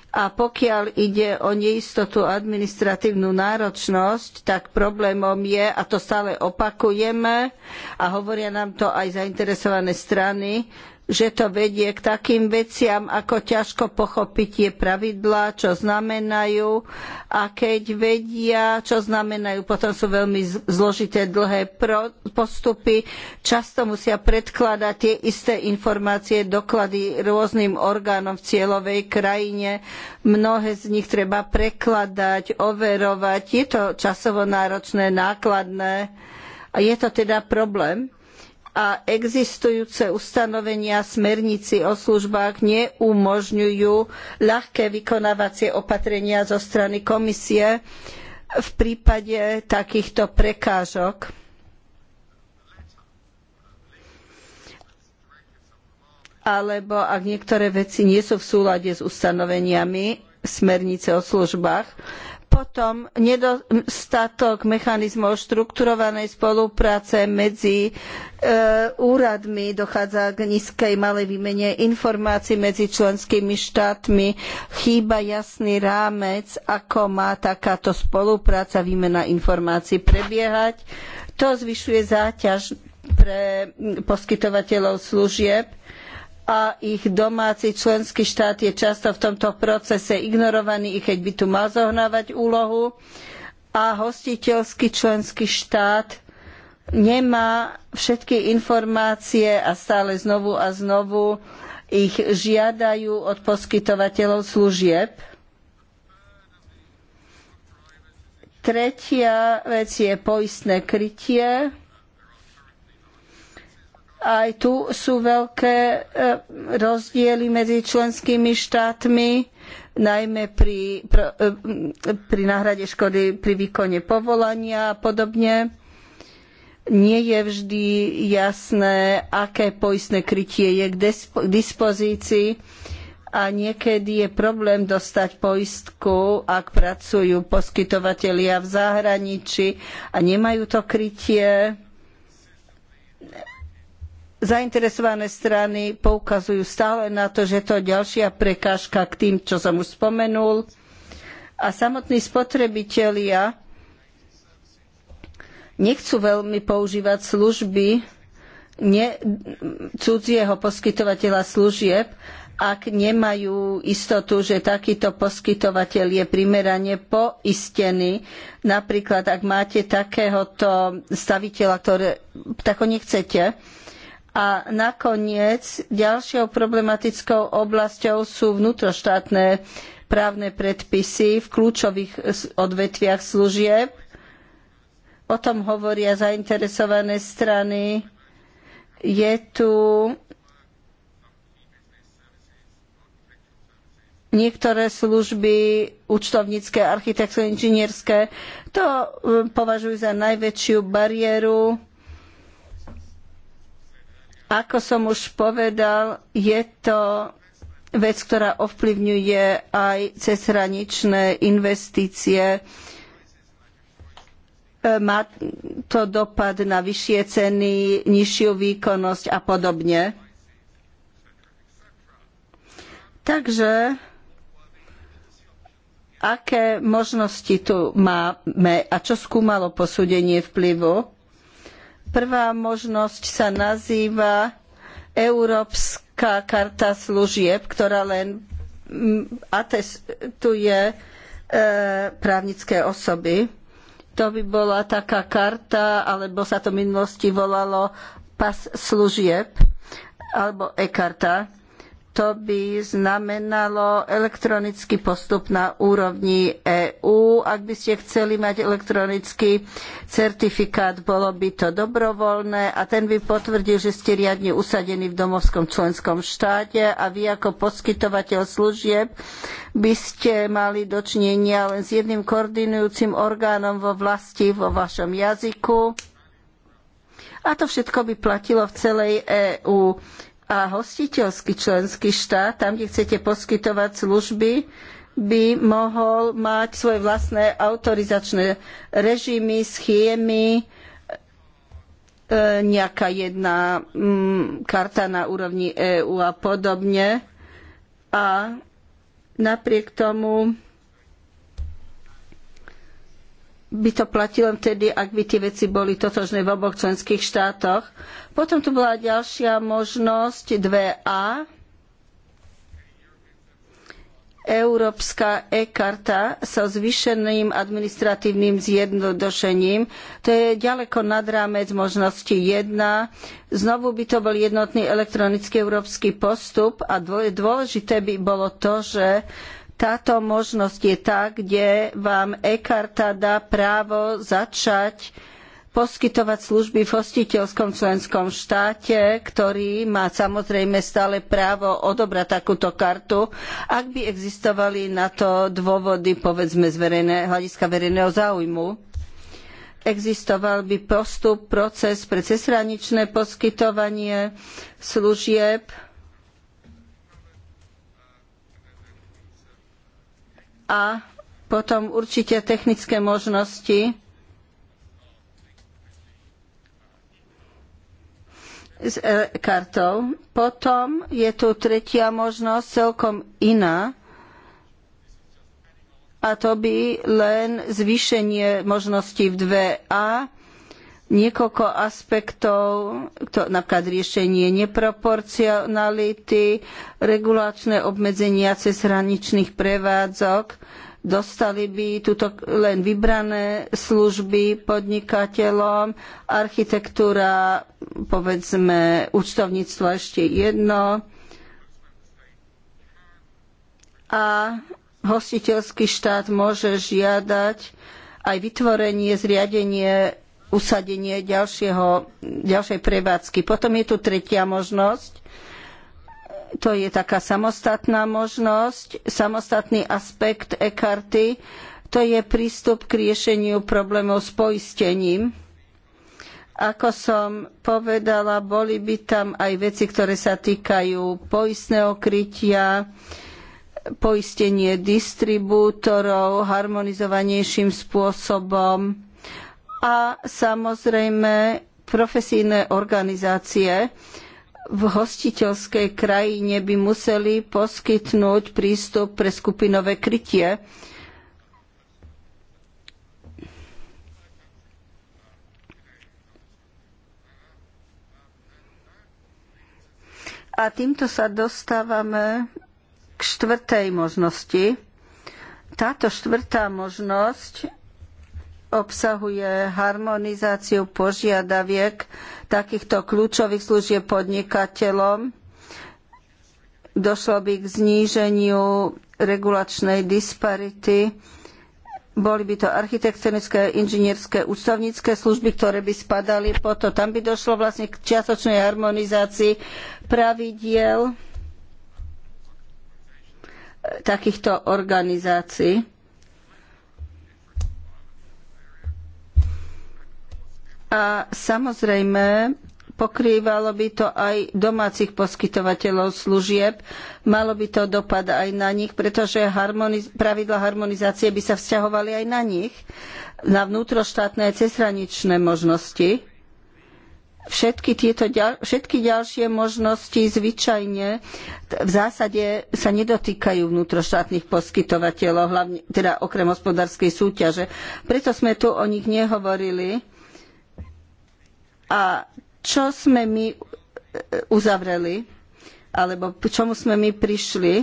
a pokiaľ ide o neistotu administratívnu náročnosť, tak problémom je, a to stále opakujeme, a hovoria nám to aj zainteresované strany, že to vedie k takým veciam, ako ťažko pochopiť tie pravidlá, čo znamenajú a keď vedia, čo znamenajú, potom sú veľmi zložité dlhé postupy. Často musia predkladať tie isté informácie, doklady rôznym orgánom v cieľovej krajine. Mnohé z nich treba prekladať, overovať. Je to časovo náročné, nákladné. A je to teda problém a existujúce ustanovenia smernici o službách neumožňujú ľahké vykonávacie opatrenia zo strany komisie v prípade takýchto prekážok. alebo ak niektoré veci nie sú v súlade s ustanoveniami smernice o službách potom nedostatok mechanizmov štrukturovanej spolupráce medzi e, úradmi, dochádza k nízkej malej výmene informácií medzi členskými štátmi, chýba jasný rámec, ako má takáto spolupráca, výmena informácií prebiehať. To zvyšuje záťaž pre poskytovateľov služieb a ich domáci členský štát je často v tomto procese ignorovaný, i keď by tu mal zohnávať úlohu. A hostiteľský členský štát nemá všetky informácie a stále znovu a znovu ich žiadajú od poskytovateľov služieb. Tretia vec je poistné krytie. Aj tu sú veľké e, rozdiely medzi členskými štátmi, najmä pri, e, pri náhrade škody pri výkone povolania a podobne. Nie je vždy jasné, aké poistné krytie je k dispozícii a niekedy je problém dostať poistku, ak pracujú poskytovatelia v zahraničí a nemajú to krytie zainteresované strany poukazujú stále na to, že to je ďalšia prekážka k tým, čo som už spomenul. A samotní spotrebitelia nechcú veľmi používať služby ne, cudzieho poskytovateľa služieb, ak nemajú istotu, že takýto poskytovateľ je primerane poistený. Napríklad, ak máte takéhoto staviteľa, ktoré, tak ho nechcete, a nakoniec ďalšou problematickou oblasťou sú vnútroštátne právne predpisy v kľúčových odvetviach služieb. O tom hovoria zainteresované strany. Je tu niektoré služby, účtovnícke, architektonické, inžinierské, to um, považujú za najväčšiu bariéru ako som už povedal, je to vec, ktorá ovplyvňuje aj cezhraničné investície. E, má to dopad na vyššie ceny, nižšiu výkonnosť a podobne. Takže aké možnosti tu máme a čo skúmalo posúdenie vplyvu? Prvá možnosť sa nazýva Európska karta služieb, ktorá len atestuje e, právnické osoby. To by bola taká karta, alebo sa to v minulosti volalo pas služieb, alebo e-karta. To by znamenalo elektronický postup na úrovni EÚ. Ak by ste chceli mať elektronický certifikát, bolo by to dobrovoľné a ten by potvrdil, že ste riadne usadení v domovskom členskom štáte a vy ako poskytovateľ služieb by ste mali dočinenia len s jedným koordinujúcim orgánom vo vlasti vo vašom jazyku. A to všetko by platilo v celej EÚ a hostiteľský členský štát, tam, kde chcete poskytovať služby, by mohol mať svoje vlastné autorizačné režimy, schémy, e, nejaká jedna mm, karta na úrovni EÚ a podobne. A napriek tomu by to platilo vtedy, ak by tie veci boli totožné v oboch členských štátoch. Potom tu bola ďalšia možnosť 2A. Európska e-karta so zvyšeným administratívnym zjednodušením. To je ďaleko nad rámec možnosti 1. Znovu by to bol jednotný elektronický európsky postup a dôležité by bolo to, že táto možnosť je tá, kde vám e-karta dá právo začať poskytovať služby v hostiteľskom členskom štáte, ktorý má samozrejme stále právo odobrať takúto kartu, ak by existovali na to dôvody, povedzme, z verejné, hľadiska verejného záujmu. Existoval by postup, proces pre cezhraničné poskytovanie služieb, a potom určite technické možnosti s e, kartou. Potom je tu tretia možnosť, celkom iná, a to by len zvýšenie možností v 2A, niekoľko aspektov, to, napríklad riešenie neproporcionality, regulačné obmedzenia cezhraničných prevádzok, Dostali by tuto len vybrané služby podnikateľom, architektúra, povedzme, účtovníctvo ešte jedno a hostiteľský štát môže žiadať aj vytvorenie, zriadenie, usadenie ďalšieho, ďalšej prevádzky. Potom je tu tretia možnosť, to je taká samostatná možnosť, samostatný aspekt e-karty, to je prístup k riešeniu problémov s poistením. Ako som povedala, boli by tam aj veci, ktoré sa týkajú poistného krytia, poistenie distribútorov harmonizovanejším spôsobom a samozrejme profesijné organizácie, v hostiteľskej krajine by museli poskytnúť prístup pre skupinové krytie. A týmto sa dostávame k štvrtej možnosti. Táto štvrtá možnosť obsahuje harmonizáciu požiadaviek takýchto kľúčových služieb podnikateľom. Došlo by k zníženiu regulačnej disparity. Boli by to architektonické, inžinierské, ústavnícke služby, ktoré by spadali po to. Tam by došlo vlastne k čiastočnej harmonizácii pravidiel takýchto organizácií A samozrejme, pokrývalo by to aj domácich poskytovateľov služieb, malo by to dopad aj na nich, pretože harmoniz- pravidla harmonizácie by sa vzťahovali aj na nich, na vnútroštátne aj cezhraničné možnosti. Všetky, tieto všetky ďalšie možnosti zvyčajne v zásade sa nedotýkajú vnútroštátnych poskytovateľov, hlavne, teda okrem hospodárskej súťaže. Preto sme tu o nich nehovorili a čo sme my e, uzavreli, alebo k čomu sme my prišli?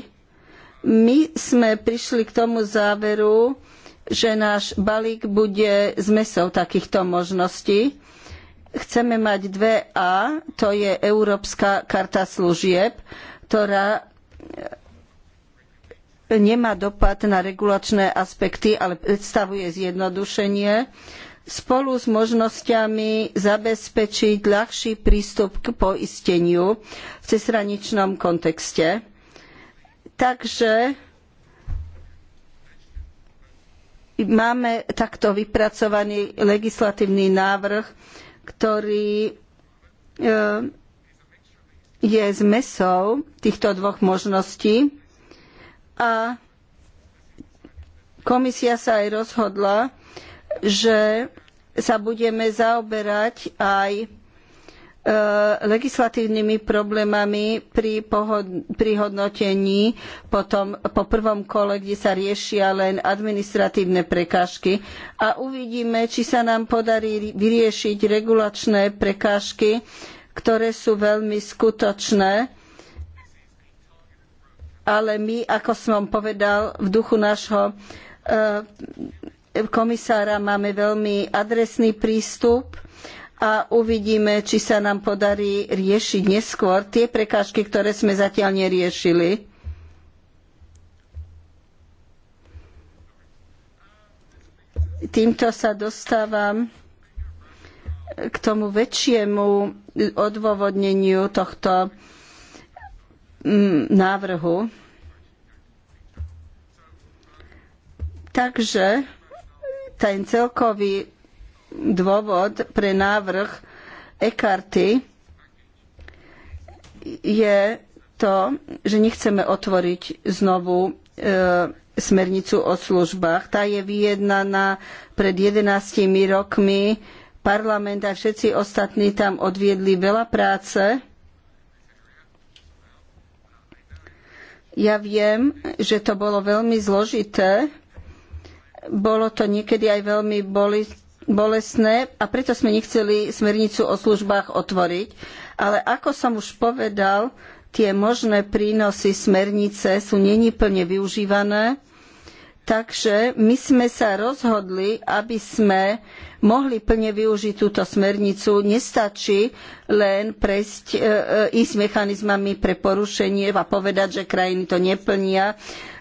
My sme prišli k tomu záveru, že náš balík bude zmesou takýchto možností. Chceme mať dve A, to je Európska karta služieb, ktorá e, nemá dopad na regulačné aspekty, ale predstavuje zjednodušenie spolu s možnosťami zabezpečiť ľahší prístup k poisteniu v cezhraničnom kontexte. Takže máme takto vypracovaný legislatívny návrh, ktorý e, je zmesou týchto dvoch možností a komisia sa aj rozhodla, že sa budeme zaoberať aj e, legislatívnymi problémami pri, pri hodnotení potom po prvom kole, kde sa riešia len administratívne prekážky a uvidíme, či sa nám podarí vyriešiť regulačné prekážky, ktoré sú veľmi skutočné, ale my, ako som povedal, v duchu nášho e, komisára máme veľmi adresný prístup a uvidíme, či sa nám podarí riešiť neskôr tie prekážky, ktoré sme zatiaľ neriešili. Týmto sa dostávam k tomu väčšiemu odôvodneniu tohto mm, návrhu. Takže ten celkový dôvod pre návrh e-karty je to, že nechceme otvoriť znovu e, smernicu o službách. Tá je vyjednaná pred 11 rokmi. Parlament a všetci ostatní tam odviedli veľa práce. Ja viem, že to bolo veľmi zložité bolo to niekedy aj veľmi bolestné a preto sme nechceli smernicu o službách otvoriť. Ale ako som už povedal, tie možné prínosy smernice sú není plne využívané. Takže my sme sa rozhodli, aby sme mohli plne využiť túto smernicu. Nestačí len prejsť, e, e, ísť mechanizmami pre porušenie a povedať, že krajiny to neplnia.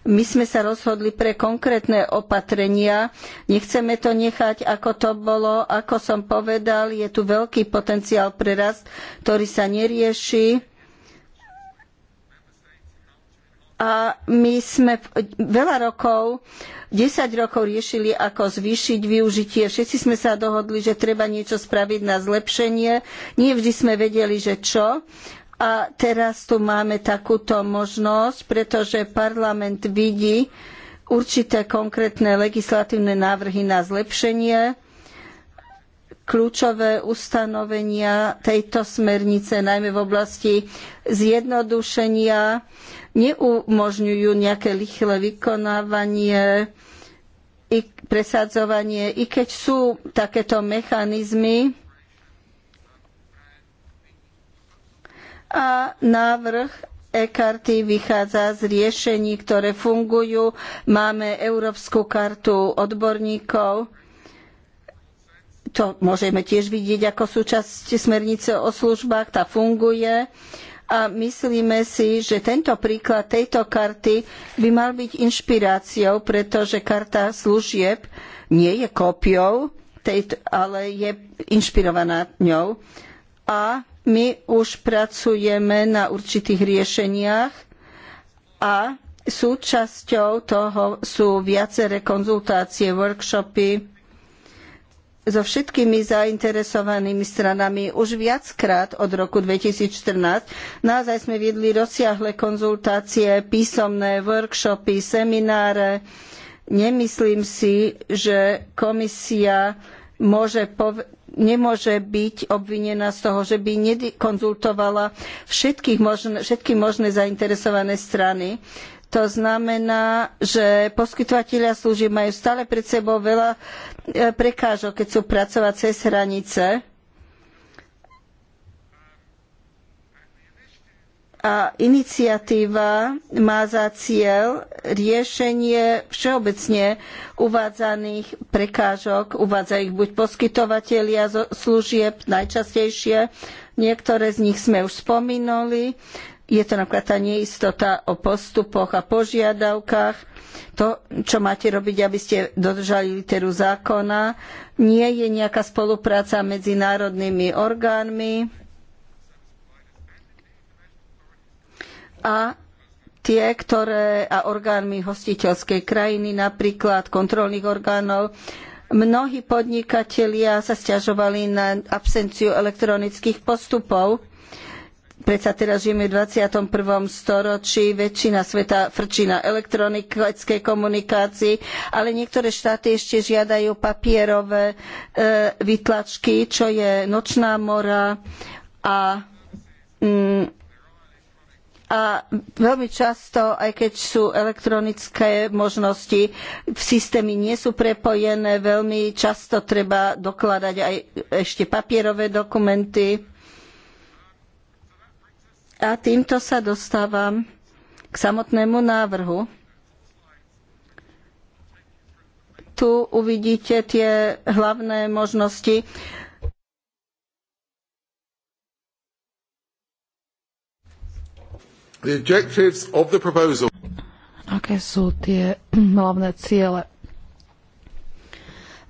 My sme sa rozhodli pre konkrétne opatrenia. Nechceme to nechať, ako to bolo. Ako som povedal, je tu veľký potenciál pre rast, ktorý sa nerieši. A my sme veľa rokov, 10 rokov riešili, ako zvýšiť využitie. Všetci sme sa dohodli, že treba niečo spraviť na zlepšenie. Nie vždy sme vedeli, že čo a teraz tu máme takúto možnosť, pretože parlament vidí určité konkrétne legislatívne návrhy na zlepšenie kľúčové ustanovenia tejto smernice, najmä v oblasti zjednodušenia, neumožňujú nejaké rýchle vykonávanie, i presadzovanie, i keď sú takéto mechanizmy, a návrh e-karty vychádza z riešení, ktoré fungujú. Máme Európsku kartu odborníkov. To môžeme tiež vidieť ako súčasť smernice o službách. Tá funguje a myslíme si, že tento príklad tejto karty by mal byť inšpiráciou, pretože karta služieb nie je kópiou, ale je inšpirovaná ňou. A my už pracujeme na určitých riešeniach a súčasťou toho sú viaceré konzultácie, workshopy so všetkými zainteresovanými stranami už viackrát od roku 2014. Naozaj sme viedli rozsiahle konzultácie, písomné workshopy, semináre. Nemyslím si, že komisia môže nemôže byť obvinená z toho, že by nekonzultovala všetky možné, všetky možné zainteresované strany. To znamená, že poskytovatelia služieb majú stále pred sebou veľa e, prekážok, keď sú pracovať cez hranice a iniciatíva má za cieľ riešenie všeobecne uvádzaných prekážok. Uvádza ich buď poskytovatelia služieb najčastejšie, niektoré z nich sme už spomínali. Je to napríklad tá neistota o postupoch a požiadavkách, to, čo máte robiť, aby ste dodržali literu zákona. Nie je nejaká spolupráca medzi národnými orgánmi, a tie, ktoré a orgánmi hostiteľskej krajiny, napríklad kontrolných orgánov. Mnohí podnikatelia sa sťažovali na absenciu elektronických postupov. Predsa teraz žijeme v 21. storočí, väčšina sveta frčí na elektronickej komunikácii, ale niektoré štáty ešte žiadajú papierové e, vytlačky, čo je nočná mora a mm, a veľmi často, aj keď sú elektronické možnosti, v systémy nie sú prepojené, veľmi často treba dokladať aj ešte papierové dokumenty. A týmto sa dostávam k samotnému návrhu. Tu uvidíte tie hlavné možnosti Aké sú tie hlavné ciele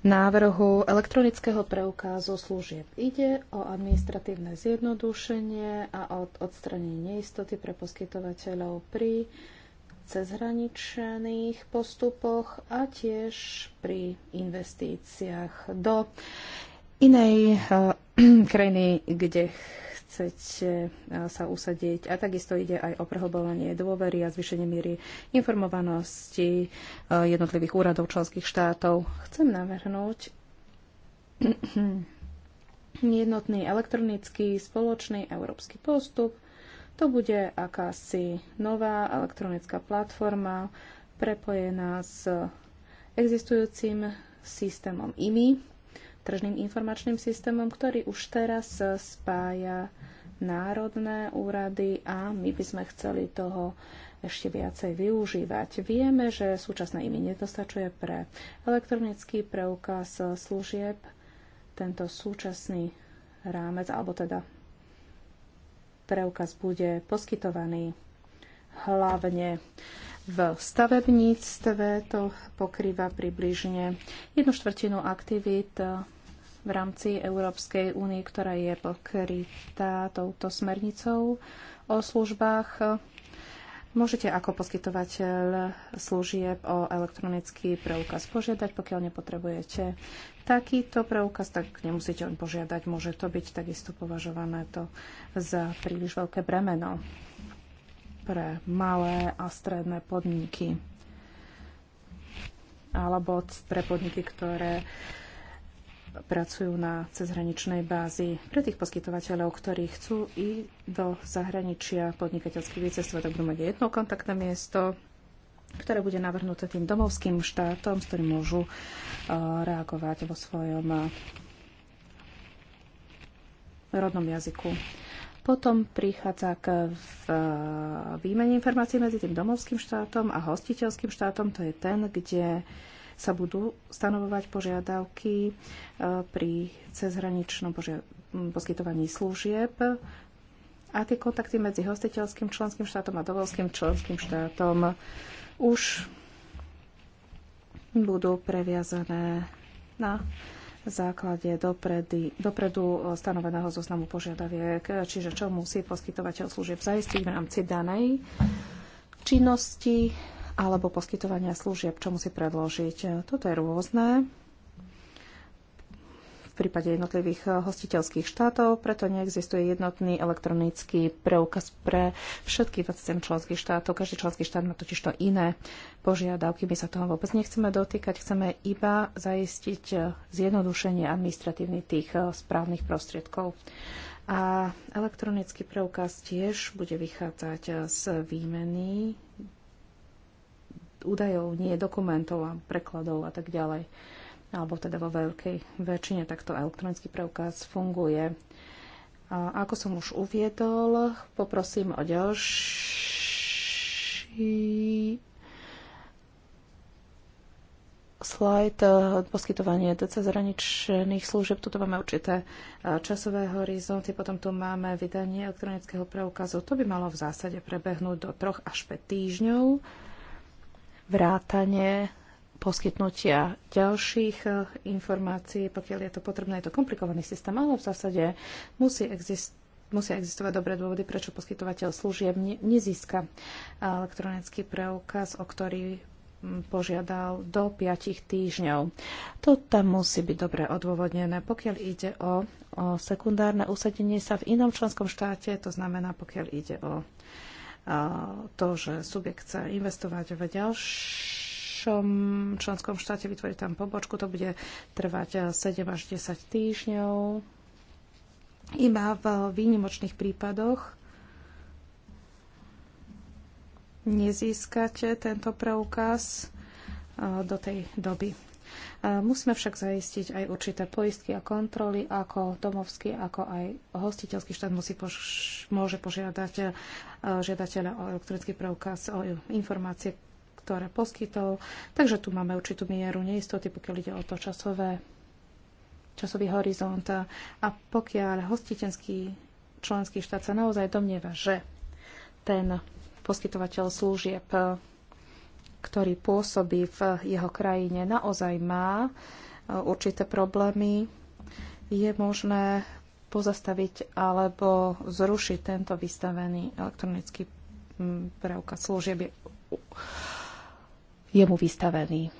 návrhu elektronického preukázu služieb. Ide o administratívne zjednodušenie a o odstranenie neistoty pre poskytovateľov pri cezhraničných postupoch a tiež pri investíciách do inej eh, krajiny, kde chceť e, sa usadiť. A takisto ide aj o prehlbovanie dôvery a zvýšenie miery informovanosti e, jednotlivých úradov členských štátov. Chcem navrhnúť jednotný elektronický spoločný európsky postup. To bude akási nová elektronická platforma prepojená s existujúcim systémom IMI, tržným informačným systémom, ktorý už teraz spája národné úrady a my by sme chceli toho ešte viacej využívať. Vieme, že súčasné imi nedostačuje pre elektronický preukaz služieb tento súčasný rámec, alebo teda preukaz bude poskytovaný hlavne v stavebníctve. To pokrýva približne jednu štvrtinu aktivít v rámci Európskej únie, ktorá je pokrytá touto smernicou o službách. Môžete ako poskytovateľ služieb o elektronický preukaz požiadať, pokiaľ nepotrebujete takýto preukaz, tak nemusíte on požiadať. Môže to byť takisto považované to za príliš veľké bremeno pre malé a stredné podniky alebo pre podniky, ktoré uh, pracujú na cezhraničnej bázi. Pre tých poskytovateľov, ktorí chcú i do zahraničia podnikateľských výcestov, tak budú mať jedno kontaktné miesto, ktoré bude navrhnuté tým domovským štátom, s ktorým môžu uh, reagovať vo svojom uh, rodnom jazyku. Potom prichádza k výmene informácií medzi tým domovským štátom a hostiteľským štátom. To je ten, kde sa budú stanovovať požiadavky e, pri cezhraničnom poskytovaní služieb a tie kontakty medzi hostiteľským členským štátom a dovolským členským štátom už budú previazané na základe dopredy, dopredu stanoveného zoznamu požiadaviek, čiže čo musí poskytovateľ služieb zaistiť v rámci danej činnosti alebo poskytovania služieb, čo musí predložiť. Toto je rôzne v prípade jednotlivých eh, hostiteľských štátov, preto neexistuje jednotný elektronický preukaz pre všetky 27 členských štátov. Každý členský štát má totiž to iné požiadavky. My sa toho vôbec nechceme dotýkať, chceme iba zaistiť eh, zjednodušenie administratívny tých eh, správnych prostriedkov. A elektronický preukaz tiež bude vychádzať z výmeny údajov, nie dokumentov a prekladov a tak ďalej. Alebo teda vo veľkej väčšine takto elektronický preukaz funguje. A ako som už uviedol, poprosím o ďalší slajd eh, poskytovanie cezhraničných služieb. Tuto máme určité eh, časové horizonty, potom tu máme vydanie elektronického preukazu. To by malo v zásade prebehnúť do troch až 5 týždňov vrátanie poskytnutia ďalších eh, informácií, pokiaľ je to potrebné. Je to komplikovaný systém, ale v zásade musí existovať musia existovať dobré dôvody, prečo poskytovateľ služieb nezíska eh, elektronický preukaz, o ktorý mm, požiadal do 5 týždňov. To tam musí byť dobre odôvodnené. Pokiaľ ide o, o sekundárne usadenie sa v inom členskom štáte, to znamená, pokiaľ ide o to, že subjekt chce investovať v ďalšom členskom štáte, vytvoriť tam pobočku, to bude trvať 7 e, až 10 týždňov. Iba v výnimočných prípadoch nezískate tento preukaz e, do tej doby. Musíme však zaistiť aj určité poistky a kontroly, ako domovský, ako aj hostiteľský štát musí poš- môže požiadať e, žiadateľa o elektronický preukaz, o informácie, ktoré poskytol. Takže tu máme určitú mieru neistoty, pokiaľ ide o to časové, časový horizont. A pokiaľ hostiteľský členský štát sa naozaj domnieva, že ten poskytovateľ služieb ktorý pôsobí v jeho krajine, naozaj má eh, určité problémy, je možné pozastaviť alebo zrušiť tento vystavený elektronický mm, preukaz služieb je jemu vystavený.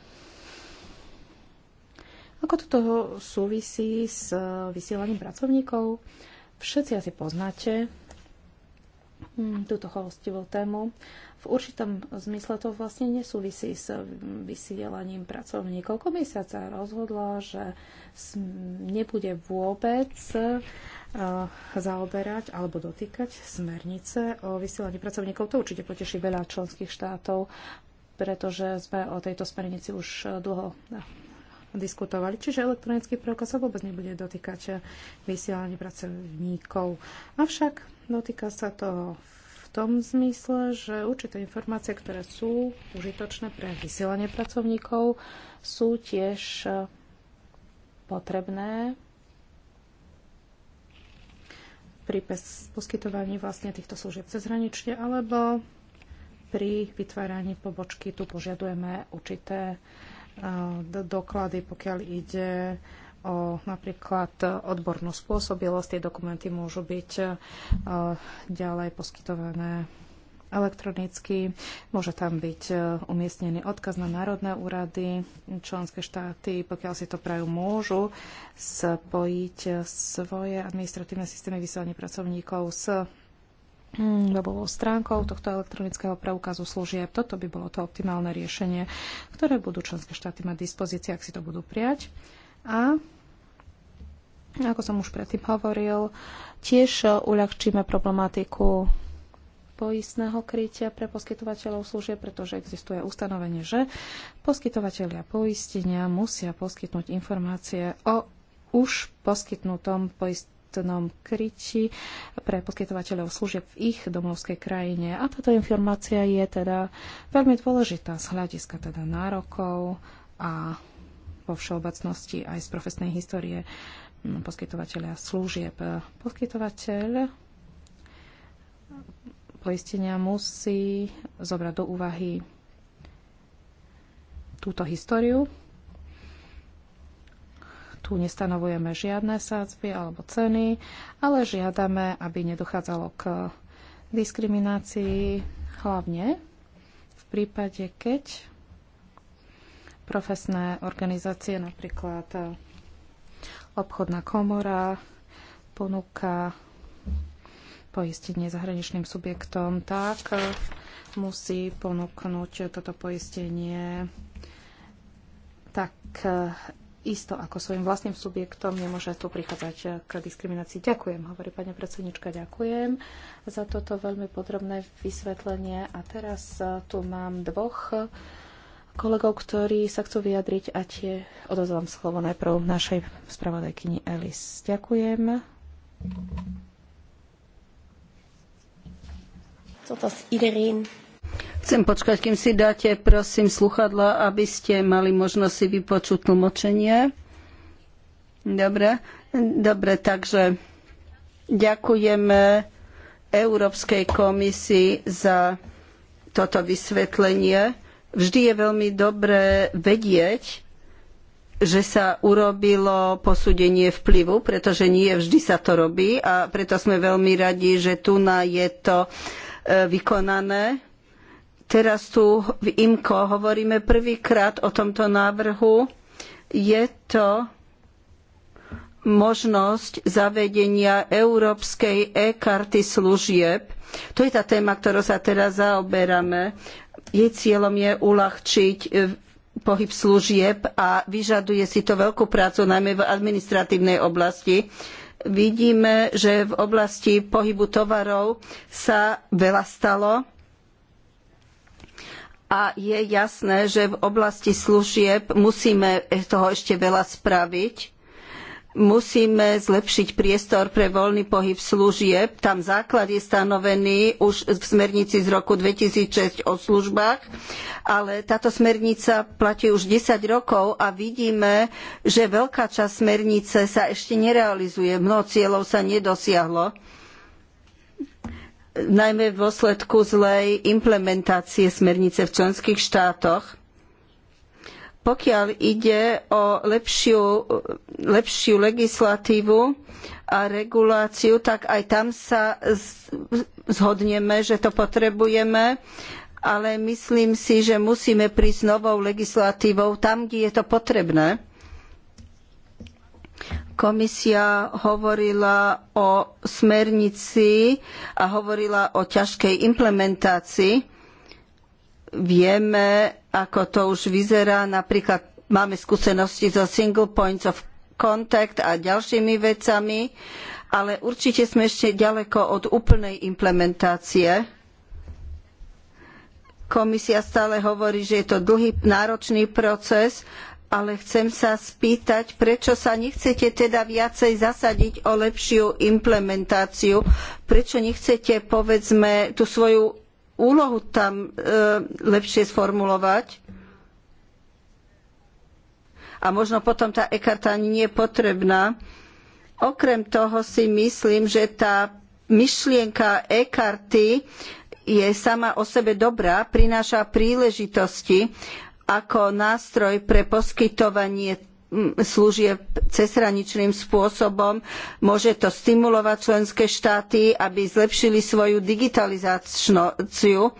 Ako toto súvisí s eh, vysielaním pracovníkov? Všetci asi poznáte Hm, túto chovostivú tému. V určitom zmysle to vlastne nesúvisí s vysielaním pracovníkov. Komisia sa rozhodla, že nebude vôbec e, zaoberať alebo dotýkať smernice o vysielaní pracovníkov. To určite poteší veľa členských štátov, pretože sme o tejto smernici už e, dlho e, diskutovali. Čiže elektronický preukaz sa vôbec nebude dotýkať vysielania pracovníkov. Avšak Dotýka sa to v tom zmysle, že určité informácie, ktoré sú užitočné pre vysielanie pracovníkov, sú tiež e, potrebné pri poskytovaní vlastne týchto služieb cezhranične alebo pri vytváraní pobočky. Tu požiadujeme určité uh, doklady, pokiaľ ide o napríklad odbornú spôsobilosť. Tie dokumenty môžu byť e, ďalej poskytované elektronicky. Môže tam byť e, umiestnený odkaz na národné úrady. Členské štáty, pokiaľ si to prajú, môžu spojiť e, svoje administratívne systémy vysielaní pracovníkov s mm, webovou stránkou tohto elektronického preukazu služieb. Toto by bolo to optimálne riešenie, ktoré budú členské štáty mať dispozície, ak si to budú prijať. A ako som už predtým hovoril, tiež uľahčíme problematiku poistného krytia pre poskytovateľov služieb, pretože existuje ustanovenie, že poskytovateľia poistenia musia poskytnúť informácie o už poskytnutom poistnom kryti pre poskytovateľov služieb v ich domovskej krajine. A táto informácia je teda veľmi dôležitá z hľadiska teda nárokov a vo všeobecnosti aj z profesnej histórie poskytovateľa služieb. Poskytovateľ poistenia musí zobrať do úvahy túto históriu. Tu nestanovujeme žiadne sádzby alebo ceny, ale žiadame, aby nedochádzalo k diskriminácii hlavne v prípade, keď profesné organizácie, napríklad Obchodná komora ponúka poistenie zahraničným subjektom, tak e, musí ponúknuť toto poistenie tak e, isto ako svojim vlastným subjektom nemôže tu prichádzať e, k diskriminácii. Ďakujem, hovorí pani predsednička, ďakujem za toto veľmi podrobné vysvetlenie. A teraz tu mám dvoch kolegov, ktorí sa chcú vyjadriť a tie odozvám slovo najprv našej spravodajkyni Elis. Ďakujem. Toto s Irene. Chcem počkať, kým si dáte, prosím, sluchadla, aby ste mali možnosť si vypočuť tlmočenie. Dobre, dobre, takže ďakujeme Európskej komisii za toto vysvetlenie Vždy je veľmi dobré vedieť, že sa urobilo posúdenie vplyvu, pretože nie vždy sa to robí a preto sme veľmi radi, že tu na je to e, vykonané. Teraz tu v IMKO hovoríme prvýkrát o tomto návrhu. Je to možnosť zavedenia európskej e-karty služieb. To je tá téma, ktorou sa teraz zaoberáme. Jej cieľom je uľahčiť e, pohyb služieb a vyžaduje si to veľkú prácu, najmä v administratívnej oblasti. Vidíme, že v oblasti pohybu tovarov sa veľa stalo a je jasné, že v oblasti služieb musíme toho ešte veľa spraviť musíme zlepšiť priestor pre voľný pohyb služieb. Tam základ je stanovený už v smernici z roku 2006 o službách, ale táto smernica platí už 10 rokov a vidíme, že veľká časť smernice sa ešte nerealizuje. Mnoho cieľov sa nedosiahlo najmä v dôsledku zlej implementácie smernice v členských štátoch pokiaľ ide o lepšiu, lepšiu legislatívu a reguláciu, tak aj tam sa zhodneme, že to potrebujeme ale myslím si, že musíme prísť s novou legislatívou tam, kde je to potrebné. Komisia hovorila o smernici a hovorila o ťažkej implementácii vieme, ako to už vyzerá. Napríklad máme skúsenosti so single points of contact a ďalšími vecami, ale určite sme ešte ďaleko od úplnej implementácie. Komisia stále hovorí, že je to dlhý, náročný proces, ale chcem sa spýtať, prečo sa nechcete teda viacej zasadiť o lepšiu implementáciu, prečo nechcete, povedzme, tú svoju úlohu tam e, lepšie sformulovať. A možno potom tá ekarta ani nie je potrebná. Okrem toho si myslím, že tá myšlienka e-karty je sama o sebe dobrá, prináša príležitosti ako nástroj pre poskytovanie služieb cezhraničným spôsobom. Môže to stimulovať členské štáty, aby zlepšili svoju digitalizáciu,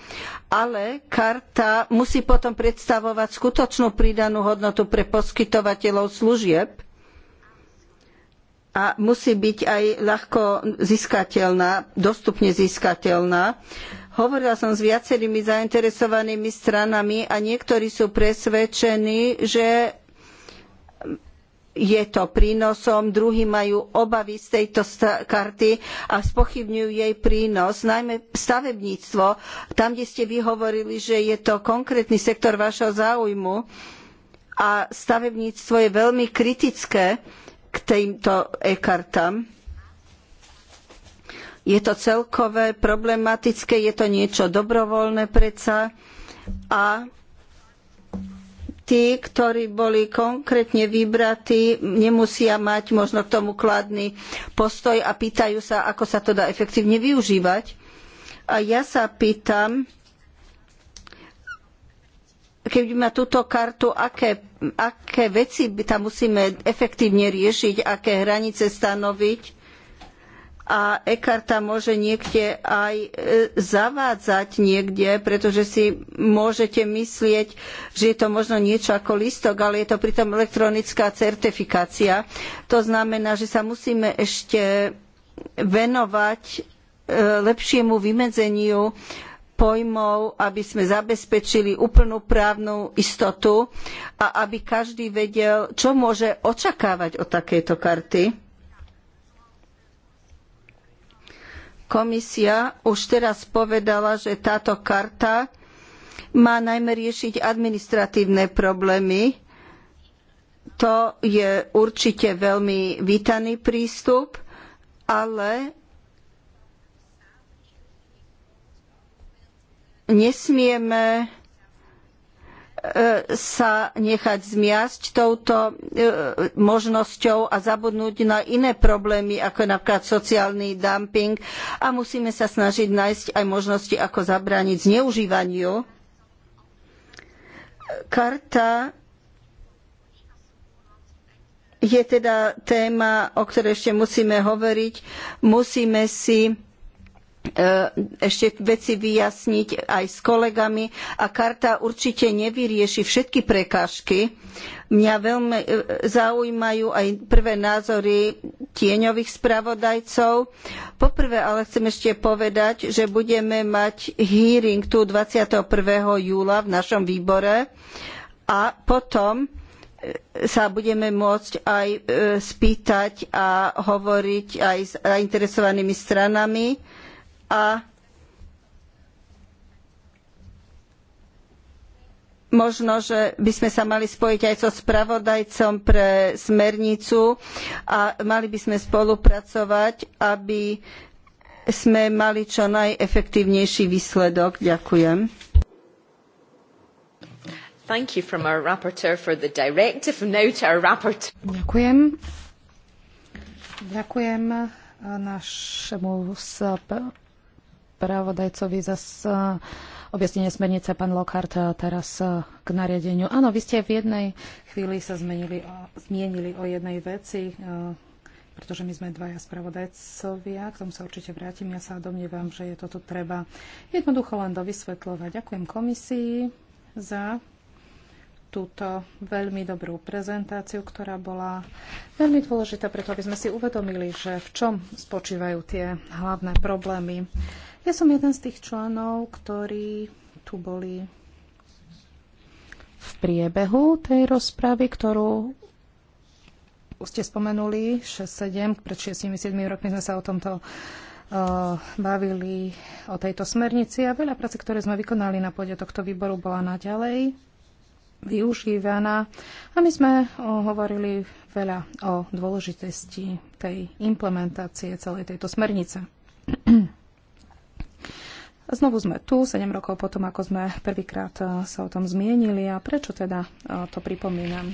ale karta musí potom predstavovať skutočnú pridanú hodnotu pre poskytovateľov služieb a musí byť aj ľahko získateľná, dostupne získateľná. Hovorila som s viacerými zainteresovanými stranami a niektorí sú presvedčení, že je to prínosom, druhí majú obavy z tejto karty a spochybňujú jej prínos, najmä stavebníctvo, tam, kde ste vy hovorili, že je to konkrétny sektor vášho záujmu a stavebníctvo je veľmi kritické k týmto e-kartám. Je to celkové problematické, je to niečo dobrovoľné predsa a tí, ktorí boli konkrétne vybratí, nemusia mať možno k tomu kladný postoj a pýtajú sa, ako sa to dá efektívne využívať. A ja sa pýtam, keď má túto kartu, aké, aké veci tam musíme efektívne riešiť, aké hranice stanoviť, a Ekarta môže niekde aj e, zavádzať niekde, pretože si môžete myslieť, že je to možno niečo ako listok, ale je to pritom elektronická certifikácia. To znamená, že sa musíme ešte venovať e, lepšiemu vymedzeniu pojmov, aby sme zabezpečili úplnú právnu istotu a aby každý vedel, čo môže očakávať od takejto karty Komisia už teraz povedala, že táto karta má najmä riešiť administratívne problémy. To je určite veľmi vítaný prístup, ale nesmieme E, sa nechať zmiasť touto e, možnosťou a zabudnúť na iné problémy, ako je napríklad sociálny dumping a musíme sa snažiť nájsť aj možnosti, ako zabrániť zneužívaniu. Karta je teda téma, o ktorej ešte musíme hovoriť. Musíme si E, ešte veci vyjasniť aj s kolegami a karta určite nevyrieši všetky prekážky. Mňa veľmi e, zaujímajú aj prvé názory tieňových spravodajcov. Poprvé ale chcem ešte povedať, že budeme mať hearing tu 21. júla v našom výbore a potom e, sa budeme môcť aj spýtať a hovoriť aj s zainteresovanými stranami a možno, že by sme sa mali spojiť aj so spravodajcom pre smernicu a mali by sme spolupracovať, aby sme mali čo najefektívnejší výsledok. Ďakujem. Ďakujem. Ďakujem eh, našemu spravodajcovi za eh, objasnenie smernice, pán Lockhart, eh, teraz eh, k nariadeniu. Áno, vy ste v jednej chvíli sa zmenili, zmienili o jednej veci, pretože my sme dvaja spravodajcovia, k tomu sa určite vrátim. Ja sa domnievam, že je toto treba jednoducho len dovysvetľovať. Ďakujem komisii za túto veľmi dobrú prezentáciu, ktorá bola veľmi dôležitá, preto aby sme si uvedomili, že v čom spočívajú tie hlavné problémy ja som jeden z tých členov, ktorí tu boli v priebehu tej rozpravy, ktorú už ste spomenuli, 6-7, pred 6-7 rokmi sme sa o tomto uh, bavili o tejto smernici a veľa práce, ktoré sme vykonali na pôde tohto výboru, bola naďalej využívaná a my sme uh, hovorili veľa o dôležitosti tej implementácie celej tejto smernice. Znovu sme tu, 7 rokov potom, ako sme prvýkrát eh, sa o tom zmienili. A prečo teda eh, to pripomínam?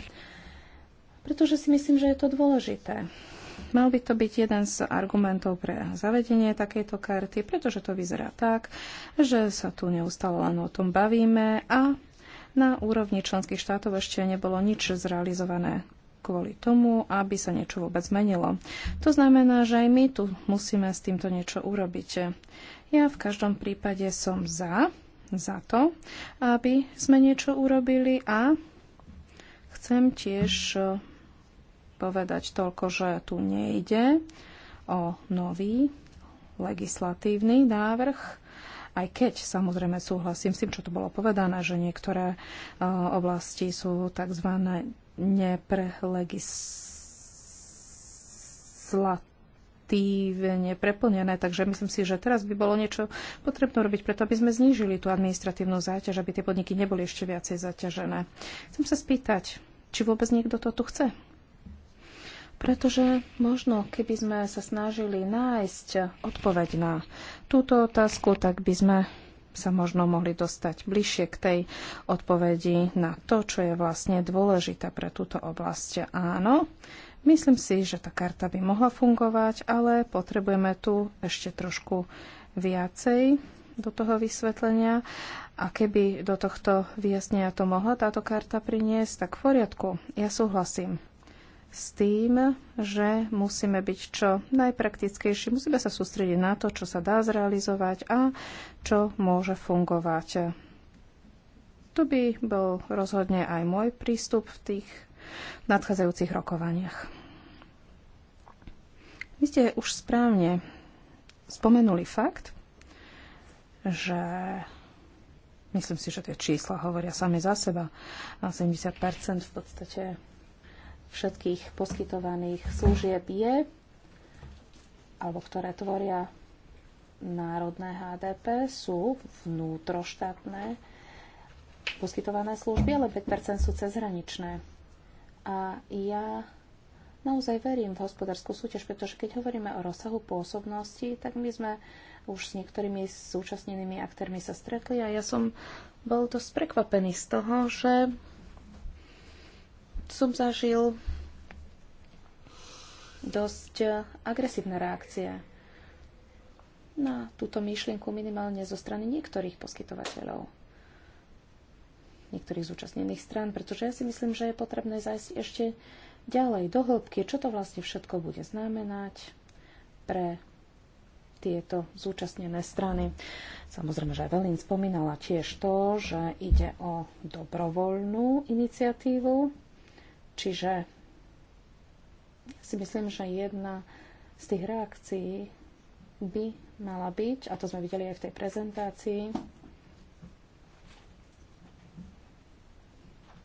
Pretože si myslím, že je to dôležité. Mal by to byť jeden z argumentov pre zavedenie takejto karty, pretože to vyzerá tak, že sa tu neustále len o tom bavíme a na úrovni členských štátov ešte nebolo nič zrealizované kvôli tomu, aby sa niečo vôbec zmenilo. To znamená, že aj my tu musíme s týmto niečo urobiť. Ja v každom prípade som za, za to, aby sme niečo urobili a chcem tiež e, povedať toľko, že tu nejde o nový legislatívny návrh, aj keď samozrejme súhlasím s tým, čo tu bolo povedané, že niektoré e, oblasti sú tzv. neprelegislatívne administratívne preplnené, takže myslím si, že teraz by bolo niečo potrebné robiť, preto aby sme znížili tú administratívnu záťaž, aby tie podniky neboli ešte viacej zaťažené. Chcem sa spýtať, či vôbec niekto to tu chce? Pretože možno, keby sme sa snažili nájsť odpoveď na túto otázku, tak by sme sa možno mohli dostať bližšie k tej odpovedi na to, čo je vlastne dôležité pre túto oblasť. Áno, Myslím si, že tá karta by mohla fungovať, ale potrebujeme tu ešte trošku viacej do toho vysvetlenia. A keby do tohto vyjasnenia to mohla táto karta priniesť, tak v poriadku, ja súhlasím s tým, že musíme byť čo najpraktickejší, musíme sa sústrediť na to, čo sa dá zrealizovať a čo môže fungovať. To by bol rozhodne aj môj prístup v tých v nadchádzajúcich rokovaniach. Vy ste už správne spomenuli fakt, že myslím si, že tie čísla hovoria sami za seba. 70 v podstate všetkých poskytovaných služieb je, alebo ktoré tvoria národné HDP, sú vnútroštátne poskytované služby, ale 5 sú cezhraničné. A ja naozaj verím v hospodárskú súťaž, pretože keď hovoríme o rozsahu pôsobnosti, tak my sme už s niektorými súčasnenými aktérmi sa stretli a ja som bol dosť prekvapený z toho, že som zažil dosť agresívne reakcie na túto myšlienku minimálne zo strany niektorých poskytovateľov niektorých zúčastnených strán, pretože ja si myslím, že je potrebné zajsť ešte ďalej do hĺbky, čo to vlastne všetko bude znamenať pre tieto zúčastnené strany. Samozrejme, že Evelyn spomínala tiež to, že ide o dobrovoľnú iniciatívu, čiže ja si myslím, že jedna z tých reakcií by mala byť, a to sme videli aj v tej prezentácii,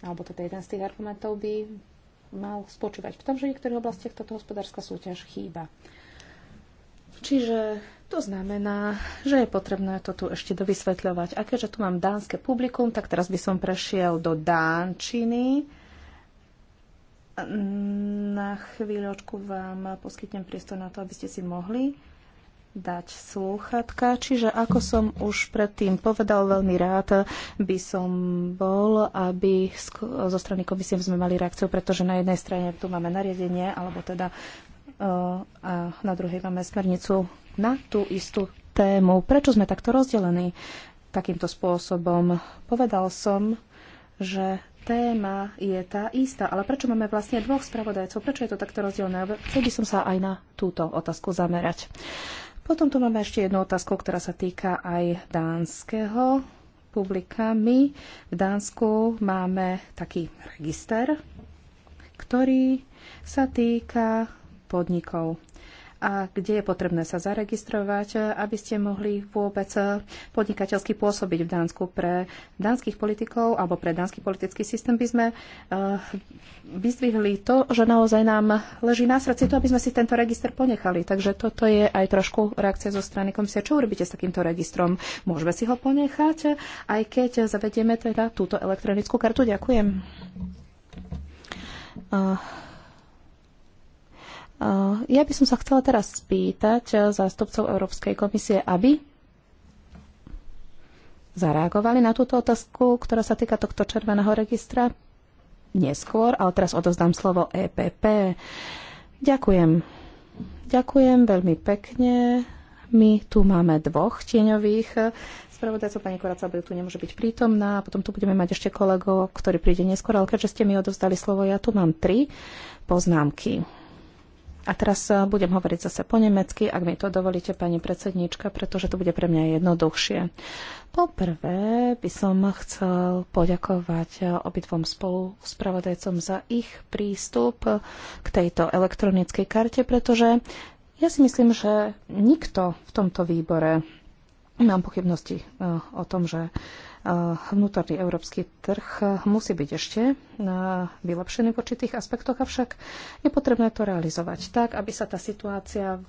alebo teda jeden z tých argumentov by mal spočívať v tom, že v niektorých oblastiach táto hospodárska súťaž chýba. Čiže to znamená, že je potrebné to tu ešte dovysvetľovať. A keďže tu mám dánske publikum, tak teraz by som prešiel do Dánčiny. Na chvíľočku vám poskytnem priestor na to, aby ste si mohli dať slúchatka. Čiže ako som už predtým povedal, veľmi rád by som bol, aby zo strany komisie sme mali reakciu, pretože na jednej strane tu máme nariadenie, alebo teda eh, a na druhej máme smernicu na tú istú tému. Prečo sme takto rozdelení takýmto spôsobom? Povedal som, že téma je tá istá, ale prečo máme vlastne dvoch spravodajcov? Prečo je to takto rozdelené? Chcel by som sa aj na túto otázku zamerať. Uh, potom tu máme ešte jednu otázku, ktorá sa týka aj dánskeho publika. My v Dánsku máme taký register, ktorý sa týka podnikov a kde je potrebné sa zaregistrovať, aby ste mohli vôbec podnikateľsky pôsobiť v Dánsku. Pre dánskych politikov alebo pre dánsky politický systém by sme eh, vyzdvihli to, že naozaj nám leží na srdci to, aby sme si tento register ponechali. Takže toto je aj trošku reakcia zo strany komisie. Čo urobíte s takýmto registrom? Môžeme si ho ponechať, aj keď zavedieme teda túto elektronickú kartu? Ďakujem. Uh Eh, ja by som sa chcela teraz spýtať eh, zástupcov Európskej komisie, aby zareagovali na túto otázku, ktorá sa týka tohto červeného registra neskôr, ale teraz odozdám slovo EPP. Ďakujem. Ďakujem veľmi pekne. My tu máme dvoch tieňových eh, spravodajcov. Pani Koraca tu nemôže byť prítomná. Potom tu budeme mať ešte kolego, ktorý príde neskôr. Ale keďže ste mi odovzdali slovo, ja tu mám tri poznámky. A teraz eh, budem hovoriť zase po nemecky, ak mi to dovolíte, pani predsednička, pretože to bude pre mňa jednoduchšie. Poprvé by som chcel poďakovať eh, obidvom spolu spravodajcom za ich prístup eh, k tejto elektronickej karte, pretože ja si myslím, že nikto v tomto výbore, mám pochybnosti o tom, že Eh, vnútorný európsky trh eh, musí byť ešte eh, vylepšený v určitých aspektoch, avšak je potrebné to realizovať tak, aby sa tá situácia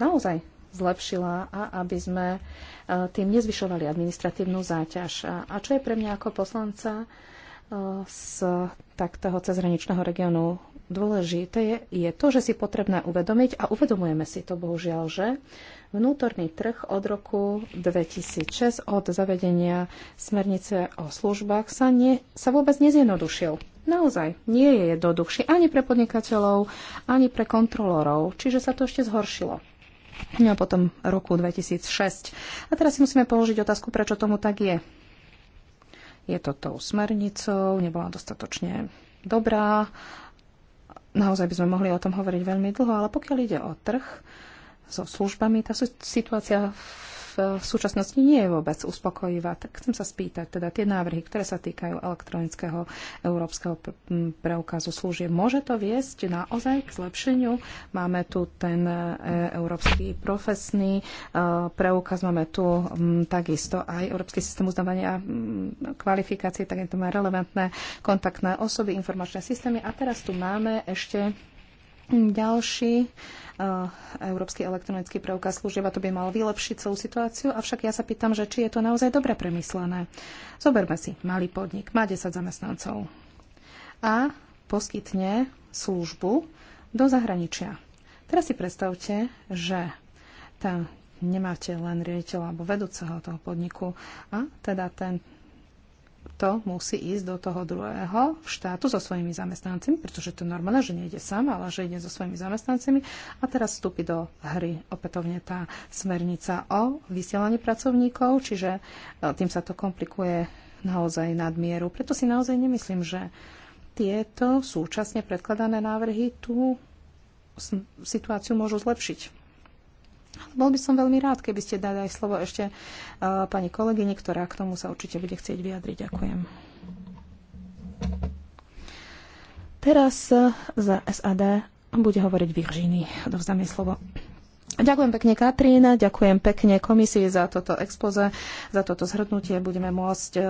naozaj zlepšila a aby sme tým nezvyšovali administratívnu záťaž. A čo je pre mňa ako poslanca z takého cezhraničného regiónu dôležité, je, je to, že si potrebné uvedomiť, a uvedomujeme si to bohužiaľ, že vnútorný trh od roku 2006 od zavedenia smernice o službách sa, nie, sa vôbec nezjednodušil. Naozaj nie je jednoduchší ani pre podnikateľov, ani pre kontrolorov, čiže sa to ešte zhoršilo. No a potom roku 2006. A teraz si musíme položiť otázku, prečo tomu tak je. Je to tou smernicou, nebola dostatočne dobrá, naozaj by sme mohli o tom hovoriť veľmi dlho, ale pokiaľ ide o trh, so službami, tá situácia v súčasnosti nie je vôbec uspokojivá. Tak chcem sa spýtať, teda tie návrhy, ktoré sa týkajú elektronického európskeho preukazu služieb, môže to viesť naozaj k zlepšeniu? Máme tu ten e, európsky profesný e, preukaz, máme tu takisto aj európsky systém uznávania kvalifikácií, tak to má relevantné kontaktné osoby, informačné systémy a teraz tu máme ešte ďalší uh, Európsky elektronický preukaz služieb a to by mal vylepšiť celú situáciu. Avšak ja sa pýtam, že či je to naozaj dobre premyslené. Zoberme si malý podnik, má 10 zamestnancov a poskytne službu do zahraničia. Teraz si predstavte, že tam nemáte len riaditeľa alebo vedúceho toho podniku a teda ten to musí ísť do toho druhého štátu so svojimi zamestnancami, pretože to je normálne, že nejde sám, ale že ide so svojimi zamestnancami. A teraz vstúpi do hry opätovne tá smernica o vysielaní pracovníkov, čiže e, tým sa to komplikuje naozaj nadmieru. Preto si naozaj nemyslím, že tieto súčasne predkladané návrhy tú situáciu môžu zlepšiť. Bol by som veľmi rád, keby ste dali aj slovo ešte uh, pani kolegyne, ktorá k tomu sa určite bude chcieť vyjadriť. Ďakujem. Teraz eh, za SAD bude hovoriť Virginie. Dovzdám jej slovo. Ďakujem pekne Katrína, ďakujem pekne komisii za toto expoze, za toto zhrnutie. Budeme môcť uh,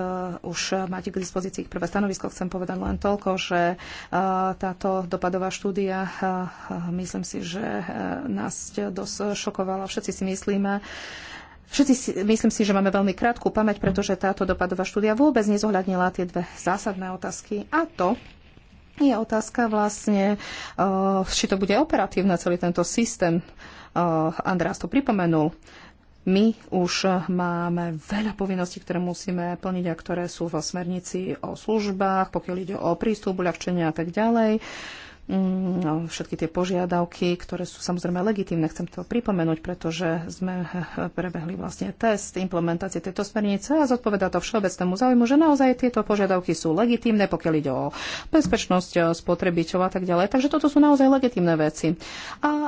už mať k dispozícii prvé stanovisko. Chcem povedať len toľko, že uh, táto dopadová štúdia, uh, myslím si, že uh, nás dosť šokovala. Všetci si myslíme, Všetci si, myslím si, že máme veľmi krátku pamäť, pretože táto dopadová štúdia vôbec nezohľadnila tie dve zásadné otázky a to, je otázka vlastne, či to bude operatívne celý tento systém Eh, Andreas to pripomenul, my už máme veľa povinností, ktoré musíme plniť a ktoré sú vo smernici o službách, pokiaľ ide o prístup, uľahčenia a tak ďalej. Uh, Mm, no, všetky tie požiadavky, ktoré sú samozrejme legitímne. Chcem to pripomenúť, pretože sme prebehli vlastne test implementácie tejto smernice a zodpoveda to všeobecnému záujmu, že naozaj tieto požiadavky sú legitímne, pokiaľ ide o bezpečnosť spotrebiteľov a tak ďalej. Takže toto sú naozaj legitímne veci. A e,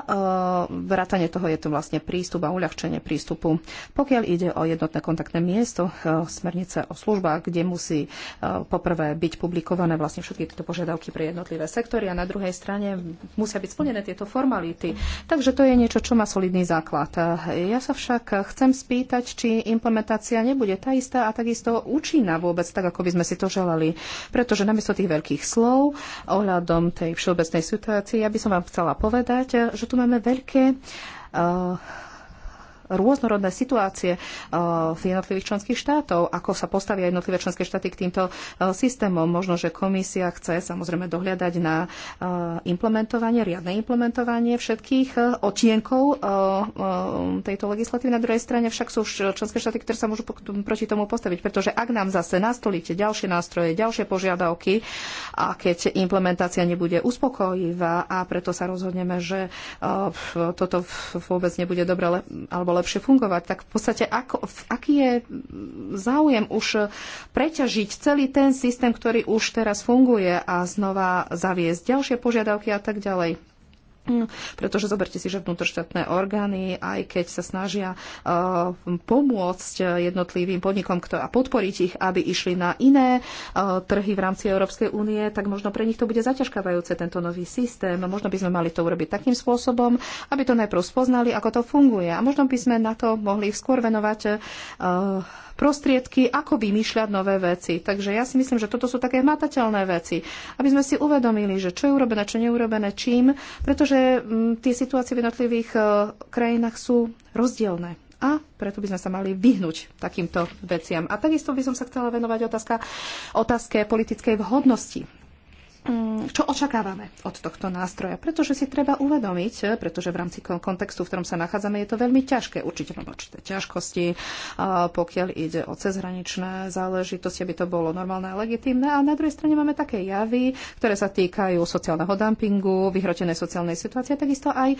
vrátanie toho je to vlastne prístup a uľahčenie prístupu. Pokiaľ ide o jednotné kontaktné miesto, e, smernice o službách, kde musí e, poprvé byť publikované vlastne všetky tieto požiadavky pre jednotlivé sektory a na druhé druhej strane musia byť splnené tieto formality. Takže to je niečo, čo má solidný základ. Ja sa však chcem spýtať, či implementácia nebude tá istá a takisto účinná vôbec tak, ako by sme si to želali. Pretože namiesto tých veľkých slov ohľadom tej všeobecnej situácie, ja by som vám chcela povedať, že tu máme veľké uh, rôznorodné situácie eh, v jednotlivých členských štátov, ako sa postavia jednotlivé členské štáty k týmto eh, systémom. Možno, že komisia chce samozrejme dohľadať na eh, implementovanie, riadne implementovanie všetkých otienkov tejto legislatívy. Na druhej strane však sú členské štáty, ktoré sa môžu proti tomu postaviť, pretože ak nám zase nastolíte ďalšie nástroje, ďalšie požiadavky a keď implementácia nebude uspokojivá a preto sa rozhodneme, že toto vôbec nebude dobre alebo lepšie fungovať, tak v podstate ako, aký je záujem už e, preťažiť celý ten systém, ktorý už teraz funguje a znova zaviesť ďalšie požiadavky a tak ďalej. Pretože zoberte si, že vnútroštátne orgány, aj keď sa snažia uh, pomôcť jednotlivým podnikom kto, a podporiť ich, aby išli na iné uh, trhy v rámci Európskej únie, tak možno pre nich to bude zaťažkávajúce tento nový systém. Možno by sme mali to urobiť takým spôsobom, aby to najprv spoznali, ako to funguje. A možno by sme na to mohli skôr venovať uh, prostriedky, ako vymýšľať nové veci. Takže ja si myslím, že toto sú také hmatateľné veci, aby sme si uvedomili, že čo je urobené, čo neurobené, čím, pretože m, mm, tie situácie v jednotlivých e, krajinách sú rozdielne a preto by sme sa mali vyhnúť takýmto veciam. A takisto by som sa chcela venovať otázka, otázke politickej vhodnosti Mm, čo očakávame od tohto nástroja. Pretože si treba uvedomiť, eh, pretože v rámci kontextu, v ktorom sa nachádzame, je to veľmi ťažké. Určite máme určité ťažkosti, eh, pokiaľ ide o cezhraničné záležitosti, aby to bolo normálne a legitímne. A na druhej strane máme také javy, ktoré sa týkajú sociálneho dumpingu, vyhrotenej sociálnej situácie, takisto aj eh,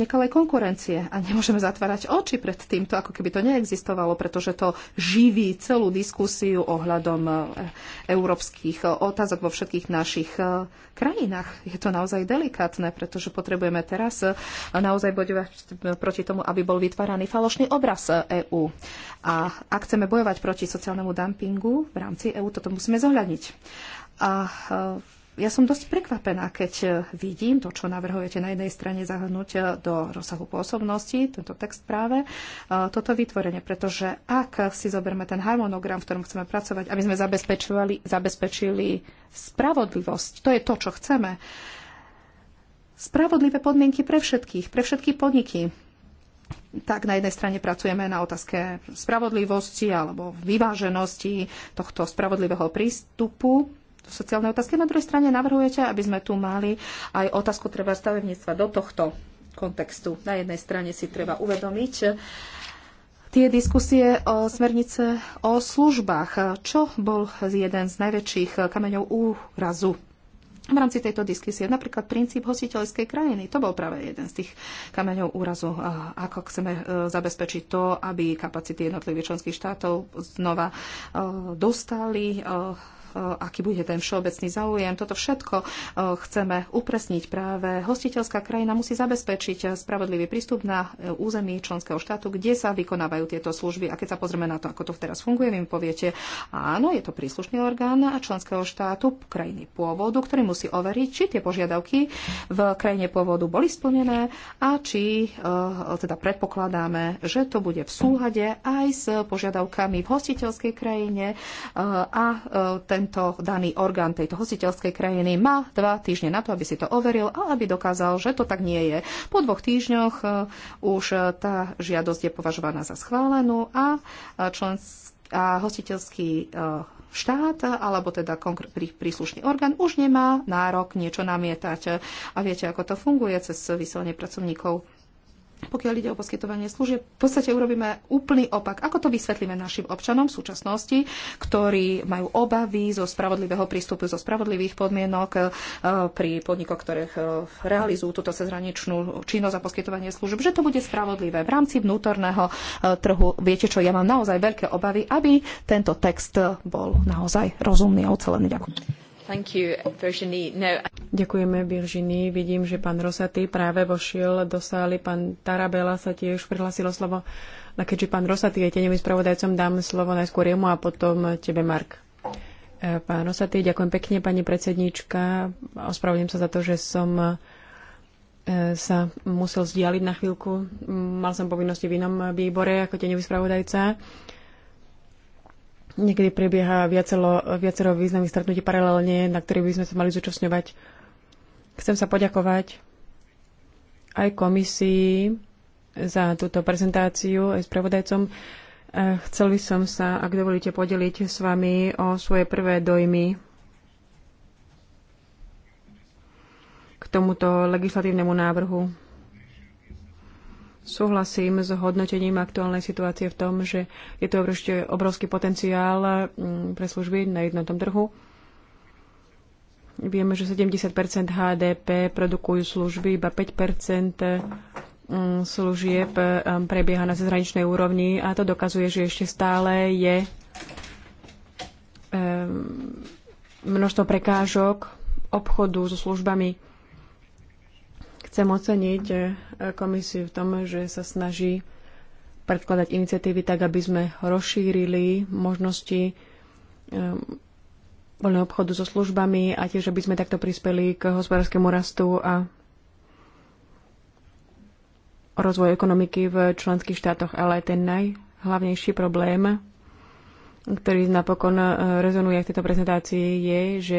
nekalej konkurencie. A nemôžeme zatvárať oči pred týmto, ako keby to neexistovalo, pretože to živí celú diskusiu ohľadom európskych e, otázok vo všetkých našich e, krajinách. Je to naozaj delikátne, pretože potrebujeme teraz e, naozaj bojovať proti tomu, aby bol vytváraný falošný obraz EÚ. A ak chceme bojovať proti sociálnemu dumpingu v rámci EÚ, toto musíme zohľadniť. A ja som dosť prekvapená, keď e, vidím to, čo navrhujete na jednej strane zahrnúť e, do rozsahu pôsobnosti, tento text práve, e, toto vytvorenie, pretože ak si zoberme ten harmonogram, v ktorom chceme pracovať, aby sme zabezpečovali, zabezpečili spravodlivosť, to je to, čo chceme, spravodlivé podmienky pre všetkých, pre všetky podniky, tak na jednej strane pracujeme na otázke spravodlivosti alebo vyváženosti tohto spravodlivého prístupu sociálne otázky. Na druhej strane navrhujete, aby sme tu mali aj otázku treba stavebníctva do tohto kontextu. Na jednej strane si treba uvedomiť, e, tie diskusie o smernice o službách, čo bol jeden z najväčších kameňov úrazu v rámci tejto diskusie. Napríklad princíp hostiteľskej krajiny, to bol práve jeden z tých kameňov úrazu, ako chceme e, zabezpečiť to, aby kapacity jednotlivých členských štátov znova e, dostali Eh, aký bude ten všeobecný záujem. Toto všetko eh, chceme upresniť práve. Hostiteľská krajina musí zabezpečiť spravodlivý prístup na eh, území členského štátu, kde sa vykonávajú tieto služby. A keď sa pozrieme na to, ako to teraz funguje, vy mi poviete, áno, je to príslušný orgán členského štátu krajiny pôvodu, ktorý musí overiť, či tie požiadavky v krajine pôvodu boli splnené a či teda predpokladáme, že to bude v súhade aj s požiadavkami v hostiteľskej krajine a ten tento daný orgán tejto hostiteľskej krajiny má dva týždne na to, aby si to overil a aby dokázal, že to tak nie je. Po dvoch týždňoch e, už e, tá žiadosť je považovaná za schválenú a, e, a hostiteľský štát, alebo teda príslušný orgán už nemá nárok niečo namietať. A viete, ako to funguje cez vyselenie pracovníkov pokiaľ ide o poskytovanie služieb, v podstate urobíme úplný opak. Ako to vysvetlíme našim občanom v súčasnosti, ktorí majú obavy zo spravodlivého prístupu, zo spravodlivých podmienok e, pri podnikoch, ktoré e, realizujú túto cezhraničnú činnosť a poskytovanie služieb, že to bude spravodlivé v rámci vnútorného e, trhu. Viete čo, ja mám naozaj veľké obavy, aby tento text bol naozaj rozumný a ucelený. Ďakujem. Thank you, Virginie. No. Ďakujeme, Biržiny. Vidím, že pán Rosaty práve vošiel do sály. Pán Tarabela sa tiež prihlásilo slovo. A no, keďže pán Rosaty je tenevým spravodajcom, dám slovo najskôr jemu a potom tebe, Mark. E, pán Rosaty, ďakujem pekne, pani predsednička. Ospravedlňujem sa za to, že som e, sa musel zdialiť na chvíľku. Mal som povinnosti v inom výbore ako tenevý spravodajca. Niekedy prebieha viacero, viacero významných stretnutí paralelne, na ktorých by sme sa mali zúčastňovať. Chcem sa poďakovať aj komisii za túto prezentáciu, aj spravodajcom. Eh, chcel by som sa, ak dovolíte, podeliť s vami o svoje prvé dojmy k tomuto legislatívnemu návrhu. Súhlasím s hodnotením aktuálnej situácie v tom, že je to určite obrovský potenciál mm, pre služby na jednotnom trhu. Vieme, že 70 HDP produkujú služby, iba 5 mm, služieb mm, prebieha na zahraničnej úrovni a to dokazuje, že ešte stále je množstvo prekážok obchodu so službami Chcem oceniť e, komisiu v tom, že sa snaží predkladať iniciatívy tak, aby sme rozšírili možnosti e, voľného obchodu so službami a tiež, aby sme takto prispeli k hospodárskému rastu a rozvoju ekonomiky v členských štátoch. Ale ten najhlavnejší problém, ktorý napokon e, rezonuje v tejto prezentácii, je, že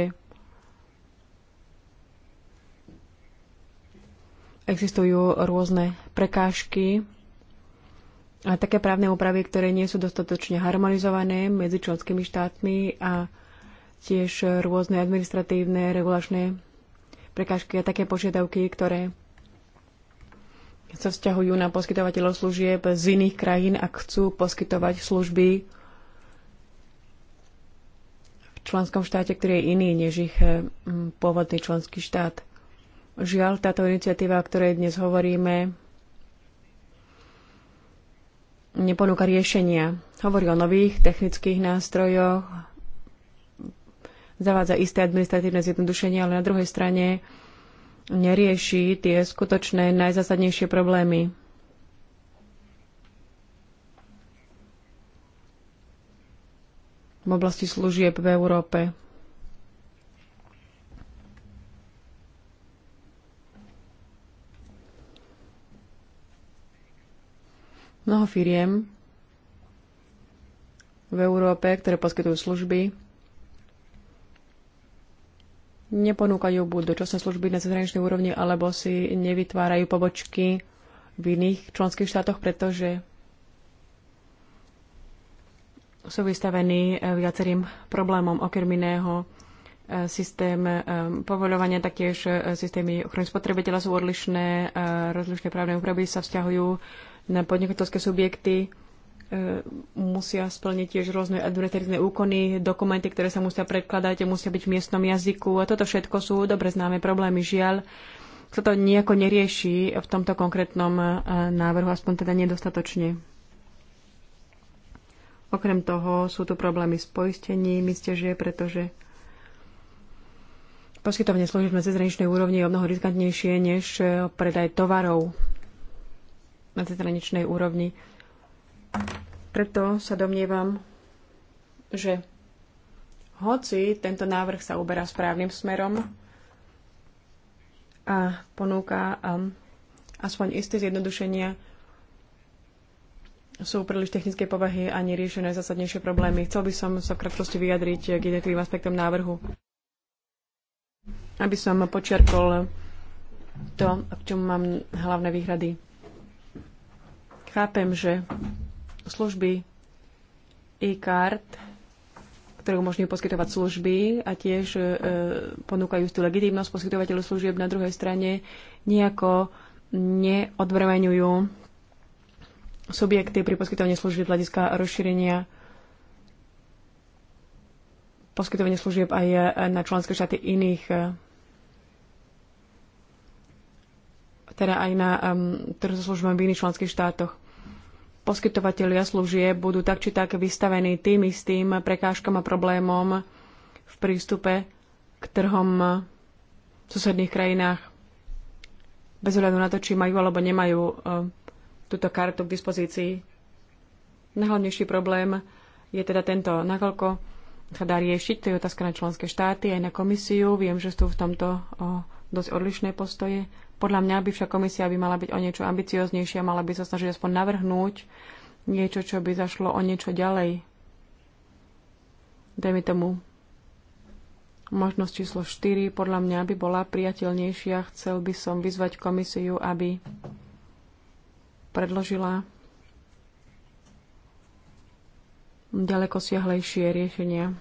existujú rôzne prekážky a také právne úpravy, ktoré nie sú dostatočne harmonizované medzi členskými štátmi a tiež rôzne administratívne, regulačné prekážky a také požiadavky, ktoré sa vzťahujú na poskytovateľov služieb z iných krajín a chcú poskytovať služby v členskom štáte, ktorý je iný než ich mm, pôvodný členský štát. Žiaľ, táto iniciatíva, o ktorej dnes hovoríme, neponúka riešenia. Hovorí o nových technických nástrojoch, zavádza isté administratívne zjednodušenie, ale na druhej strane nerieši tie skutočné najzásadnejšie problémy. v oblasti služieb v Európe. firiem v Európe, ktoré poskytujú služby, neponúkajú buď dočasné služby na zahraničnej úrovni, alebo si nevytvárajú pobočky v iných členských štátoch, pretože sú vystavení eh, viacerým problémom okrem iného eh, systém eh, povoľovania, taktiež systémy ochrany spotrebiteľa sú odlišné, rozlišné právne úpravy sa vzťahujú na podnikateľské subjekty e, musia splniť tiež rôzne administratívne úkony, dokumenty, ktoré sa musia predkladať, musia byť v miestnom jazyku a toto všetko sú dobre známe problémy. Žiaľ, sa to nejako nerieši v tomto konkrétnom e, návrhu, aspoň teda nedostatočne. Okrem toho sú tu problémy s poistením, že pretože poskytovanie služieb na cezhraničnej úrovni je o mnoho riskantnejšie než e, predaj tovarov na cezhraničnej úrovni. Preto sa domnievam, že hoci tento návrh sa uberá správnym smerom a ponúka um, aspoň isté zjednodušenia, sú príliš technické povahy a neriešené zásadnejšie problémy. Chcel by som sa v krátkosti vyjadriť k jednotlivým aspektom návrhu. Aby som počiarkol to, k čomu mám hlavné výhrady. Chápem, že služby e-card, ktoré umožňujú poskytovať služby a tiež e, ponúkajú tú legitímnosť poskytovateľov služieb na druhej strane, nejako neodvrmenujú subjekty pri poskytovaní služieb hľadiska rozšírenia poskytovanie služieb aj na členské štáty iných e, teda aj na um, trh so službami v iných členských štátoch poskytovatelia služieb budú tak či tak vystavení tým istým prekážkam a problémom v prístupe k trhom v susedných krajinách bez ohľadu na to, či majú alebo nemajú e, túto kartu k dispozícii. Najhlavnejší problém je teda tento, nakoľko sa dá riešiť, to je otázka na členské štáty, aj na komisiu. Viem, že sú v tomto o, dosť odlišné postoje. Podľa mňa by však komisia by mala byť o niečo ambicioznejšia, mala by sa snažiť aspoň navrhnúť niečo, čo by zašlo o niečo ďalej. Dajme tomu možnosť číslo 4 podľa mňa by bola priateľnejšia. Chcel by som vyzvať komisiu, aby predložila ďaleko siahlejšie riešenia.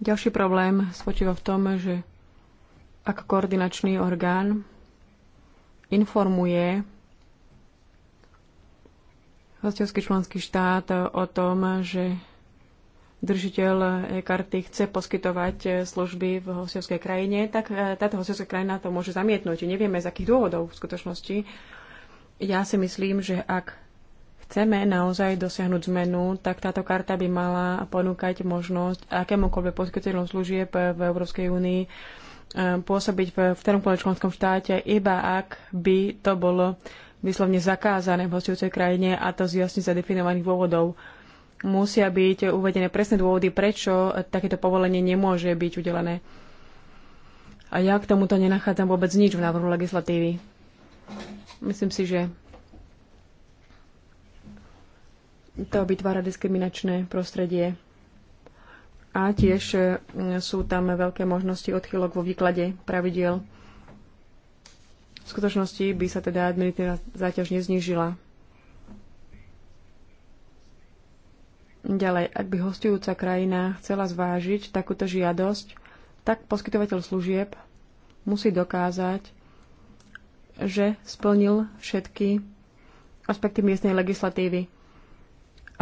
Ďalší problém spočíva v tom, že ak koordinačný orgán informuje hostovský členský štát o tom, že držiteľ e-karty chce poskytovať služby v hostovskej krajine, tak e, táto hostovská krajina to môže zamietnúť. Nevieme, z akých dôvodov v skutočnosti. Ja si myslím, že ak chceme naozaj dosiahnuť zmenu, tak táto karta by mala ponúkať možnosť akémukoľvek poskytovateľom služieb v Európskej únii pôsobiť v, v ktoromkoľvek členskom štáte, iba ak by to bolo vyslovne zakázané v hostujúcej krajine a to z jasne zadefinovaných dôvodov. Musia byť uvedené presné dôvody, prečo takéto povolenie nemôže byť udelené. A ja k tomuto nenachádzam vôbec nič v návrhu legislatívy. Myslím si, že to vytvára diskriminačné prostredie a tiež e, sú tam veľké možnosti odchylok vo výklade pravidiel. V skutočnosti by sa teda administratívna záťaž neznížila. Ďalej, ak by hostujúca krajina chcela zvážiť takúto žiadosť, tak poskytovateľ služieb musí dokázať, že splnil všetky aspekty miestnej legislatívy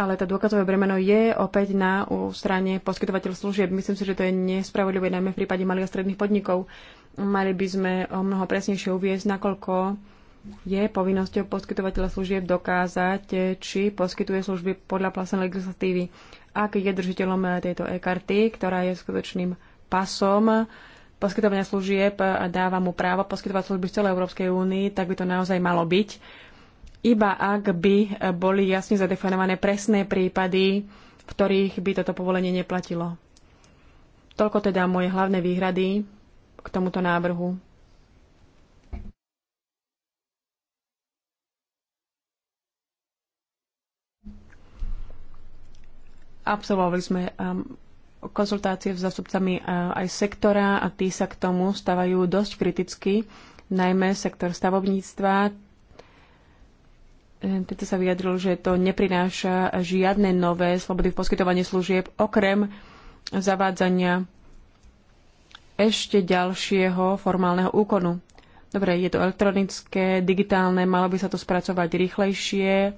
ale tá dôkazové bremeno je opäť na strane poskytovateľ služieb. Myslím si, že to je nespravodlivé najmä v prípade malých a stredných podnikov. Mali by sme o mnoho presnejšie uviezť, nakoľko je povinnosťou poskytovateľa služieb dokázať, či poskytuje služby podľa plasenej legislatívy. Ak je držiteľom tejto e-karty, ktorá je skutočným pasom poskytovania služieb a dáva mu právo poskytovať služby v celej Európskej únii, tak by to naozaj malo byť iba ak by boli jasne zadefinované presné prípady, v ktorých by toto povolenie neplatilo. Toľko teda moje hlavné výhrady k tomuto návrhu. Absolvovali sme um, konzultácie s zastupcami uh, aj sektora a tí sa k tomu stavajú dosť kriticky, najmä sektor stavovníctva Ehm, tento sa vyjadril, že to neprináša žiadne nové slobody v poskytovaní služieb, okrem zavádzania ešte ďalšieho formálneho úkonu. Dobre, je to elektronické, digitálne, malo by sa to spracovať rýchlejšie.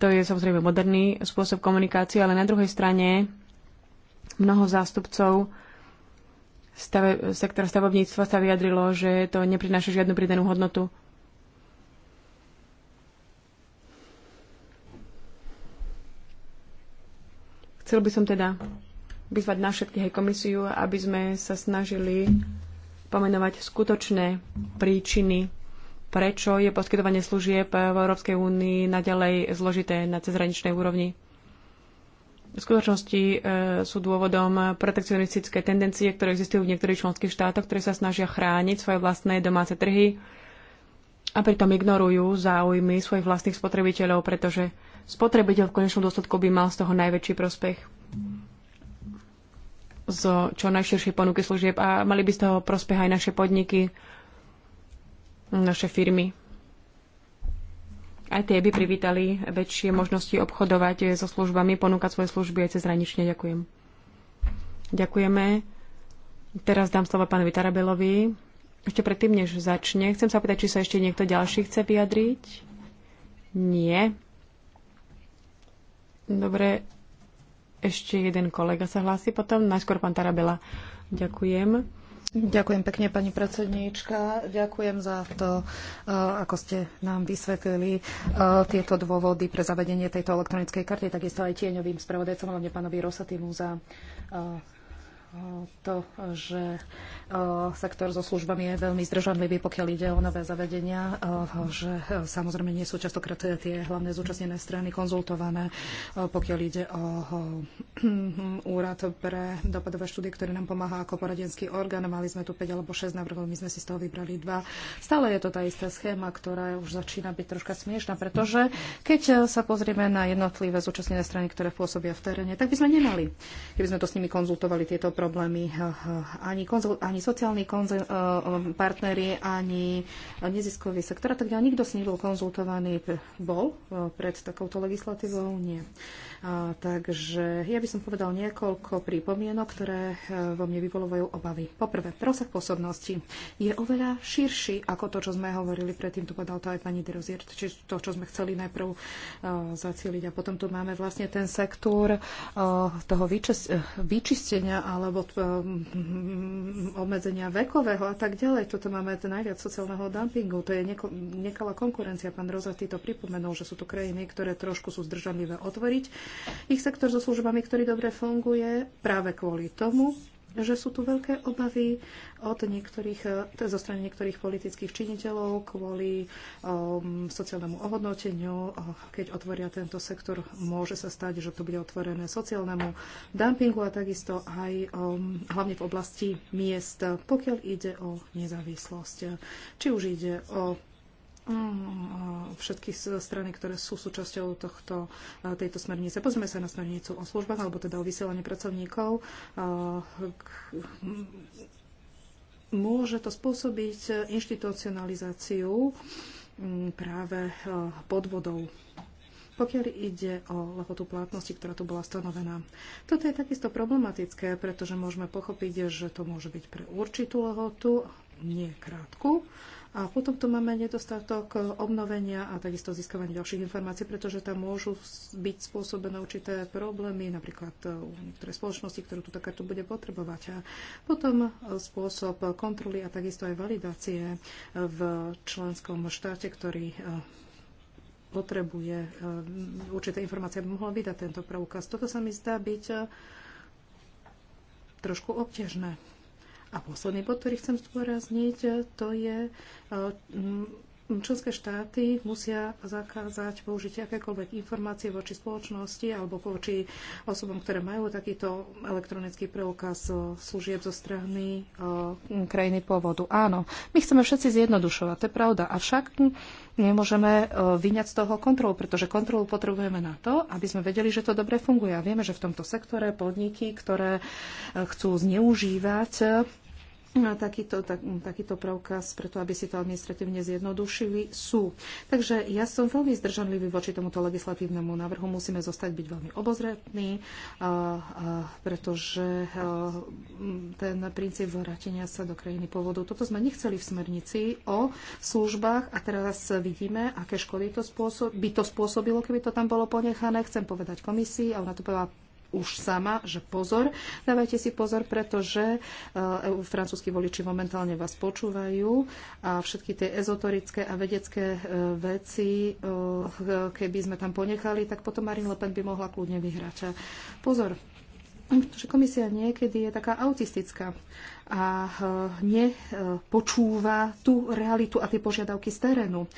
To je samozrejme moderný spôsob komunikácie, ale na druhej strane mnoho zástupcov stave, sektora stavovníctva sa vyjadrilo, že to neprináša žiadnu pridanú hodnotu Chcel by som teda vyzvať na všetkých aj komisiu, aby sme sa snažili pomenovať skutočné príčiny, prečo je poskytovanie služieb v Európskej únii naďalej zložité na cezhraničnej úrovni. V skutočnosti e, sú dôvodom protekcionistické tendencie, ktoré existujú v niektorých členských štátoch, ktoré sa snažia chrániť svoje vlastné domáce trhy a pritom ignorujú záujmy svojich vlastných spotrebiteľov, pretože spotrebiteľ v konečnom dôsledku by mal z toho najväčší prospech z čo najširšej ponuky služieb a mali by z toho prospech aj naše podniky, naše firmy. Aj tie by privítali väčšie možnosti obchodovať so službami, ponúkať svoje služby aj cez hranične. Ďakujem. Ďakujeme. Teraz dám slovo pánovi Tarabelovi. Ešte predtým, než začne, chcem sa pýtať, či sa ešte niekto ďalší chce vyjadriť? Nie. Dobre, ešte jeden kolega sa hlási potom, najskôr pán Tarabela. Ďakujem. Ďakujem pekne, pani predsedníčka. Ďakujem za to, e, ako ste nám vysvetlili e, tieto dôvody pre zavedenie tejto elektronickej karty, takisto aj tieňovým spravodajcom, hlavne pánovi Rosatimu za e, to, že e, sektor so službami je veľmi zdržanlivý, pokiaľ ide o nové zavedenia, e, že e, samozrejme nie sú častokrát tie hlavné zúčastnené strany konzultované, pokiaľ ide o úrad pre dopadové štúdie, ktorý nám pomáha ako poradenský orgán. Mali sme tu 5 alebo 6 návrhov, my sme si z toho vybrali dva. Stále je to tá istá schéma, ktorá už začína byť troška smiešná, pretože keď sa pozrieme na jednotlivé zúčastnené strany, ktoré pôsobia v teréne, tak by sme nemali, keby sme to s nimi konzultovali tieto problémy. Ani, konzul, ani sociálni konzul, e, e, partneri, ani neziskový sektor a tak ďalej. Nikto s ním bol konzultovaný. Bol e, pred takouto legislatívou? Nie. Takže ja by som povedal niekoľko pripomienok, ktoré e, vo mne vyvolovajú obavy. Poprvé, rozsah pôsobnosti je oveľa širší ako to, čo sme hovorili predtým, to povedal to aj pani Derozier, čiže to, čo sme chceli najprv e, zacieliť. A potom tu máme vlastne ten sektor e, toho vyčistenia alebo obmedzenia vekového a tak ďalej. Toto máme najviac sociálneho dumpingu. To je nekalá konkurencia. Pán Roza, ty to pripomenul, že sú tu krajiny, ktoré trošku sú zdržanlivé otvoriť ich sektor so službami, ktorý dobre funguje práve kvôli tomu, že sú tu veľké obavy od niektorých, e, zo strany niektorých politických činiteľov kvôli um, sociálnemu ohodnoteniu. Keď otvoria tento sektor, môže sa stať, že to bude otvorené sociálnemu dumpingu a takisto aj um, hlavne v oblasti miest, pokiaľ ide o nezávislosť. Či už ide o Mm, všetky strany, ktoré sú súčasťou tohto, eh, tejto smernice. Pozrieme sa na smernicu o službách, alebo teda o vysielaní pracovníkov. Eh, môže to spôsobiť inštitucionalizáciu mm, práve eh, podvodov pokiaľ ide o lehotu platnosti, ktorá tu bola stanovená. Toto je takisto problematické, pretože môžeme pochopiť, že to môže byť pre určitú lehotu, nie krátku, a potom tu máme nedostatok obnovenia a takisto získavanie ďalších informácií, pretože tam môžu byť spôsobené určité problémy, napríklad e, u niektoré spoločnosti, ktorú túto kartu bude potrebovať. A potom e, spôsob kontroly a takisto aj validácie e, v členskom štáte, ktorý potrebuje určité informácie, aby mohol vydať tento preukaz. Toto sa mi zdá byť trošku obťažné a posledný bod, ktorý chcem zdôrazniť, to je eh, členské štáty musia zakázať použiť akékoľvek informácie voči spoločnosti alebo voči osobom, ktoré majú takýto elektronický preukaz e, služieb zo strany e, krajiny pôvodu. Áno, my chceme všetci zjednodušovať, to je pravda, avšak nemôžeme e, vyňať z toho kontrolu, pretože kontrolu potrebujeme na to, aby sme vedeli, že to dobre funguje. A vieme, že v tomto sektore podniky, ktoré chcú zneužívať No takýto, tak, takýto preukaz, preto aby si to administratívne zjednodušili, sú. Takže ja som veľmi zdržanlivý voči tomuto legislatívnemu návrhu. Musíme zostať byť veľmi obozretní, a, a, pretože a, ten princíp vrátenia sa do krajiny pôvodu, toto sme nechceli v smernici o službách a teraz vidíme, aké škody to spôsob, by to spôsobilo, keby to tam bolo ponechané. Chcem povedať komisii a ona to povedala už sama, že pozor, dávajte si pozor, pretože eh, francúzskí voliči momentálne vás počúvajú a všetky tie ezotorické a vedecké eh, veci, eh, keby sme tam ponechali, tak potom Marine Le Pen by mohla kľudne vyhrať. A pozor, že komisia niekedy je taká autistická a nepočúva tú realitu a tie požiadavky z terénu.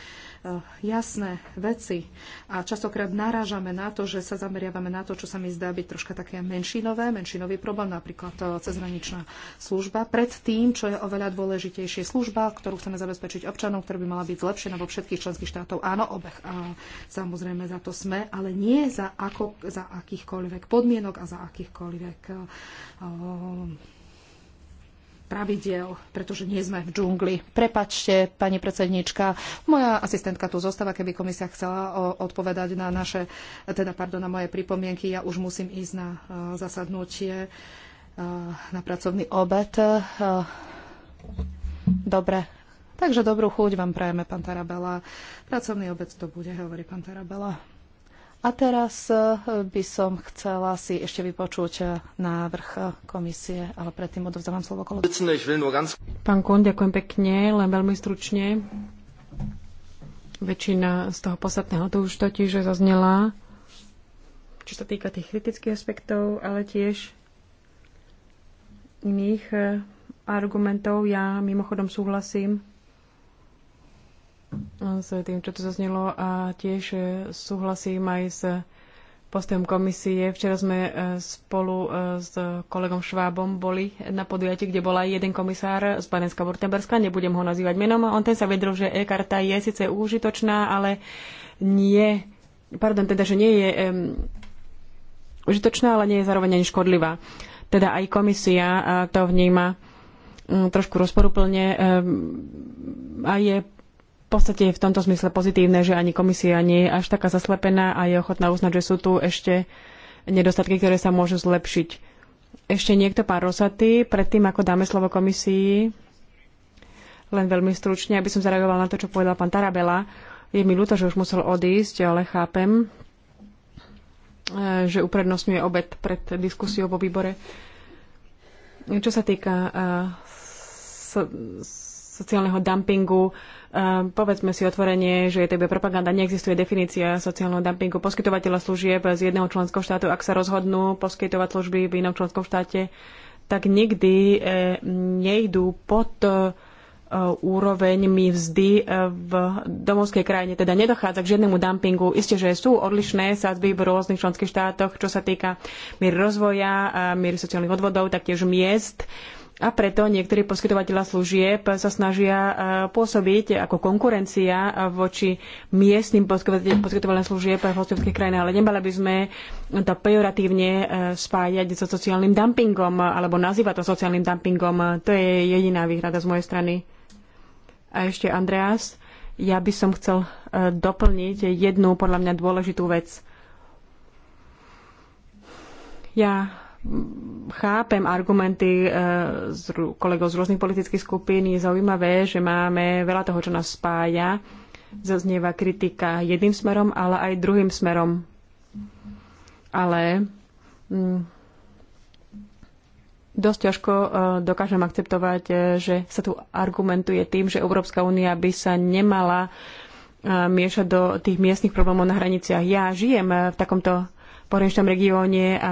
Eh, jasné veci a častokrát narážame na to, že sa zameriavame na to, čo sa mi zdá byť troška také menšinové, menšinový problém, napríklad eh, cezhraničná služba, pred tým, čo je oveľa dôležitejšie služba, ktorú chceme zabezpečiť občanom, ktorá by mala byť zlepšená vo všetkých členských štátov. Áno, obeh a samozrejme za to sme, ale nie za, ako, za akýchkoľvek podmienok a za akýchkoľvek eh, pravidel, pretože nie sme v džungli. Prepačte, pani predsednička, moja asistentka tu zostáva, keby komisia chcela odpovedať na naše, teda pardon, na moje pripomienky. Ja už musím ísť na e, zasadnutie, e, na pracovný obed. E, dobre, takže dobrú chuť vám prajeme, pán Tarabela. Pracovný obed to bude, hovorí pán Tarabela. A teraz e, by som chcela si ešte vypočuť e, návrh e, komisie, ale predtým odovzdávam slovo kolo. Pán Kon, ďakujem pekne, len veľmi stručne. Väčšina z toho podstatného to už totiž zaznela, čo sa týka tých kritických aspektov, ale tiež iných argumentov. Ja mimochodom súhlasím s tým, čo tu zaznelo a tiež e, súhlasím aj s postojom komisie. Včera sme e, spolu e, s kolegom Švábom boli na podujatí, kde bol aj jeden komisár z Banenska Württemberska, nebudem ho nazývať menom, a on ten sa vedel, že e-karta je síce užitočná, ale nie, pardon, teda, že nie je um, užitočná, ale nie je zároveň ani škodlivá. Teda aj komisia to vníma um, trošku rozporuplne um, a je v podstate je v tomto smysle pozitívne, že ani komisia nie je až taká zaslepená a je ochotná uznať, že sú tu ešte nedostatky, ktoré sa môžu zlepšiť. Ešte niekto, pár Rosaty, predtým ako dáme slovo komisii, len veľmi stručne, aby som zareagoval na to, čo povedal pán Tarabela. Je mi ľúto, že už musel odísť, ale chápem, eh, že uprednostňuje obed pred diskusiou vo výbore. Čo sa týka eh, sociálneho dumpingu. Ehm, povedzme si otvorenie, že je tebe propaganda, neexistuje definícia sociálneho dumpingu. Poskytovateľa služieb z jedného členského štátu, ak sa rozhodnú poskytovať služby v inom členskom štáte, tak nikdy eh, nejdú pod eh, úroveň vzdy eh, v domovskej krajine. Teda nedochádza k žiadnemu dumpingu. Isté, že sú odlišné sadzby v rôznych členských štátoch, čo sa týka miery rozvoja, miery sociálnych odvodov, taktiež miest. A preto niektorí poskytovateľa služieb sa snažia e, pôsobiť ako konkurencia e, voči miestnym poskytovateľom služieb v hostovských krajinách. Ale nemali by sme to pejoratívne e, spájať so sociálnym dumpingom alebo nazývať to sociálnym dumpingom. To je jediná výhrada z mojej strany. A ešte Andreas, ja by som chcel doplniť jednu podľa mňa dôležitú vec. Ja chápem argumenty e, z kolegov z rôznych politických skupín. Je zaujímavé, že máme veľa toho, čo nás spája. Zaznieva kritika jedným smerom, ale aj druhým smerom. Ale mm, dosť ťažko e, dokážem akceptovať, e, že sa tu argumentuje tým, že Európska únia by sa nemala miešať do tých miestnych problémov na hraniciach. Ja žijem v takomto porenštom regióne a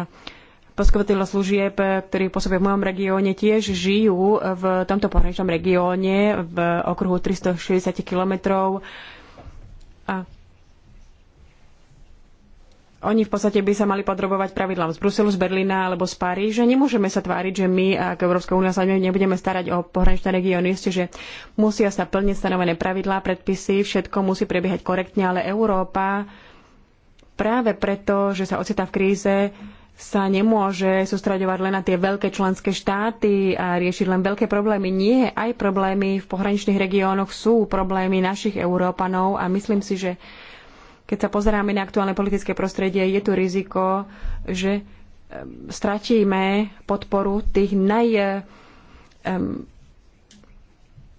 poskytovateľov služieb, ktorí pôsobia v mojom regióne, tiež žijú v tomto pohraničnom regióne v okruhu 360 kilometrov. A oni v podstate by sa mali podrobovať pravidlám z Bruselu, z Berlína alebo z Paríža. Nemôžeme sa tváriť, že my ako Európska únia sa nebudeme starať o pohraničné regióny. Isté, že musia sa plne stanovené pravidlá, predpisy, všetko musí prebiehať korektne, ale Európa práve preto, že sa ocitá v kríze, sa nemôže sústraďovať len na tie veľké členské štáty a riešiť len veľké problémy. Nie, aj problémy v pohraničných regiónoch sú problémy našich Európanov a myslím si, že keď sa pozeráme na aktuálne politické prostredie, je tu riziko, že stratíme podporu tých naj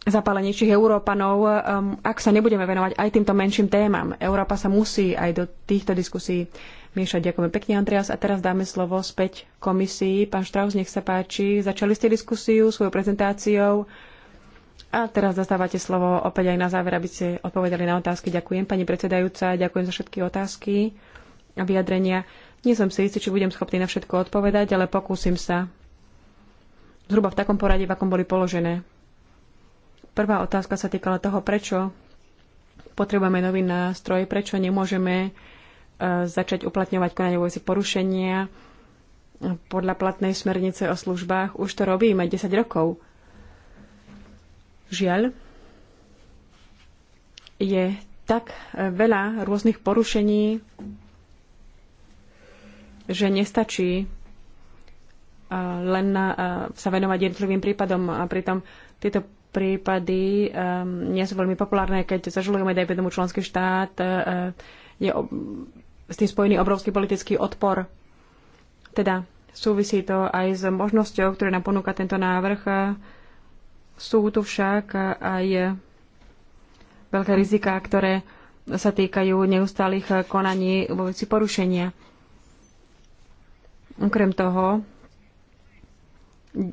zapálenejších Európanov, ak sa nebudeme venovať aj týmto menším témam. Európa sa musí aj do týchto diskusí Míša, Ďakujem pekne, Andreas. A teraz dáme slovo späť komisii. Pán Štraus, nech sa páči. Začali ste diskusiu svojou prezentáciou. A teraz zastávate slovo opäť aj na záver, aby ste odpovedali na otázky. Ďakujem, pani predsedajúca, ďakujem za všetky otázky a vyjadrenia. Nie som si istý, či budem schopný na všetko odpovedať, ale pokúsim sa. Zhruba v takom poradí, v akom boli položené. Prvá otázka sa týkala toho, prečo potrebujeme nový nástroj, prečo nemôžeme E, začať uplatňovať konanie vo veci porušenia podľa platnej smernice o službách. Už to robíme 10 rokov. Žiaľ, je tak e, veľa rôznych porušení, že nestačí e, len sa venovať jednotlivým prípadom a pritom tieto prípady um, nie sú veľmi populárne, keď zažalujeme, dajme tomu členský štát, uh, je s tým spojený obrovský politický odpor. Teda súvisí to aj s možnosťou, ktoré nám ponúka tento návrh. Sú tu však aj veľké riziká, ktoré sa týkajú neustálých konaní vo veci porušenia. Okrem toho,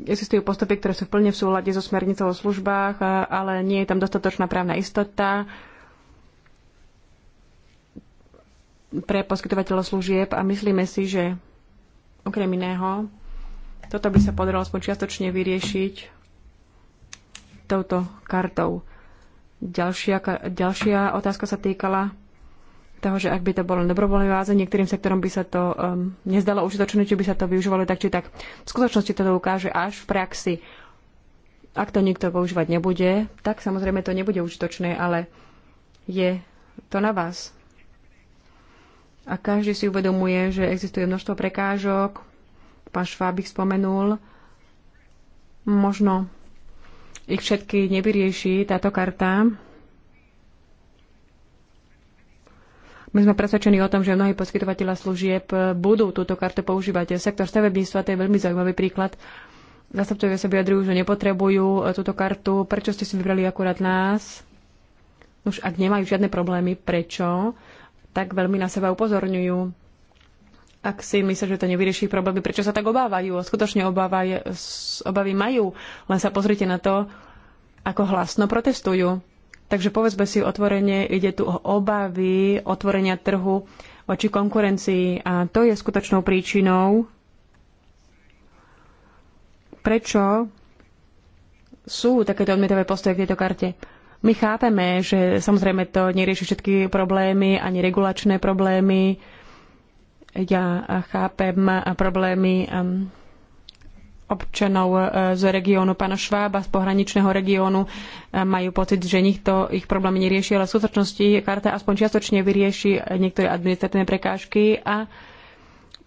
existujú postupy, ktoré sú plne v súlade so smernicou o službách, ale nie je tam dostatočná právna istota pre poskytovateľov služieb a myslíme si, že okrem iného toto by sa podarilo aspoň čiastočne vyriešiť touto kartou. Ďalšia, ďalšia otázka sa týkala toho, že ak by to bolo dobrovoľné váze, niektorým sektorom by sa to um, nezdalo užitočné, či by sa to využívalo tak či tak. V skutočnosti to ukáže až v praxi. Ak to nikto používať nebude, tak samozrejme to nebude užitočné, ale je to na vás a každý si uvedomuje, že existuje množstvo prekážok. Pán Šváb ich spomenul. Možno ich všetky nevyrieši táto karta. My sme presvedčení o tom, že mnohí poskytovateľa služieb budú túto kartu používať. Sektor stavebníctva to je veľmi zaujímavý príklad. Zastupcovia sa vyjadrujú, že nepotrebujú túto kartu. Prečo ste si vybrali akurát nás? Už ak nemajú žiadne problémy, prečo? tak veľmi na seba upozorňujú. Ak si myslia, že to nevyrieši problémy, prečo sa tak obávajú? Skutočne obávaj, obavy majú, len sa pozrite na to, ako hlasno protestujú. Takže povedzme si otvorenie, ide tu o obavy otvorenia trhu voči konkurencii a to je skutočnou príčinou, prečo sú takéto odmietavé postoje k tejto karte. My chápeme, že samozrejme to nerieši všetky problémy, ani regulačné problémy. Ja chápem problémy um, občanov uh, z regiónu pána Švába, z pohraničného regiónu, uh, majú pocit, že nikto ich problémy nerieši, ale v súčasnosti karta aspoň čiastočne vyrieši niektoré administratívne prekážky a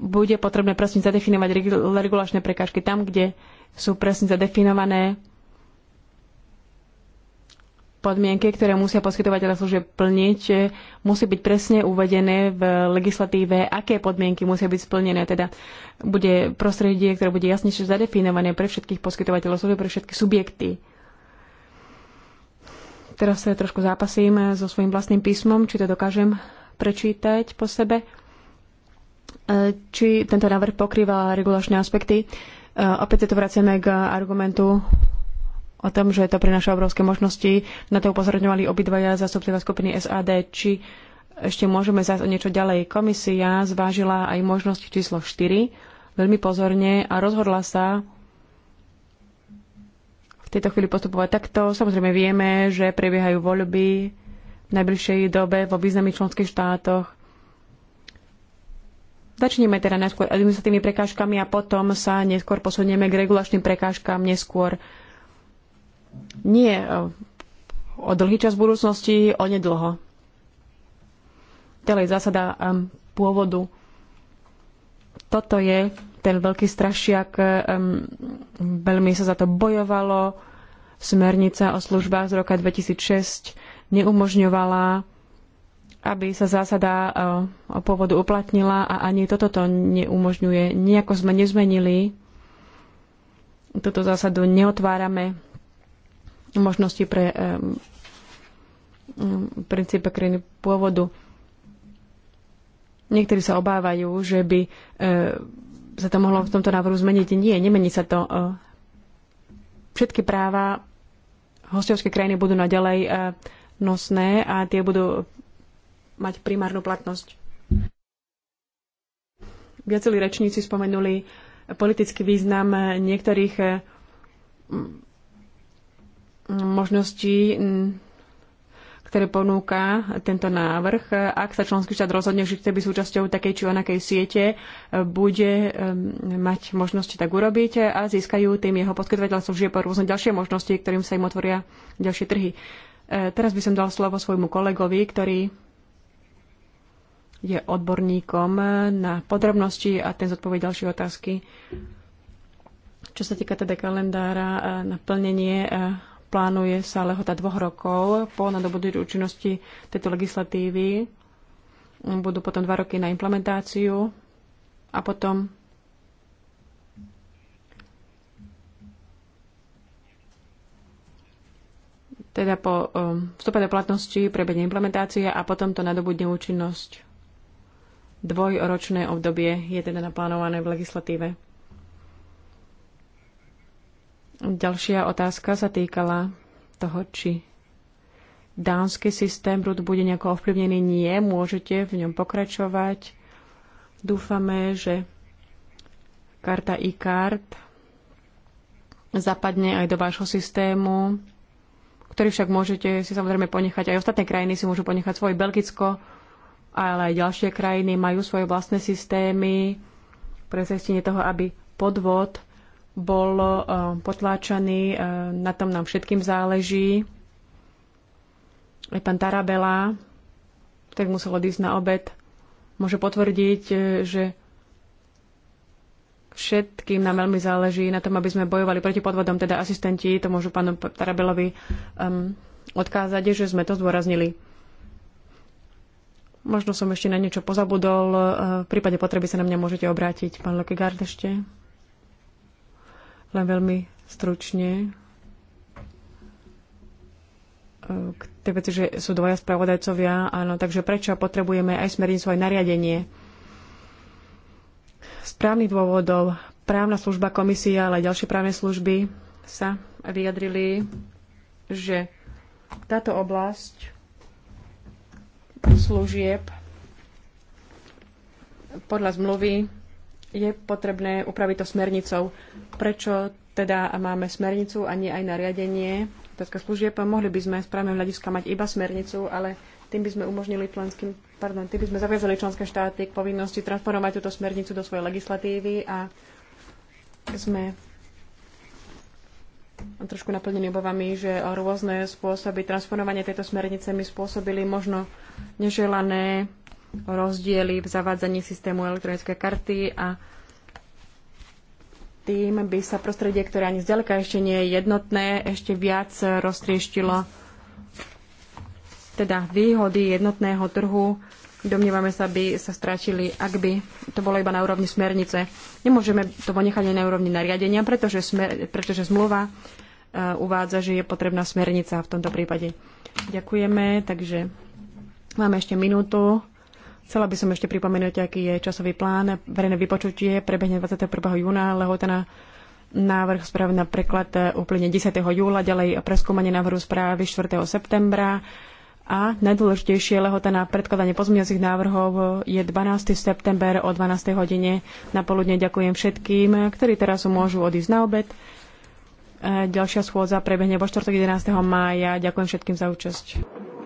bude potrebné presne zadefinovať regulačné prekážky tam, kde sú presne zadefinované podmienky, ktoré musia poskytovateľa služieb plniť, e, musí byť presne uvedené v legislatíve, aké podmienky musia byť splnené. Teda bude prostredie, ktoré bude jasnejšie zadefinované pre všetkých poskytovateľov služieb, pre všetky subjekty. Teraz sa trošku zápasím e, so svojím vlastným písmom, či to dokážem prečítať po sebe, e, či tento návrh pokrýva regulačné aspekty. Opäť sa to vraciame k argumentu o tom, že to prináša obrovské možnosti. Na to upozorňovali obidvaja zastupcovia skupiny SAD, či ešte môžeme zase o niečo ďalej. Komisia zvážila aj možnosť číslo 4 veľmi pozorne a rozhodla sa v tejto chvíli postupovať takto. Samozrejme vieme, že prebiehajú voľby v najbližšej dobe vo významných členských štátoch. Začneme teda najskôr administratívnymi prekážkami a potom sa neskôr posunieme k regulačným prekážkam neskôr nie e, o dlhý čas v budúcnosti, o nedlho. Ďalej zásada e, pôvodu. Toto je ten veľký strašiak, e, veľmi sa za to bojovalo. Smernica o službách z roka 2006 neumožňovala, aby sa zásada o pôvodu uplatnila a ani toto to neumožňuje. Nejako sme nezmenili, túto zásadu neotvárame možnosti pre eh, mm, princípe krajiny pôvodu. Niektorí sa obávajú, že by eh, sa to mohlo v tomto návrhu zmeniť. Nie, nemení sa to. Eh, všetky práva hostovské krajiny budú naďalej nosné a tie budú mať primárnu platnosť. Viacerí rečníci spomenuli politický význam niektorých možností, ktoré ponúka tento návrh. Ak sa členský štát rozhodne, že chce byť súčasťou takej či onakej siete, bude mať možnosti tak urobiť a získajú tým jeho poskytovateľ služieb rôzne ďalšie možnosti, ktorým sa im otvoria ďalšie trhy. E, teraz by som dal slovo svojmu kolegovi, ktorý je odborníkom na podrobnosti a ten zodpovie ďalšie otázky. Čo sa týka teda kalendára na plnenie e, Plánuje sa lehota dvoch rokov po nadobudnutí účinnosti tejto legislatívy. Budú potom dva roky na implementáciu a potom teda po um, vstupe do platnosti prebehne implementácia a potom to nadobudne účinnosť. Dvojročné obdobie je teda naplánované v legislatíve. Ďalšia otázka sa týkala toho, či dánsky systém RUD bude nejako ovplyvnený. Nie, môžete v ňom pokračovať. Dúfame, že karta e-card zapadne aj do vášho systému, ktorý však môžete si samozrejme ponechať. Aj ostatné krajiny si môžu ponechať svoje. Belgicko, ale aj ďalšie krajiny majú svoje vlastné systémy pre zistenie toho, aby podvod bol eh, potláčaný. Eh, na tom nám všetkým záleží. Aj pán Tarabela, ktorý musel odísť na obed, môže potvrdiť, eh, že všetkým nám veľmi záleží na tom, aby sme bojovali proti podvodom, teda asistenti, to môžu pánu Tarabelovi um, odkázať, že sme to zdôraznili. Možno som ešte na niečo pozabudol, v prípade potreby sa na mňa môžete obrátiť, pán Lekegard ešte. Len veľmi stručne e, k tej veci, že sú dvoja spravodajcovia, áno, takže prečo potrebujeme aj smernicu, aj nariadenie? Správnych dôvodov právna služba komisia, ale aj ďalšie právne služby sa vyjadrili, že táto oblasť služieb podľa zmluvy je potrebné upraviť to smernicou. Prečo teda máme smernicu a nie aj nariadenie? Otázka služieb. Mohli by sme z právneho hľadiska mať iba smernicu, ale tým by sme umožnili členským, pardon, tým by sme zaviazali členské štáty k povinnosti transformovať túto smernicu do svojej legislatívy a sme trošku naplnení obavami, že rôzne spôsoby transformovania tejto smernice mi spôsobili možno neželané rozdiely v zavádzaní systému elektronické karty a tým by sa prostredie, ktoré ani zďaleka ešte nie je jednotné, ešte viac roztrieštilo teda výhody jednotného trhu domnievame sa, by sa stráčili, ak by to bolo iba na úrovni smernice. Nemôžeme to ponechať aj na úrovni nariadenia, pretože, smer, pretože zmluva uh, uvádza, že je potrebná smernica v tomto prípade. Ďakujeme, takže máme ešte minútu Chcela by som ešte pripomenúť, aký je časový plán. Verejné vypočutie prebehne 21. júna, lehota na návrh správy na preklad úplne eh, 10. júla, ďalej preskúmanie návrhu správy 4. septembra a najdôležitejšie lehota na predkladanie pozmeňovacích návrhov je 12. september o 12. hodine. Na poludne ďakujem všetkým, ktorí teraz môžu odísť na obed. Eh, ďalšia schôdza prebehne vo štvrtok 11. mája. Ďakujem všetkým za účasť.